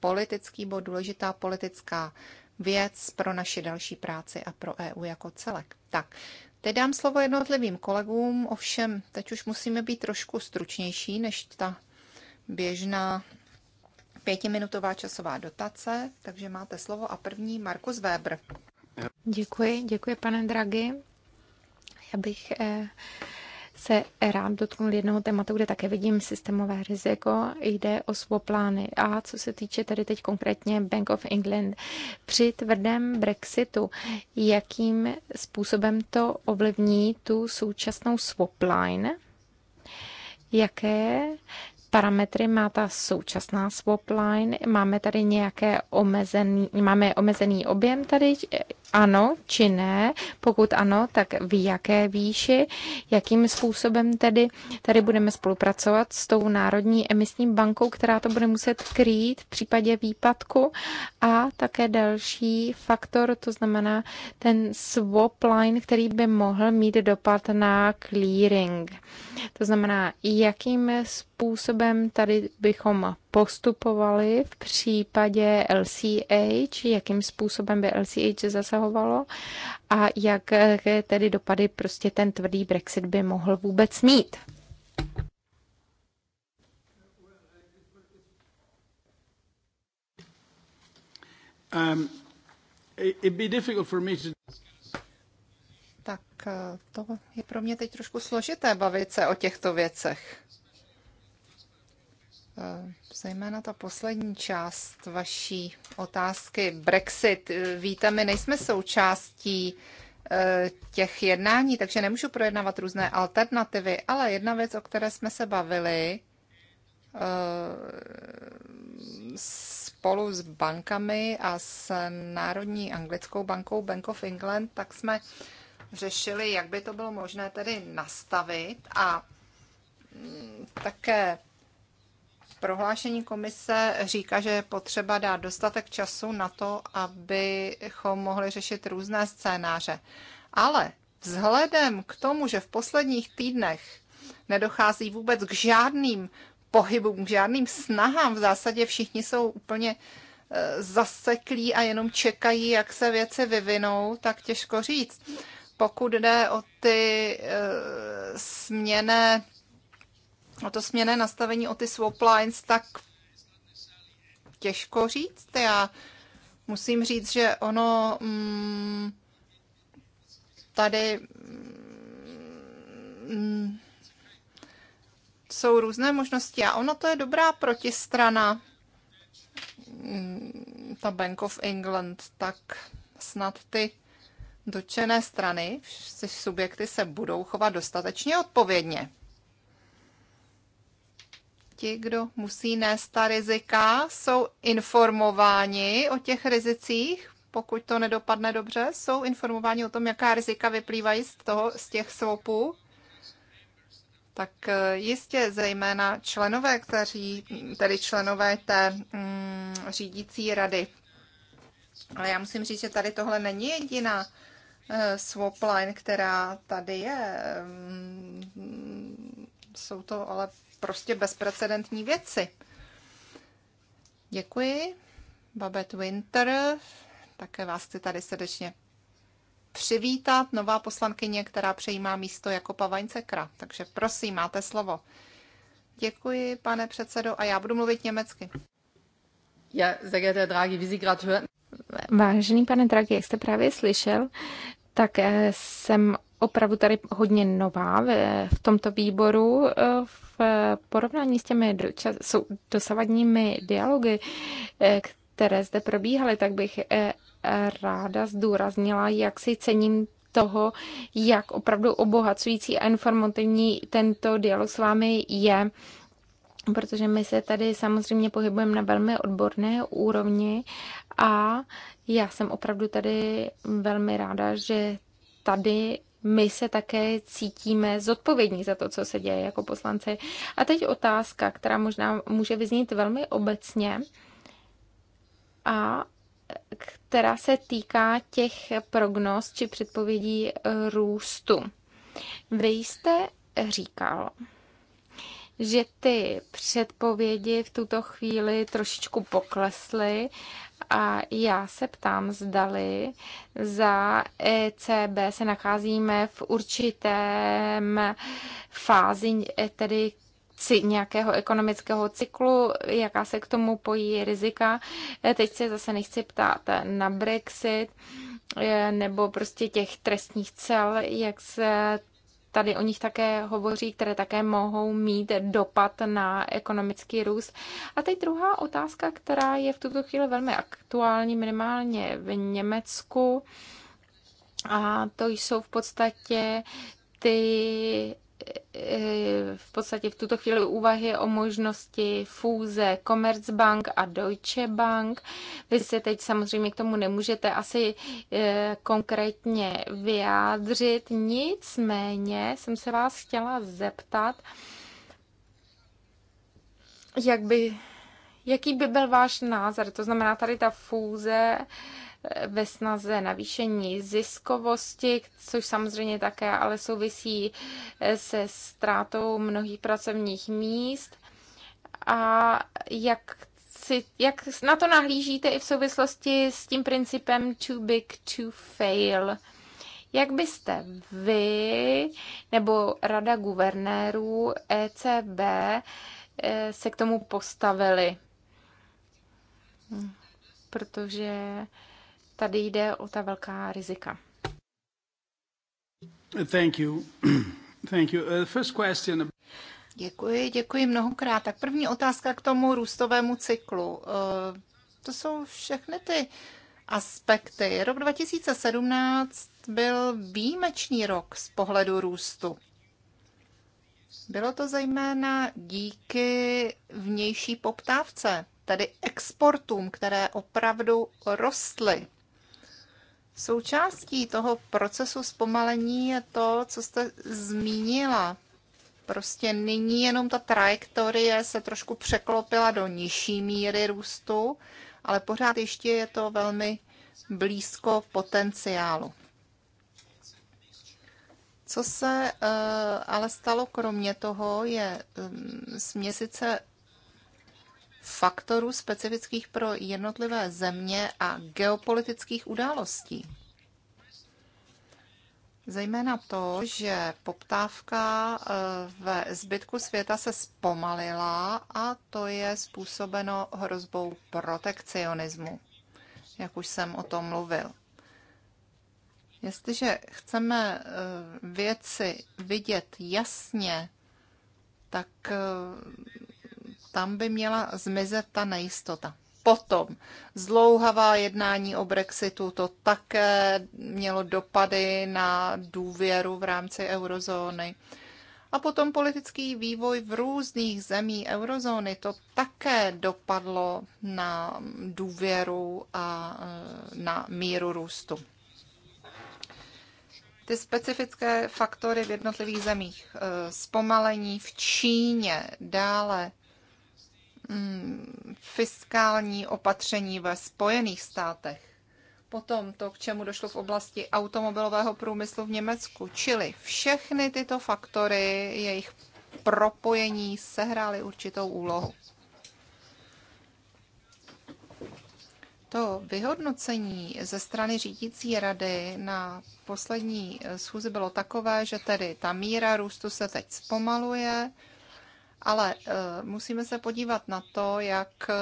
politický bod, důležitá politická věc pro naši další práci a pro EU jako celek. Tak, teď dám slovo jednotlivým kolegům, ovšem teď už musíme být trošku stručnější než ta běžná pětiminutová časová dotace, takže máte slovo a první Markus Weber. Děkuji, děkuji pane Dragy. Já bych eh, se rád dotknul jednoho tématu, kde také vidím systémové riziko. Jde o svoplány. A co se týče tady teď konkrétně Bank of England, při tvrdém Brexitu, jakým způsobem to ovlivní tu současnou swapline? Jaké parametry má ta současná swap line? Máme tady nějaké omezený, máme omezený objem tady ano či ne? Pokud ano, tak v jaké výši, jakým způsobem tedy tady budeme spolupracovat s tou Národní emisní bankou, která to bude muset krýt v případě výpadku a také další faktor, to znamená ten swap line, který by mohl mít dopad na clearing. To znamená, jakým způsobem tady bychom postupovali v případě LCH, jakým způsobem by LCH zasahovalo a jak tedy dopady prostě ten tvrdý Brexit by mohl vůbec mít. Um, be difficult for me to... Tak eh, to je pro mě teď trošku složité bavit se o těchto věcech. Eh, Zajména ta poslední část vaší otázky, Brexit. Eh, víte, my nejsme součástí eh, těch jednání, takže nemůžu projednávat různé alternativy, ale jedna věc, o které jsme se bavili spolu s bankami a s Národní anglickou bankou Bank of England, tak jsme řešili, jak by to bylo možné tedy nastavit a mm, také prohlášení komise říká, že je potřeba dát dostatek času na to, abychom mohli řešit různé scénáře. Ale vzhledem k tomu, že v posledních týdnech nedochází vůbec k žádným pohybům, k žádným snahám, v zásadě všichni jsou úplně e, zaseklí a jenom čekají, jak se věci vyvinou, tak těžko říct. Pokud jde o ty e, směné o to směné nastavení o ty swap lines, tak těžko říct. Já musím říct, že ono mm, tady mm, jsou různé možnosti a ono to je dobrá protistrana, mm, ta Bank of England, tak snad ty dočené strany, ty subjekty se budou chovat dostatečně odpovědně ti, kdo musí nést ta rizika, jsou informováni o těch rizicích, pokud to nedopadne dobře, jsou informováni o tom, jaká rizika vyplývají z, toho, z těch svopů. Tak eh, jistě zejména členové, kteří, tedy členové té mm, řídící rady. Ale já musím říct, že tady tohle není jediná eh, swap line, která tady je. Mm, jsou to ale prostě bezprecedentní věci. Děkuji. Babette Winter, také vás chci tady srdečně přivítat. Nová poslankyně, která přejímá místo jako Pavaňcekra. Takže prosím, máte slovo. Děkuji, pane předsedo, a já budu mluvit německy. Ja, sehr geehrter Draghi, wie Sie gerade hören. Vážený pane Draghi, jak jste právě slyšel, tak eh, jsem opravdu tady hodně nová v, v tomto výboru. E, v porovnání s těmi dosavadními dialogy, e, které zde probíhaly, tak bych e, ráda zdůraznila, jak si cením toho, jak opravdu obohacující a informativní tento dialog s vámi je protože my se tady samozřejmě pohybujeme na velmi odborné úrovni a já jsem opravdu tady velmi ráda, že tady my se také cítíme zodpovědní za to, co se děje jako poslanci. A teď otázka, která možná může vyznít velmi obecně a která se týká těch prognóz či předpovědí růstu. Vy jste říkal, že ty předpovědi v tuto chvíli trošičku poklesly a já se ptám, zdali za ECB se nacházíme v určitém fázi, e, tedy nějakého ekonomického cyklu, jaká se k tomu pojí rizika. E, teď se zase nechci ptát na Brexit e, nebo prostě těch trestních cel, jak se tady o nich také hovoří, které také mohou mít dopad na ekonomický růst. A teď druhá otázka, která je v tuto chvíli velmi aktuální, minimálně v Německu, a to jsou v podstatě ty v podstatě v tuto chvíli úvahy o možnosti fúze Commerzbank a Deutsche Bank. Vy se teď samozřejmě k tomu nemůžete asi eh, konkrétně vyjádřit, nicméně jsem se vás chtěla zeptat, jak by, jaký by byl váš názor, to znamená tady ta fúze ve snaze navýšení ziskovosti, což samozřejmě také ale souvisí eh, se ztrátou mnohých pracovních míst. A jak si, jak na to nahlížíte i v souvislosti s tím principem too big to fail? Jak byste vy nebo Rada guvernérů ECB eh, se k tomu postavili? Hm, protože tady jde o ta velká rizika. Thank you. Thank you. Uh, first question. Děkuji, děkuji mnohokrát. Tak první otázka k tomu růstovému cyklu. Uh, to jsou všechny ty aspekty. Rok 2017 byl výjimečný rok z pohledu růstu. Bylo to zejména díky vnější poptávce, tedy exportům, které opravdu rostly. Součástí toho procesu zpomalení je to, co jste zmínila. Prostě nyní jenom ta trajektorie se trošku překlopila do nižší míry růstu, ale pořád ještě je to velmi blízko potenciálu. Co se eh, ale stalo kromě toho, je mm, směsice faktorů specifických pro jednotlivé země a geopolitických událostí. Zejména to, že poptávka eh, ve zbytku světa se zpomalila a to je způsobeno hrozbou protekcionismu, jak už jsem o tom mluvil. Jestliže chceme eh, věci vidět jasně, tak eh, tam by měla zmizet ta nejistota. Potom zlouhavá jednání o Brexitu, to také mělo dopady na důvěru v rámci eurozóny. A potom politický vývoj v různých zemí eurozóny, to také dopadlo na důvěru a e, na míru růstu. Ty specifické faktory v jednotlivých zemích, e, zpomalení v Číně, dále Mm, fiskální opatření ve Spojených státech. Potom to, k čemu došlo v oblasti automobilového průmyslu v Německu, čili všechny tyto faktory, jejich propojení sehrály určitou úlohu. To vyhodnocení ze strany řídící rady na poslední schůzi bylo takové, že tedy ta míra růstu se teď zpomaluje, ale eh, musíme se podívat na to, jak eh,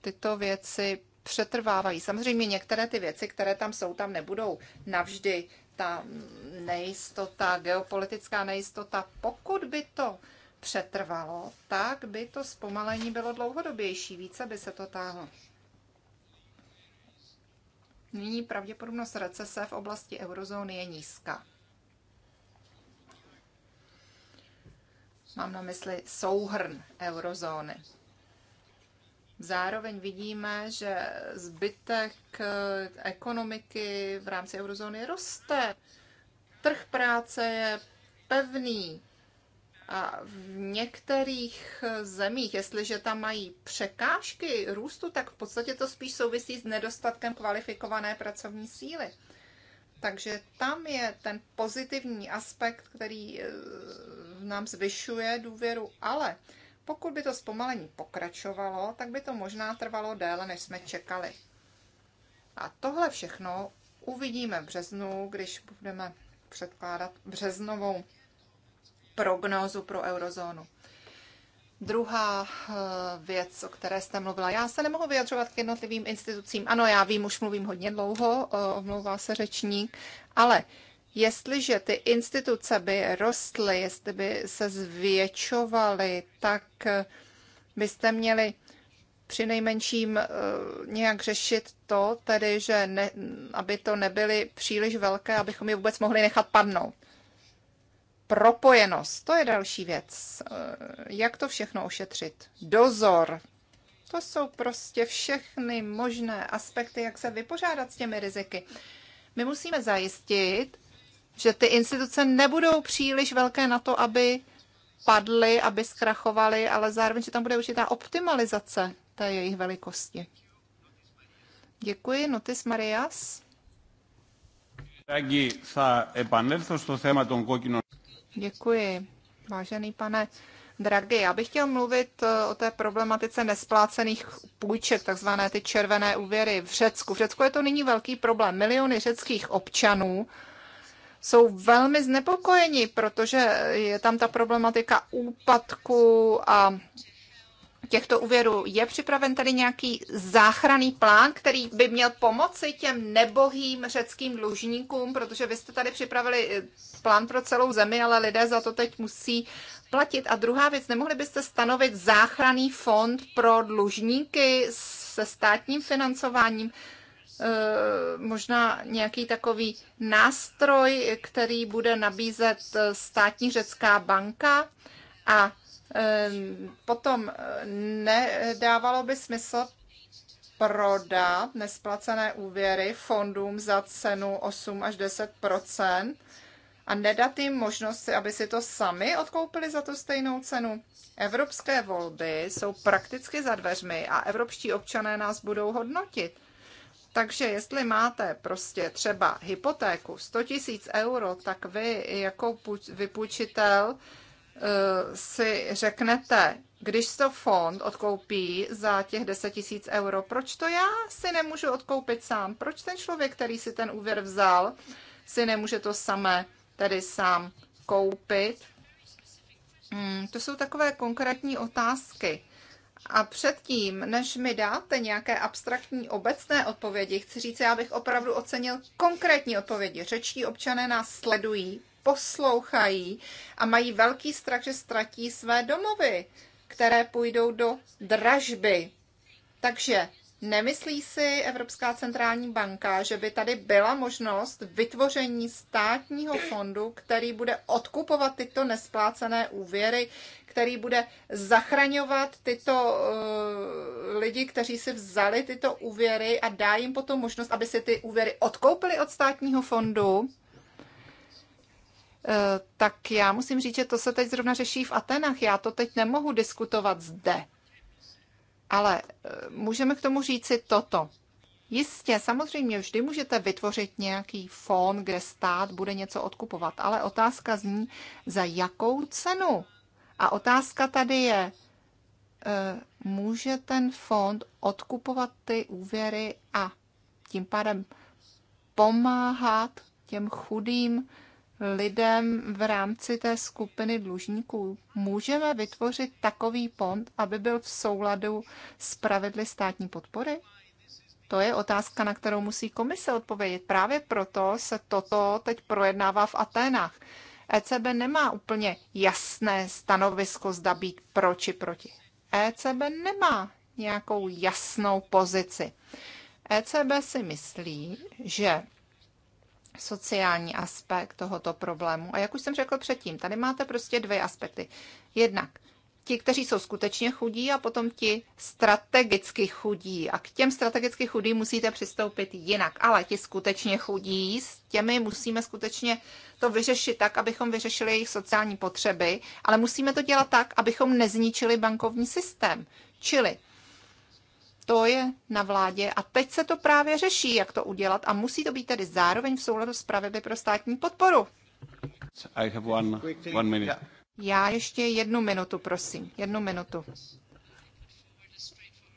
tyto věci přetrvávají. Samozřejmě některé ty věci, které tam jsou, tam nebudou navždy. Ta nejistota, geopolitická nejistota, pokud by to přetrvalo, tak by to zpomalení bylo dlouhodobější, více by se to táhlo. Nyní pravděpodobnost recese v oblasti eurozóny je nízká. Mám na mysli souhrn eurozóny. Zároveň vidíme, že zbytek eh, ekonomiky v rámci eurozóny roste. Trh práce je pevný. A v některých eh, zemích, jestliže tam mají překážky růstu, tak v podstatě to spíš souvisí s nedostatkem kvalifikované pracovní síly. Takže tam je ten pozitivní aspekt, který eh, nám zvyšuje důvěru, ale pokud by to zpomalení pokračovalo, tak by to možná trvalo déle, než jsme čekali. A tohle všechno uvidíme v březnu, když budeme předkládat březnovou prognózu pro eurozónu. Druhá eh, věc, o které jste mluvila, já se nemohu vyjadřovat k jednotlivým institucím. Ano, já vím, už mluvím hodně dlouho, eh, omlouvá se řečník, ale Jestliže ty instituce by rostly, jestli by se zvětšovaly, tak eh, byste měli při nejmenším eh, nějak řešit to, tedy, že ne, aby to nebyly příliš velké, abychom je vůbec mohli nechat padnout. Propojenost, to je další věc. Eh, jak to všechno ošetřit? Dozor, to jsou prostě všechny možné aspekty, jak se vypořádat s těmi riziky. My musíme zajistit, že ty instituce nebudou příliš velké na to, aby padly, aby zkrachovaly, ale zároveň, že tam bude určitá optimalizace té jejich velikosti. Děkuji, Notis Marias. Děkuji, vážený pane Dragi, Já bych chtěl mluvit eh, o té problematice nesplácených půjček, takzvané ty červené úvěry v Řecku. V Řecku je to nyní velký problém. Miliony řeckých občanů jsou velmi znepokojeni, protože je tam ta problematika úpadku a těchto úvěrů. Je připraven tady nějaký záchranný plán, který by měl pomoci těm nebohým řeckým dlužníkům, protože vy jste tady připravili plán pro celou zemi, ale lidé za to teď musí platit. A druhá věc, nemohli byste stanovit záchranný fond pro dlužníky se státním financováním? Eh, možná nějaký takový nástroj, který bude nabízet eh, státní řecká banka a potom eh, nedávalo by smysl prodat nesplacené úvěry fondům za cenu 8 až 10 a nedat jim možnost, aby si to sami odkoupili za tu stejnou cenu. Evropské volby jsou prakticky za dveřmi a evropští občané nás budou hodnotit. Takže jestli máte prostě třeba hypotéku 100 000 euro, tak vy jako vypůjčitel eh, si řeknete, když to fond odkoupí za těch 10 000 euro, proč to já si nemůžu odkoupit sám? Proč ten člověk, který si ten úvěr vzal, si nemůže to samé tedy sám koupit? Hmm, to jsou takové konkrétní otázky. A předtím, než mi dáte nějaké abstraktní obecné odpovědi, chci říct, já bych opravdu ocenil konkrétní odpovědi. Řečtí občané nás sledují, poslouchají a mají velký strach, že ztratí své domovy, které půjdou do dražby. Takže Nemyslí si Evropská centrální banka, že by tady byla možnost vytvoření státního fondu, který bude odkupovat tyto nesplácené úvěry, který bude zachraňovat tyto uh, lidi, kteří si vzali tyto úvěry a dá jim potom možnost, aby si ty úvěry odkoupili od státního fondu? Eh, tak já musím říct, že to se teď zrovna řeší v Atenách. Já to teď nemohu diskutovat zde. Ale e, můžeme k tomu říci toto. Jistě, samozřejmě vždy můžete vytvořit nějaký fond, kde stát bude něco odkupovat, ale otázka zní, za jakou cenu? A otázka tady je, e, může ten fond odkupovat ty úvěry a tím pádem pomáhat těm chudým lidem v rámci té skupiny dlužníků. Můžeme vytvořit takový fond, aby byl v souladu s pravidly státní podpory? To je otázka, na kterou musí komise odpovědět. Právě proto se toto teď projednává v Aténách. ECB nemá úplně jasné stanovisko, zda být pro či proti. ECB nemá nějakou jasnou pozici. ECB si myslí, že sociální aspekt tohoto problému. A jak už jsem řekl předtím, tady máte prostě dvě aspekty. Jednak ti, kteří jsou skutečně chudí a potom ti strategicky chudí. A k těm strategicky chudým musíte přistoupit jinak. Ale ti skutečně chudí, s těmi musíme skutečně to vyřešit tak, abychom vyřešili jejich sociální potřeby, ale musíme to dělat tak, abychom nezničili bankovní systém. Čili to je na vládě a teď se to právě řeší, jak to udělat a musí to být tedy zároveň v souladu s pravidly pro státní podporu. I have one, one minute. Já ještě jednu minutu, prosím. Jednu minutu.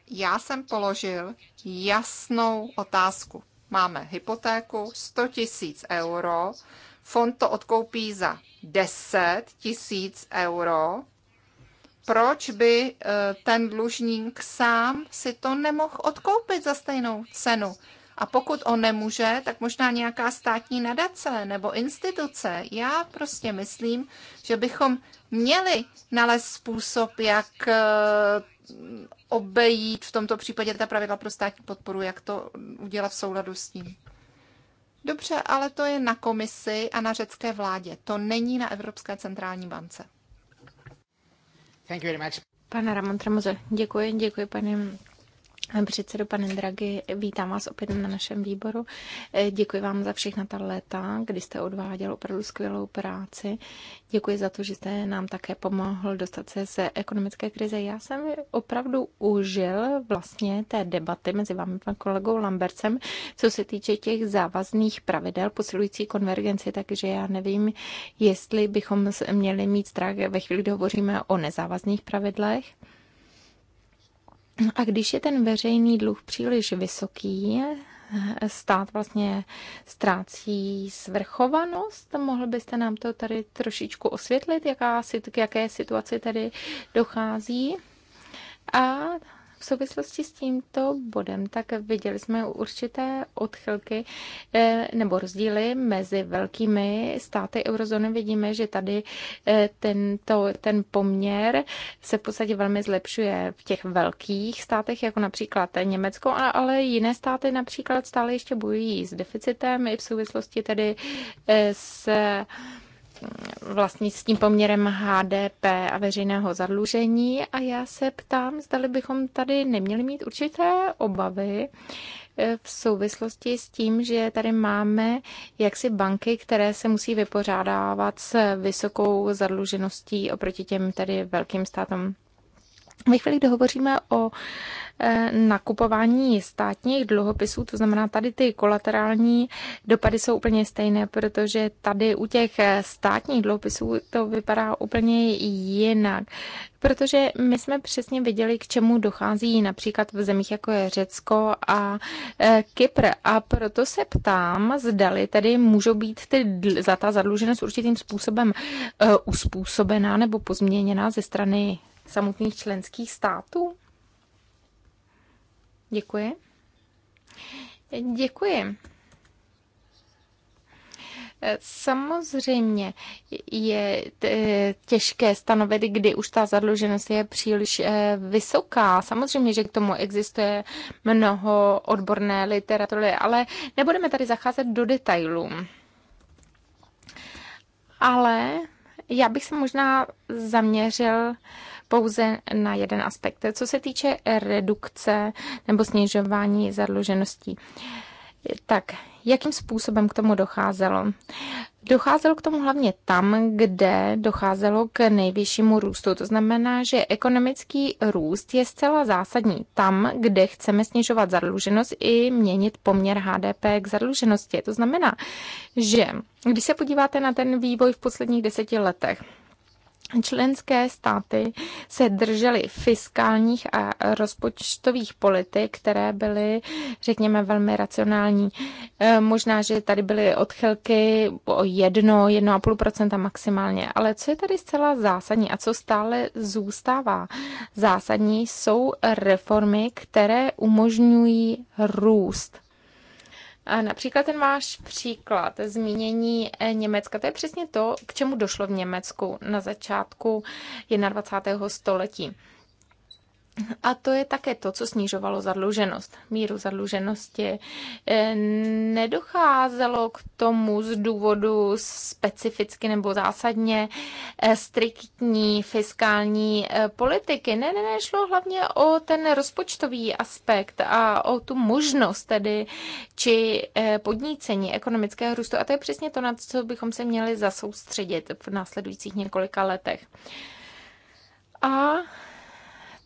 Já jsem položil jasnou otázku. Máme hypotéku 100 tisíc euro, fond to odkoupí za 10 tisíc euro proč by eh, ten dlužník sám si to nemohl odkoupit za stejnou cenu? A pokud on nemůže, tak možná nějaká státní nadace nebo instituce. Já prostě myslím, že bychom měli nalézt způsob, jak eh, obejít v tomto případě ta pravidla pro státní podporu, jak to udělat v souladu s tím. Dobře, ale to je na komisi a na řecké vládě. To není na Evropské centrální bance. Pane Ramon Tremoze, děkuji, děkuji paní Předsedo pane Dragi, vítám vás opět na našem výboru. Eh, děkuji vám za všechna ta léta, kdy jste odváděl opravdu skvělou práci. Děkuji za to, že jste nám také pomohl dostat se z ekonomické krize. Já jsem opravdu užil vlastně té debaty mezi vámi a kolegou Lambercem, co se týče těch závazných pravidel posilující konvergenci, takže já nevím, jestli bychom měli mít strach ve chvíli, kdy hovoříme o nezávazných pravidlech a když je ten veřejný dluh příliš vysoký, stát vlastně ztrácí svrchovanost. Mohl byste nám to tady trošičku osvětlit, jaká, k jaké situaci tady dochází? A souvislosti s tímto bodem, tak viděli jsme určité odchylky eh, nebo rozdíly mezi velkými státy eurozóny. Vidíme, že tady eh, tento, ten poměr se v podstatě velmi zlepšuje v těch velkých státech, jako například Německo, ale jiné státy například stále ještě bojují s deficitem i v souvislosti tedy eh, s vlastně s tím poměrem HDP a veřejného zadlužení a já se ptám, zdali bychom tady neměli mít určité obavy eh, v souvislosti s tím, že tady máme jaksi banky, které se musí vypořádávat s vysokou zadlužeností oproti těm tedy velkým státům. Ve chvíli, kdy hovoříme o eh, nakupování státních dluhopisů, to znamená tady ty kolaterální dopady jsou úplně stejné, protože tady u těch eh, státních dluhopisů to vypadá úplně jinak. Protože my jsme přesně viděli, k čemu dochází například v zemích jako je Řecko a eh, Kypr. A proto se ptám, zdali tedy můžou být ty, za ta zadluženost určitým způsobem uspůsobená nebo pozměněná ze strany samotných členských států? Děkuji. Děkuji. Samozřejmě je těžké stanovit, kdy už ta zadluženost je příliš eh, vysoká. Samozřejmě, že k tomu existuje mnoho odborné literatury, ale nebudeme tady zacházet do detailů. Ale já bych se možná zaměřil pouze na jeden aspekt. Co se týče redukce nebo snižování zadlužeností, tak jakým způsobem k tomu docházelo? Docházelo k tomu hlavně tam, kde docházelo k nejvyššímu růstu. To znamená, že ekonomický růst je zcela zásadní tam, kde chceme snižovat zadluženost i měnit poměr HDP k zadluženosti. To znamená, že když se podíváte na ten vývoj v posledních deseti letech, členské státy se držely fiskálních a rozpočtových politik, které byly, řekněme, velmi racionální. E, možná, že tady byly odchylky o jedno, jedno a půl procenta maximálně, ale co je tady zcela zásadní a co stále zůstává zásadní, jsou reformy, které umožňují růst. A například ten váš příklad zmínění eh, Německa, to je přesně to, k čemu došlo v Německu na začátku 21. století. A to je také to, co snižovalo zadluženost, míru zadluženosti. E, nedocházelo k tomu z důvodu specificky nebo zásadně e, striktní fiskální e, politiky. Ne, ne, ne, šlo hlavně o ten rozpočtový aspekt a o tu možnost tedy či podnícení ekonomického růstu. A to je přesně to, na co bychom se měli zasoustředit v následujících několika letech. A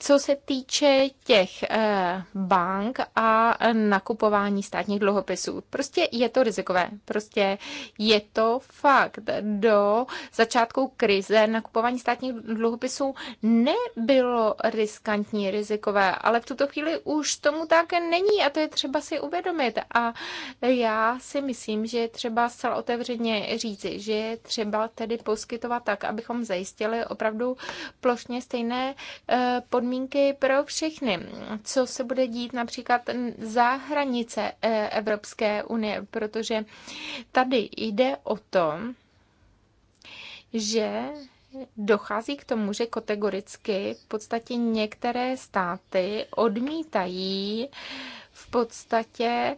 co se týče těch eh, bank a eh, nakupování státních dluhopisů, prostě je to rizikové. Prostě je to fakt. Do začátku krize nakupování státních dluhopisů nebylo riskantní, rizikové, ale v tuto chvíli už tomu tak není a to je třeba si uvědomit. A já si myslím, že je třeba zcela otevřeně říci, že je třeba tedy poskytovat tak, abychom zajistili opravdu plošně stejné eh, podmínky podmínky pro všechny, co se bude dít například za hranice eh, Evropské unie, protože tady jde o to, že dochází k tomu, že kategoricky v podstatě některé státy odmítají v podstatě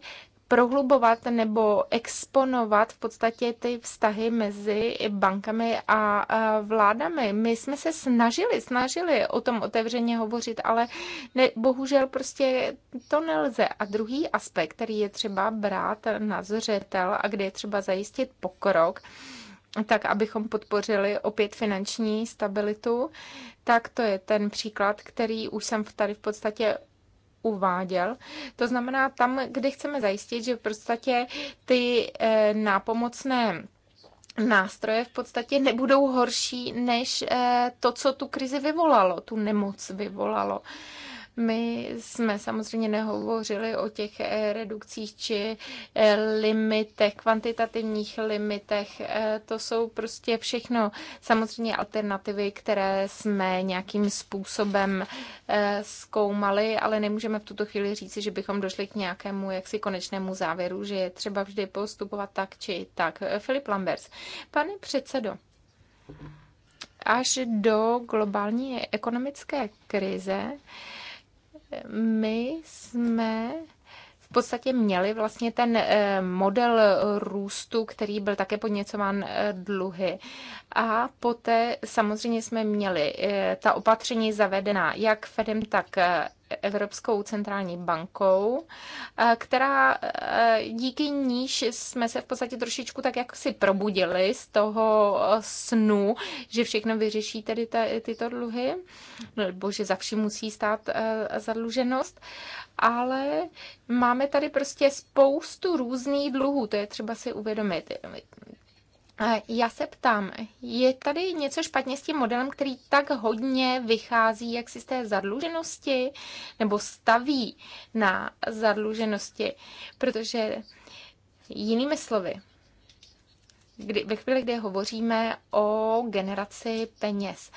prohlubovat nebo exponovat v podstatě ty vztahy mezi bankami a vládami. My jsme se snažili, snažili o tom otevřeně hovořit, ale ne, bohužel prostě to nelze. A druhý aspekt, který je třeba brát na zřetel a kde je třeba zajistit pokrok, tak abychom podpořili opět finanční stabilitu, tak to je ten příklad, který už jsem tady v podstatě uváděl. To znamená tam, kde chceme zajistit, že v podstatě ty eh, nápomocné nástroje v podstatě nebudou horší než eh, to, co tu krizi vyvolalo, tu nemoc vyvolalo. My jsme samozřejmě nehovořili o těch eh, redukcích či eh, limitech, kvantitativních limitech. Eh, to jsou prostě všechno samozřejmě alternativy, které jsme nějakým způsobem zkoumali, ale nemůžeme v tuto chvíli říci, že bychom došli k nějakému jaksi konečnému závěru, že je třeba vždy postupovat tak či tak. Filip Lambers, pane předsedo, až do globální ekonomické krize my jsme v podstatě měli vlastně ten eh, model růstu, který byl také podněcován eh, dluhy. A poté samozřejmě jsme měli eh, ta opatření zavedená jak Fedem, tak Evropskou centrální bankou, eh, která eh, díky níž jsme se v podstatě trošičku tak jak si probudili z toho eh, snu, že všechno vyřeší tedy ty, tyto dluhy, nebo no, že za vším musí stát zadluženost, ale máme tady prostě spoustu různých dluhů, to je třeba si uvědomit. Já se ptám, je tady něco špatně s tím modelem, který tak hodně vychází jak si z té zadluženosti, nebo staví na zadluženosti, protože jinými slovy, kdy, ve chvíli, kdy hovoříme o generaci peněz,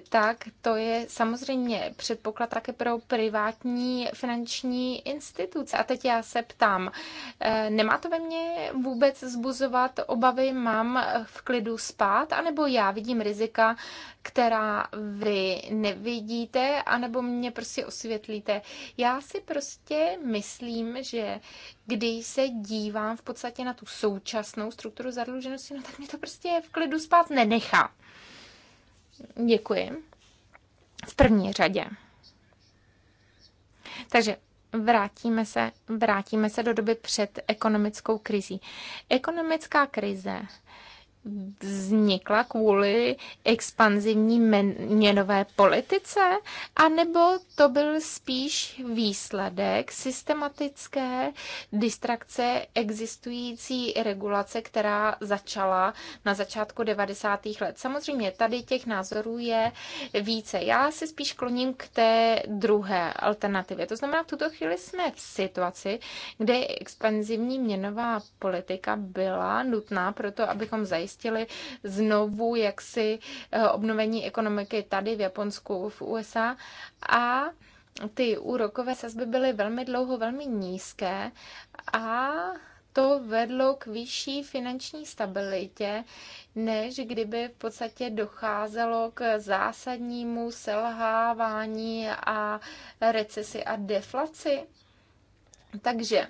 tak to je samozřejmě předpoklad také pro privátní finanční instituce. A teď já se ptám, eh, nemá to ve mně vůbec zbuzovat obavy, mám v klidu spát, anebo já vidím rizika, která vy nevidíte, anebo mě prostě osvětlíte. Já si prostě myslím, že když se dívám v podstatě na tu současnou strukturu zadluženosti, no tak mě to prostě v klidu spát nenechá. Děkuji. V první řadě. Takže vrátíme se, vrátíme se do doby před ekonomickou krizí. Ekonomická krize vznikla kvůli expanzivní měnové politice, anebo to byl spíš výsledek systematické distrakce existující regulace, která začala na začátku 90. let. Samozřejmě tady těch názorů je více. Já se spíš kloním k té druhé alternativě. To znamená, v tuto chvíli jsme v situaci, kde expanzivní měnová politika byla nutná pro to, abychom zajistili zajistili znovu jaksi eh, obnovení ekonomiky tady v Japonsku, v USA a ty úrokové sazby byly velmi dlouho velmi nízké a to vedlo k vyšší finanční stabilitě, než kdyby v podstatě docházelo k zásadnímu selhávání a recesi a deflaci. Takže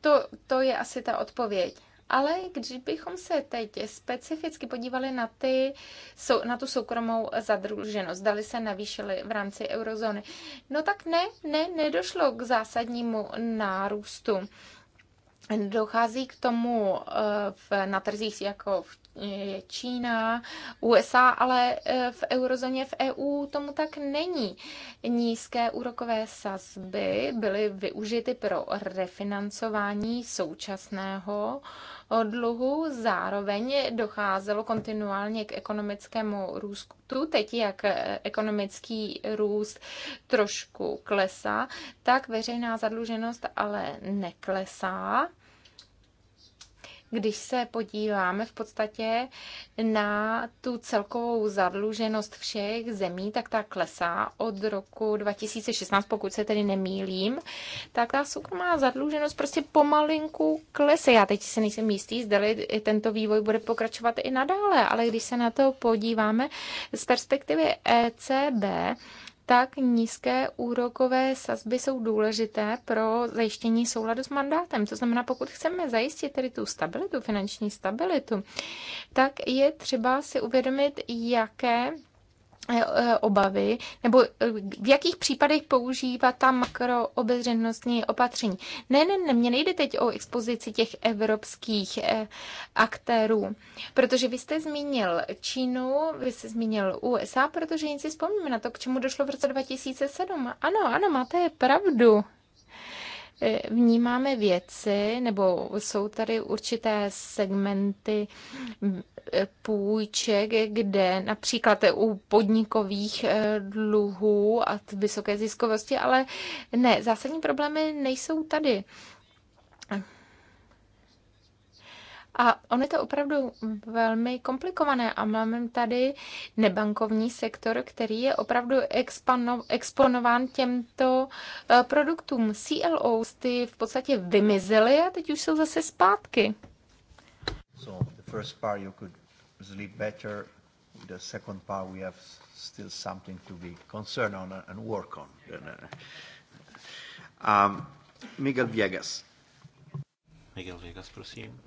to, to je asi ta odpověď. Ale když bychom se teď specificky podívali na, ty, na tu soukromou zadruženost, dali se navýšily v rámci eurozóny, no tak ne, ne, nedošlo k zásadnímu nárůstu. Dochází k tomu eh, v, na trzích jako v je Čína, USA, ale eh, v eurozóně v EU tomu tak není. Nízké úrokové sazby byly využity pro refinancování současného dluhu. Zároveň docházelo kontinuálně k ekonomickému růstu. Teď, jak eh, ekonomický růst trošku klesá, tak veřejná zadluženost ale neklesá když se podíváme v podstatě na tu celkovou zadluženost všech zemí, tak ta klesá od roku 2016, pokud se tedy nemýlím, tak ta soukromá zadluženost prostě pomalinku klesá. Já teď se nejsem jistý, zda tento vývoj bude pokračovat i nadále, ale když se na to podíváme z perspektivy ECB, tak nízké úrokové sazby jsou důležité pro zajištění souladu s mandátem. To znamená, pokud chceme zajistit tedy tu stabilitu, finanční stabilitu, tak je třeba si uvědomit, jaké Eh, eh, obavy, nebo eh, v jakých případech používat ta makroobezřenostní opatření. Ne, ne, ne, mě nejde teď o expozici těch evropských aktérů, protože vy jste zmínil Čínu, vy jste zmínil USA, protože jen si vzpomínám na to, k čemu došlo v roce 2007. Ano, ano, máte pravdu. E, vnímáme věci, nebo jsou tady určité segmenty e, půjček, kde například u podnikových e, dluhů a vysoké ziskovosti, ale ne, zásadní problémy nejsou tady. A on je to opravdu velmi komplikované a máme tady nebankovní sektor, který je opravdu expano, exponován těmto eh, produktům. CLOs ty v podstatě vymizely a teď už jsou zase zpátky. So the first part you could sleep better, the second part we have still something to be concerned on and work on. Uh, um, Miguel Viegas. Miguel Viegas, prosím.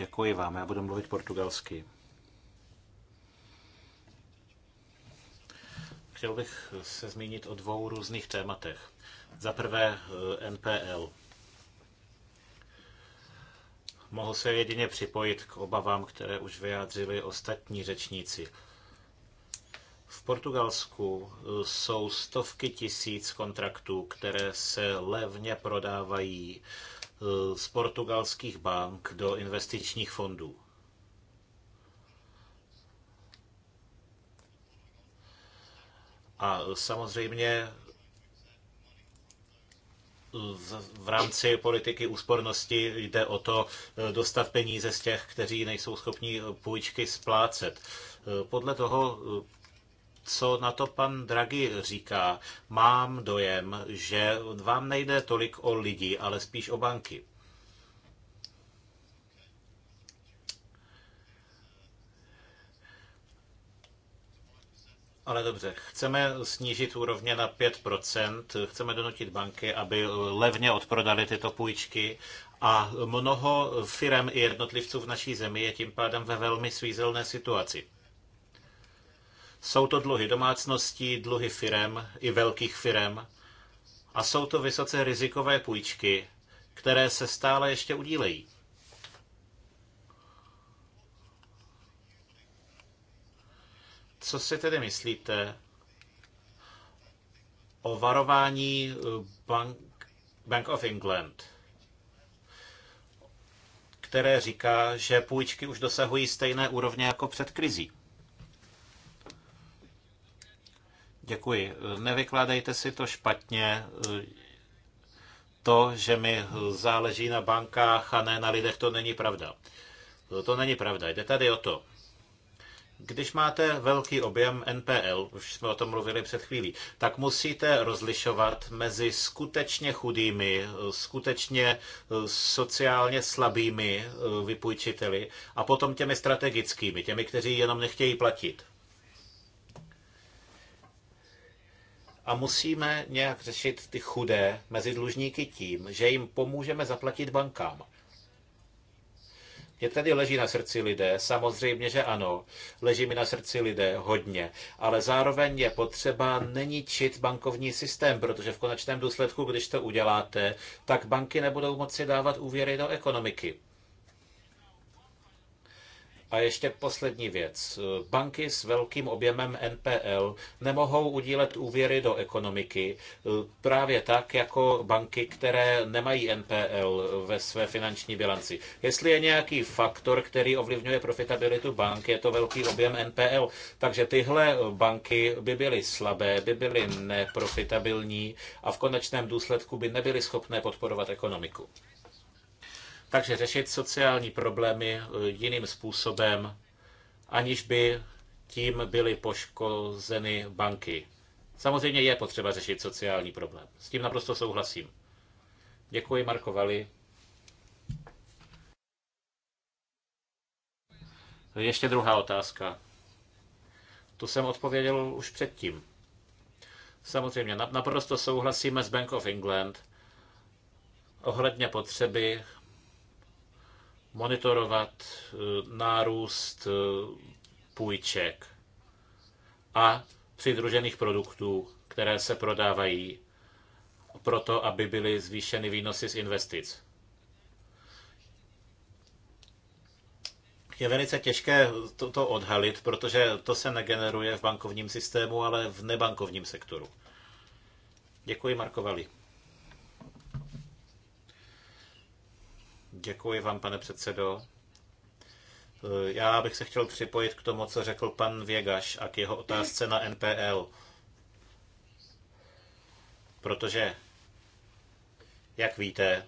Děkuji vám, já budu mluvit portugalsky. Chtěl bych se zmínit o dvou různých tématech. Za prvé eh, NPL. Mohu se jedině připojit k obavám, které už vyjádřili ostatní řečníci. V Portugalsku eh, jsou stovky tisíc kontraktů, které se levně prodávají Eh, z portugalských bank do investičních fondů. A samozřejmě eh, v rámci politiky úspornosti jde o to eh, dostat peníze z těch, kteří nejsou schopni půjčky splácet. Podle toho co na to pan Draghi říká, mám dojem, že vám nejde tolik o lidi, ale spíš o banky. Ale dobře, chceme snížit úrovně na 5%, chceme donutit banky, aby levně odprodali tyto půjčky a mnoho firem i jednotlivců v naší zemi je tím pádem ve velmi svízelné situaci. Jsou to dluhy domácností, dluhy firem i velkých firem a jsou to vysoce rizikové půjčky, které se stále ještě udílejí. Co si tedy myslíte o varování eh, Bank, Bank of England, které říká, že půjčky už dosahují stejné úrovně jako před krizí? Děkuji. Nevykládejte si to špatně. To, že mi záleží na bankách a ne na lidech, to není pravda. To není pravda. Jde tady o to. Když máte velký objem NPL, už jsme o tom mluvili před chvílí, tak musíte rozlišovat mezi skutečně chudými, skutečně sociálně slabými vypůjčiteli a potom těmi strategickými, těmi, kteří jenom nechtějí platit. a musíme nějak řešit ty chudé mezi dlužníky tím, že jim pomůžeme zaplatit bankám. Mně tady leží na srdci lidé, samozřejmě, že ano, leží mi na srdci lidé hodně, ale zároveň je potřeba neničit bankovní systém, protože v konečném důsledku, když to uděláte, tak banky nebudou moci dávat úvěry do ekonomiky. A ještě poslední věc. Banky s velkým objemem NPL nemohou udílet úvěry do ekonomiky eh, právě tak, jako banky, které nemají NPL ve své finanční bilanci. Jestli je nějaký faktor, který ovlivňuje profitabilitu bank, je to velký objem NPL. Takže tyhle banky by byly slabé, by byly neprofitabilní a v konečném důsledku by nebyly schopné podporovat ekonomiku. Takže řešit sociální problémy eh, jiným způsobem, aniž by tím byly poškozeny banky. Samozřejmě je potřeba řešit sociální problém. S tím naprosto souhlasím. Děkuji, Marko Vali. Ještě druhá otázka. Tu jsem odpověděl už předtím. Samozřejmě, naprosto souhlasíme s Bank of England ohledně potřeby monitorovat eh, nárůst eh, půjček a přidružených produktů, které se prodávají proto, aby byly zvýšeny výnosy z investic. Je velice těžké to, odhalit, protože to se negeneruje v bankovním systému, ale v nebankovním sektoru. Děkuji, Markovali. Děkuji vám, pane předsedo. Eh, já bych se chtěl připojit k tomu, co řekl pan Věgaš a k jeho otázce na NPL. Protože, jak víte,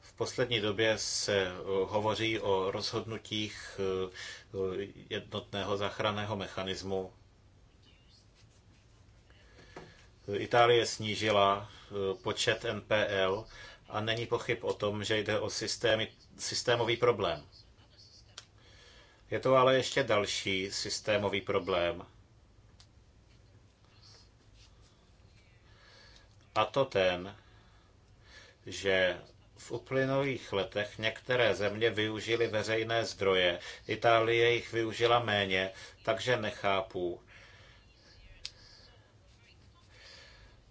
v poslední době se eh, hovoří o rozhodnutích eh, jednotného záchranného mechanismu. Itálie snížila Eh, počet NPL a není pochyb o tom, že jde o systémy, systémový problém. Je to ale ještě další systémový problém. A to ten, že v uplynulých letech některé země využily veřejné zdroje, Itálie jich využila méně, takže nechápu,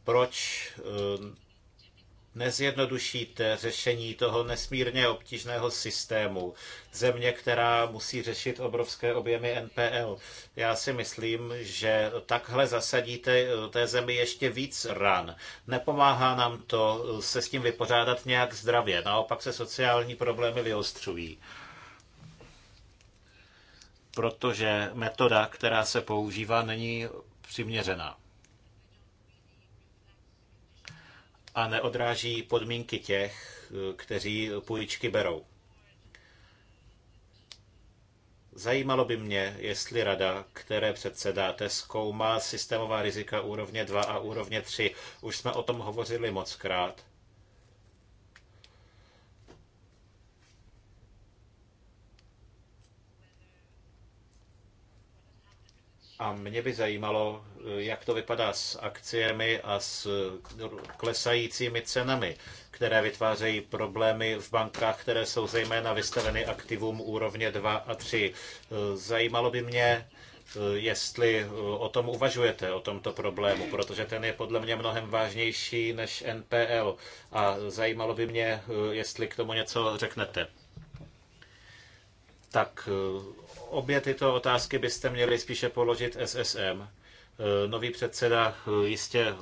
proč eh, nezjednodušíte řešení toho nesmírně obtížného systému. Země, která musí řešit obrovské objemy NPL. Já si myslím, že takhle zasadíte eh, té zemi ještě víc ran. Nepomáhá nám to eh, se s tím vypořádat nějak zdravě. Naopak se sociální problémy vyostřují. Protože metoda, která se používá, není přiměřená. a neodráží podmínky těch, kteří půjčky berou. Zajímalo by mě, jestli rada, které předsedáte, zkoumá systémová rizika úrovně 2 a úrovně 3. Už jsme o tom hovořili mockrát. A mě by zajímalo, jak to vypadá s akciemi a s klesajícími cenami, které vytvářejí problémy v bankách, které jsou zejména vystaveny aktivům úrovně 2 a 3. Zajímalo by mě, jestli o tom uvažujete, o tomto problému, protože ten je podle mě mnohem vážnější než NPL. A zajímalo by mě, jestli k tomu něco řeknete. Tak Obě tyto otázky byste měli spíše položit SSM. Eh, nový předseda eh, jistě eh,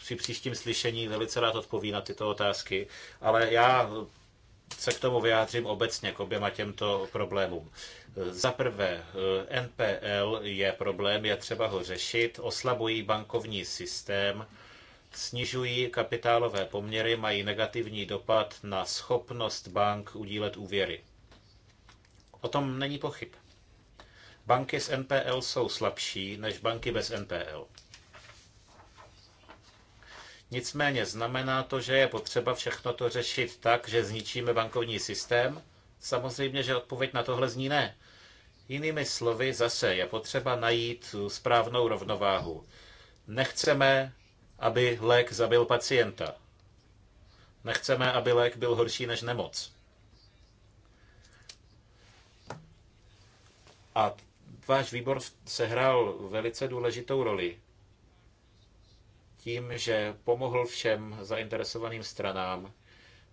při příštím slyšení velice rád odpoví na tyto otázky, ale já se k tomu vyjádřím obecně k oběma těmto problémům. Za prvé, NPL je problém, je třeba ho řešit, oslabují bankovní systém, snižují kapitálové poměry, mají negativní dopad na schopnost bank udílet úvěry. O tom není pochyb. Banky s NPL jsou slabší než banky bez NPL. Nicméně znamená to, že je potřeba všechno to řešit tak, že zničíme bankovní systém? Samozřejmě, že odpověď na tohle zní ne. Jinými slovy, zase je potřeba najít správnou rovnováhu. Nechceme, aby lék zabil pacienta. Nechceme, aby lék byl horší než nemoc. A váš výbor sehrál velice důležitou roli tím, že pomohl všem zainteresovaným stranám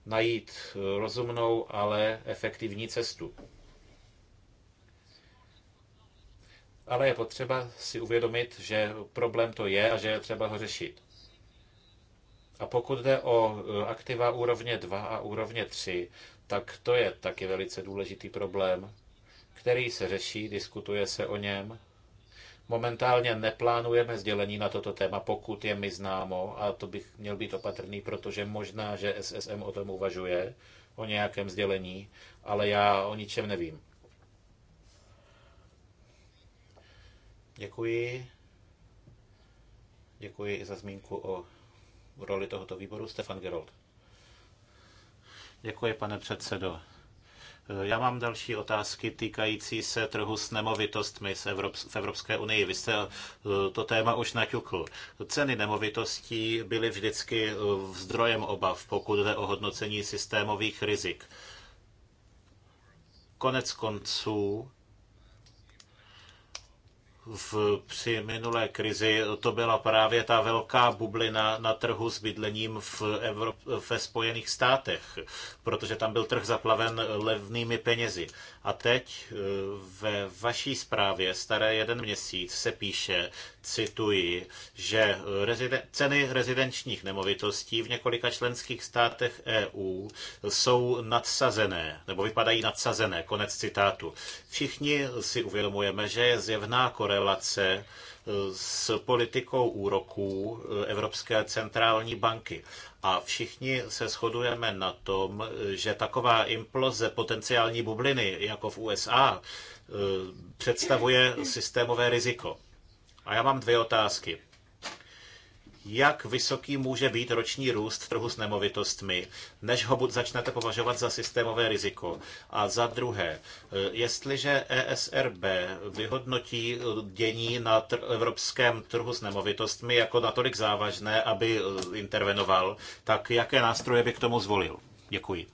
najít rozumnou, ale efektivní cestu. Ale je potřeba si uvědomit, že problém to je a že je třeba ho řešit. A pokud jde o e, aktiva úrovně 2 a úrovně 3, tak to je taky velice důležitý problém který se řeší, diskutuje se o něm. Momentálně neplánujeme sdělení na toto téma, pokud je mi známo, a to bych měl být opatrný, protože možná, že SSM o tom uvažuje, o nějakém sdělení, ale já o ničem nevím. Děkuji. Děkuji i za zmínku o roli tohoto výboru. Stefan Gerold. Děkuji, pane předsedo. Já mám další otázky týkající se trhu s nemovitostmi v Evropské unii. Vy jste eh, to téma už naťukl. Ceny nemovitostí byly vždycky eh, zdrojem obav, pokud jde o hodnocení systémových rizik. Konec konců v, při minulé krizi to byla právě ta velká bublina na trhu s bydlením v Evrop, ve Spojených státech, protože tam byl trh zaplaven levnými penězi. A teď eh, ve vaší zprávě, staré jeden měsíc, se píše, cituji, že reziden- ceny rezidenčních nemovitostí v několika členských státech EU jsou nadsazené, nebo vypadají nadsazené, konec citátu. Všichni si uvědomujeme, že je zjevná korelace e, s politikou úroků e, Evropské centrální banky. A všichni se shodujeme na tom, že taková imploze potenciální bubliny, jako v USA, e, představuje systémové riziko. A já mám dvě otázky jak vysoký může být roční růst trhu s nemovitostmi, než ho začnete považovat za systémové riziko. A za druhé, eh, jestliže ESRB vyhodnotí eh, dění na tr- evropském trhu s nemovitostmi jako natolik závažné, aby eh, intervenoval, tak jaké nástroje by k tomu zvolil? Děkuji.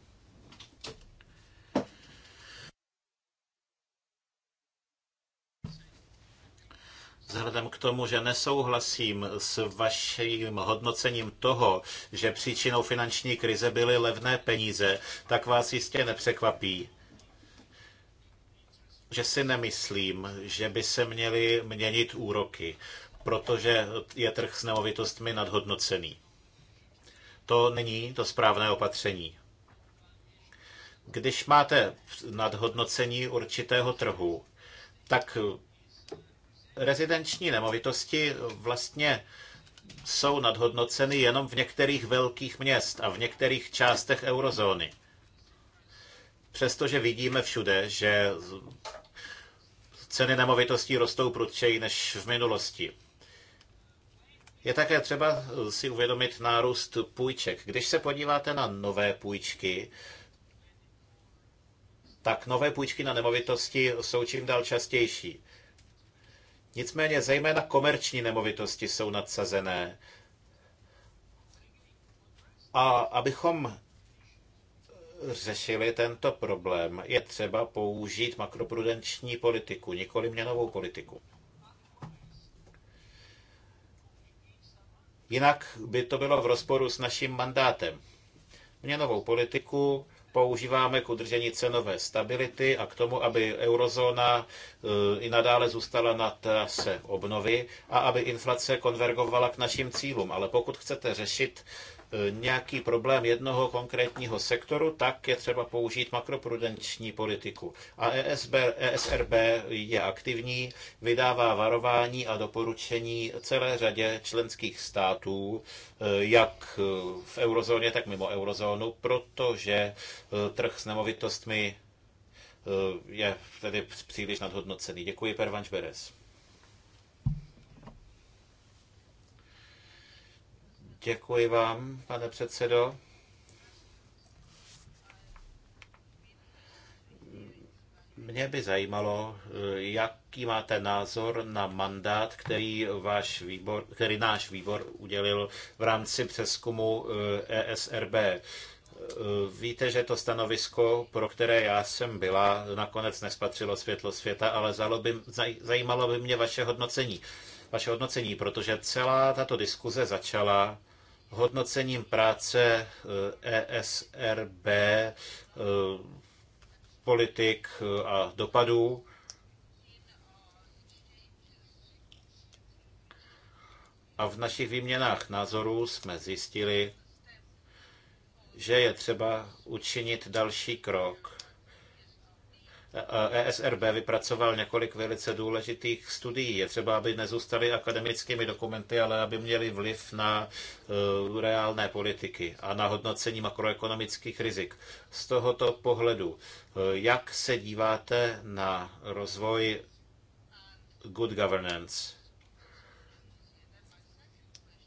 Vzhledem k tomu, že nesouhlasím s vaším hodnocením toho, že příčinou finanční krize byly levné peníze, tak vás jistě nepřekvapí, že si nemyslím, že by se měly měnit úroky, protože je trh s nemovitostmi nadhodnocený. To není to správné opatření. Když máte nadhodnocení určitého trhu, tak rezidenční nemovitosti vlastně jsou nadhodnoceny jenom v některých velkých měst a v některých částech eurozóny. Přestože vidíme všude, že ceny nemovitostí rostou prudčeji než v minulosti. Je také třeba si uvědomit nárůst půjček. Když se podíváte na nové půjčky, tak nové půjčky na nemovitosti jsou čím dál častější. Nicméně zejména komerční nemovitosti jsou nadsazené. A abychom řešili tento problém, je třeba použít makroprudenční politiku, nikoli měnovou politiku. Jinak by to bylo v rozporu s naším mandátem. Měnovou politiku používáme k udržení cenové stability a k tomu, aby eurozóna eh, i nadále zůstala na trase obnovy a aby inflace konvergovala k našim cílům. Ale pokud chcete řešit E, nějaký problém jednoho konkrétního sektoru, tak je třeba použít makroprudenční politiku. A ESB, ESRB je aktivní, vydává varování a doporučení celé řadě členských států, e, jak v eurozóně, tak mimo eurozónu, protože e, trh s nemovitostmi je tedy příliš nadhodnocený. Děkuji, Pervanč Beres. Děkuji vám, pane předsedo. Mě by zajímalo, jaký máte názor na mandát, který, váš výbor, který náš výbor udělil v rámci přeskumu ESRB. Eh, e eh, víte, že to stanovisko, pro které já jsem byla, nakonec nespatřilo světlo světa, ale by, zajímalo by mě vaše hodnocení. Vaše hodnocení, protože celá tato diskuze začala hodnocením práce ESRB, eh, e eh, politik eh, a dopadů. A v našich výměnách názorů jsme zjistili, že je třeba učinit další krok ESRB e vypracoval několik velice důležitých studií. Je třeba, aby nezůstaly akademickými dokumenty, ale aby měly vliv na e, reálné politiky a na hodnocení makroekonomických rizik. Z tohoto pohledu, e, jak se díváte na rozvoj good governance?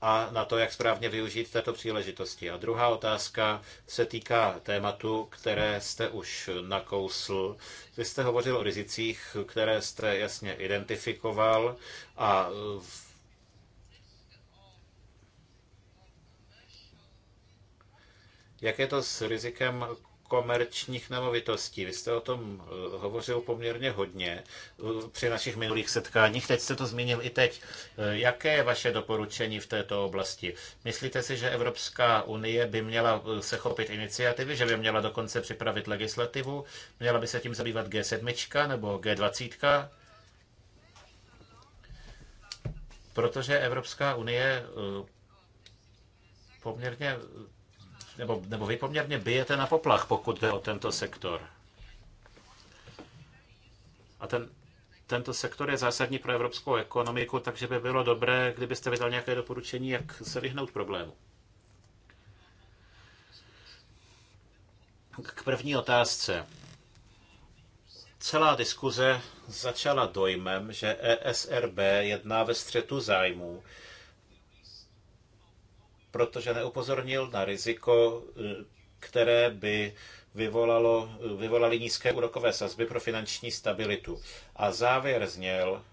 a na to, jak správně využít této příležitosti. A druhá otázka se týká tématu, které jste už nakousl. Vy jste hovořil o rizicích, které jste jasně identifikoval a jak je to s rizikem komerčních nemovitostí. Vy jste o tom eh, hovořil poměrně hodně eh, při našich minulých setkáních. Teď jste to zmínil i teď. Eh, jaké je vaše doporučení v této oblasti? Myslíte si, že Evropská unie by měla se chopit iniciativy, že by měla dokonce připravit legislativu? Měla by se tím zabývat G7 nebo G20? Protože Evropská unie poměrně nebo, nebo vy poměrně bijete na poplach, pokud jde o tento sektor. A ten, tento sektor je zásadní pro evropskou ekonomiku, takže by bylo dobré, kdybyste vydal nějaké doporučení, jak se vyhnout problému. K první otázce. Celá diskuze začala dojmem, že ESRB jedná ve střetu zájmů protože neupozornil na riziko, eh, které by vyvolalo, vyvolaly nízké úrokové sazby pro finanční stabilitu. A závěr zněl,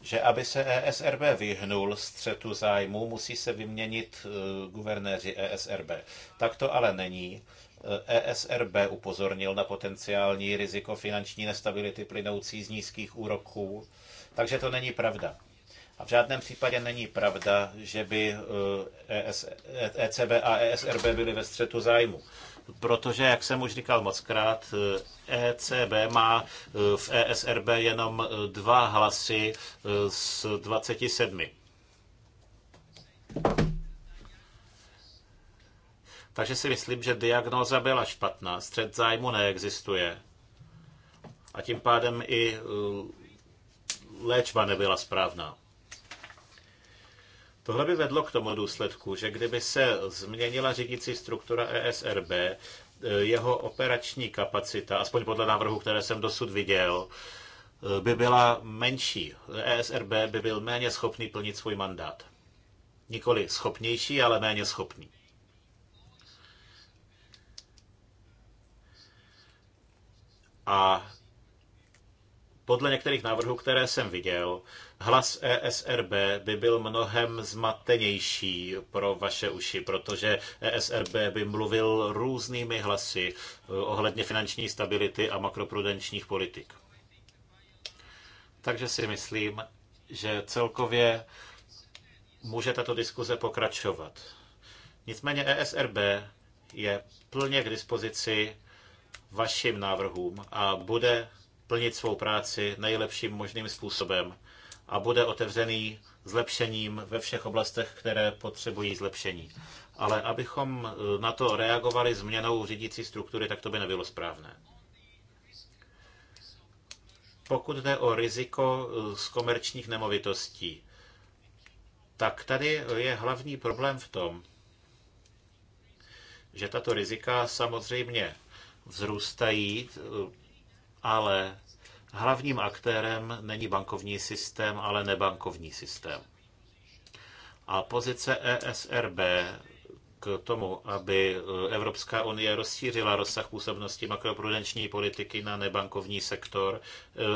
že aby se ESRB vyhnul střetu zájmu, musí se vyměnit eh, guvernéři ESRB. Tak to ale není. ESRB eh, e upozornil na potenciální riziko finanční nestability plynoucí z nízkých úroků, takže to není pravda. A v žádném případě není pravda, že by ES, eh, e ECB e a ESRB byly ve střetu zájmu. Protože, jak jsem už říkal mockrát, ECB eh, e má eh, v ESRB jenom dva hlasy z 27. Takže si myslím, že diagnóza byla špatná, střed zájmu neexistuje. A tím pádem i léčba nebyla správná. Tohle by vedlo k tomu důsledku, že kdyby se změnila řídící struktura ESRB, eh, jeho operační kapacita, aspoň podle návrhu, které jsem dosud viděl, eh, by byla menší. ESRB by byl méně schopný plnit svůj mandát. Nikoli schopnější, ale méně schopný. A podle některých návrhů, které jsem viděl, hlas ESRB by byl mnohem zmatenější pro vaše uši, protože ESRB by mluvil různými hlasy eh, ohledně finanční stability a makroprudenčních politik. Takže si myslím, že celkově může tato diskuze pokračovat. Nicméně ESRB je plně k dispozici vašim návrhům a bude plnit svou práci nejlepším možným způsobem a bude otevřený zlepšením ve všech oblastech, které potřebují zlepšení. Ale abychom e, na to reagovali změnou řídící struktury, tak to by nebylo správné. Pokud jde o riziko e, z komerčních nemovitostí, tak tady je hlavní problém v tom, že tato rizika samozřejmě vzrůstají, e, ale Hlavním aktérem není bankovní systém, ale nebankovní systém. A pozice ESRB k tomu, aby eh, Evropská unie rozšířila rozsah působnosti makroprudenční politiky na nebankovní sektor,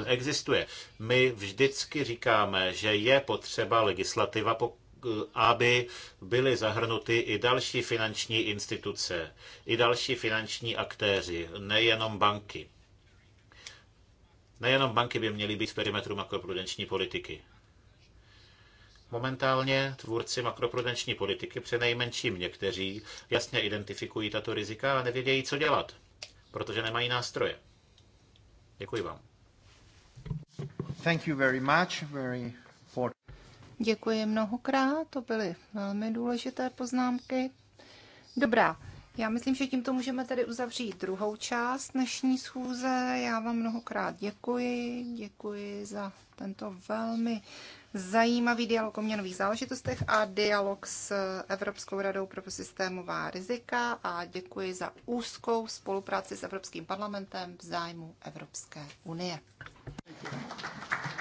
eh, existuje. My vždycky říkáme, že je potřeba legislativa, eh, aby byly zahrnuty i další finanční instituce, i další finanční aktéři, nejenom banky. Nejenom banky by měly být v perimetru makroprudenční politiky. Momentálně tvůrci makroprudenční politiky, přenejmenším někteří, jasně identifikují tato rizika a nevědějí, co dělat, protože nemají nástroje. Děkuji vám. Thank you very much, very Děkuji mnohokrát, to byly velmi důležité poznámky. Dobrá, já myslím, že tímto můžeme tedy uzavřít druhou část dnešní schůze. Já vám mnohokrát děkuji. Děkuji za tento velmi zajímavý dialog o měnových záležitostech a dialog s Evropskou radou pro systémová rizika a děkuji za úzkou spolupráci s Evropským parlamentem v zájmu Evropské unie. Děkuji.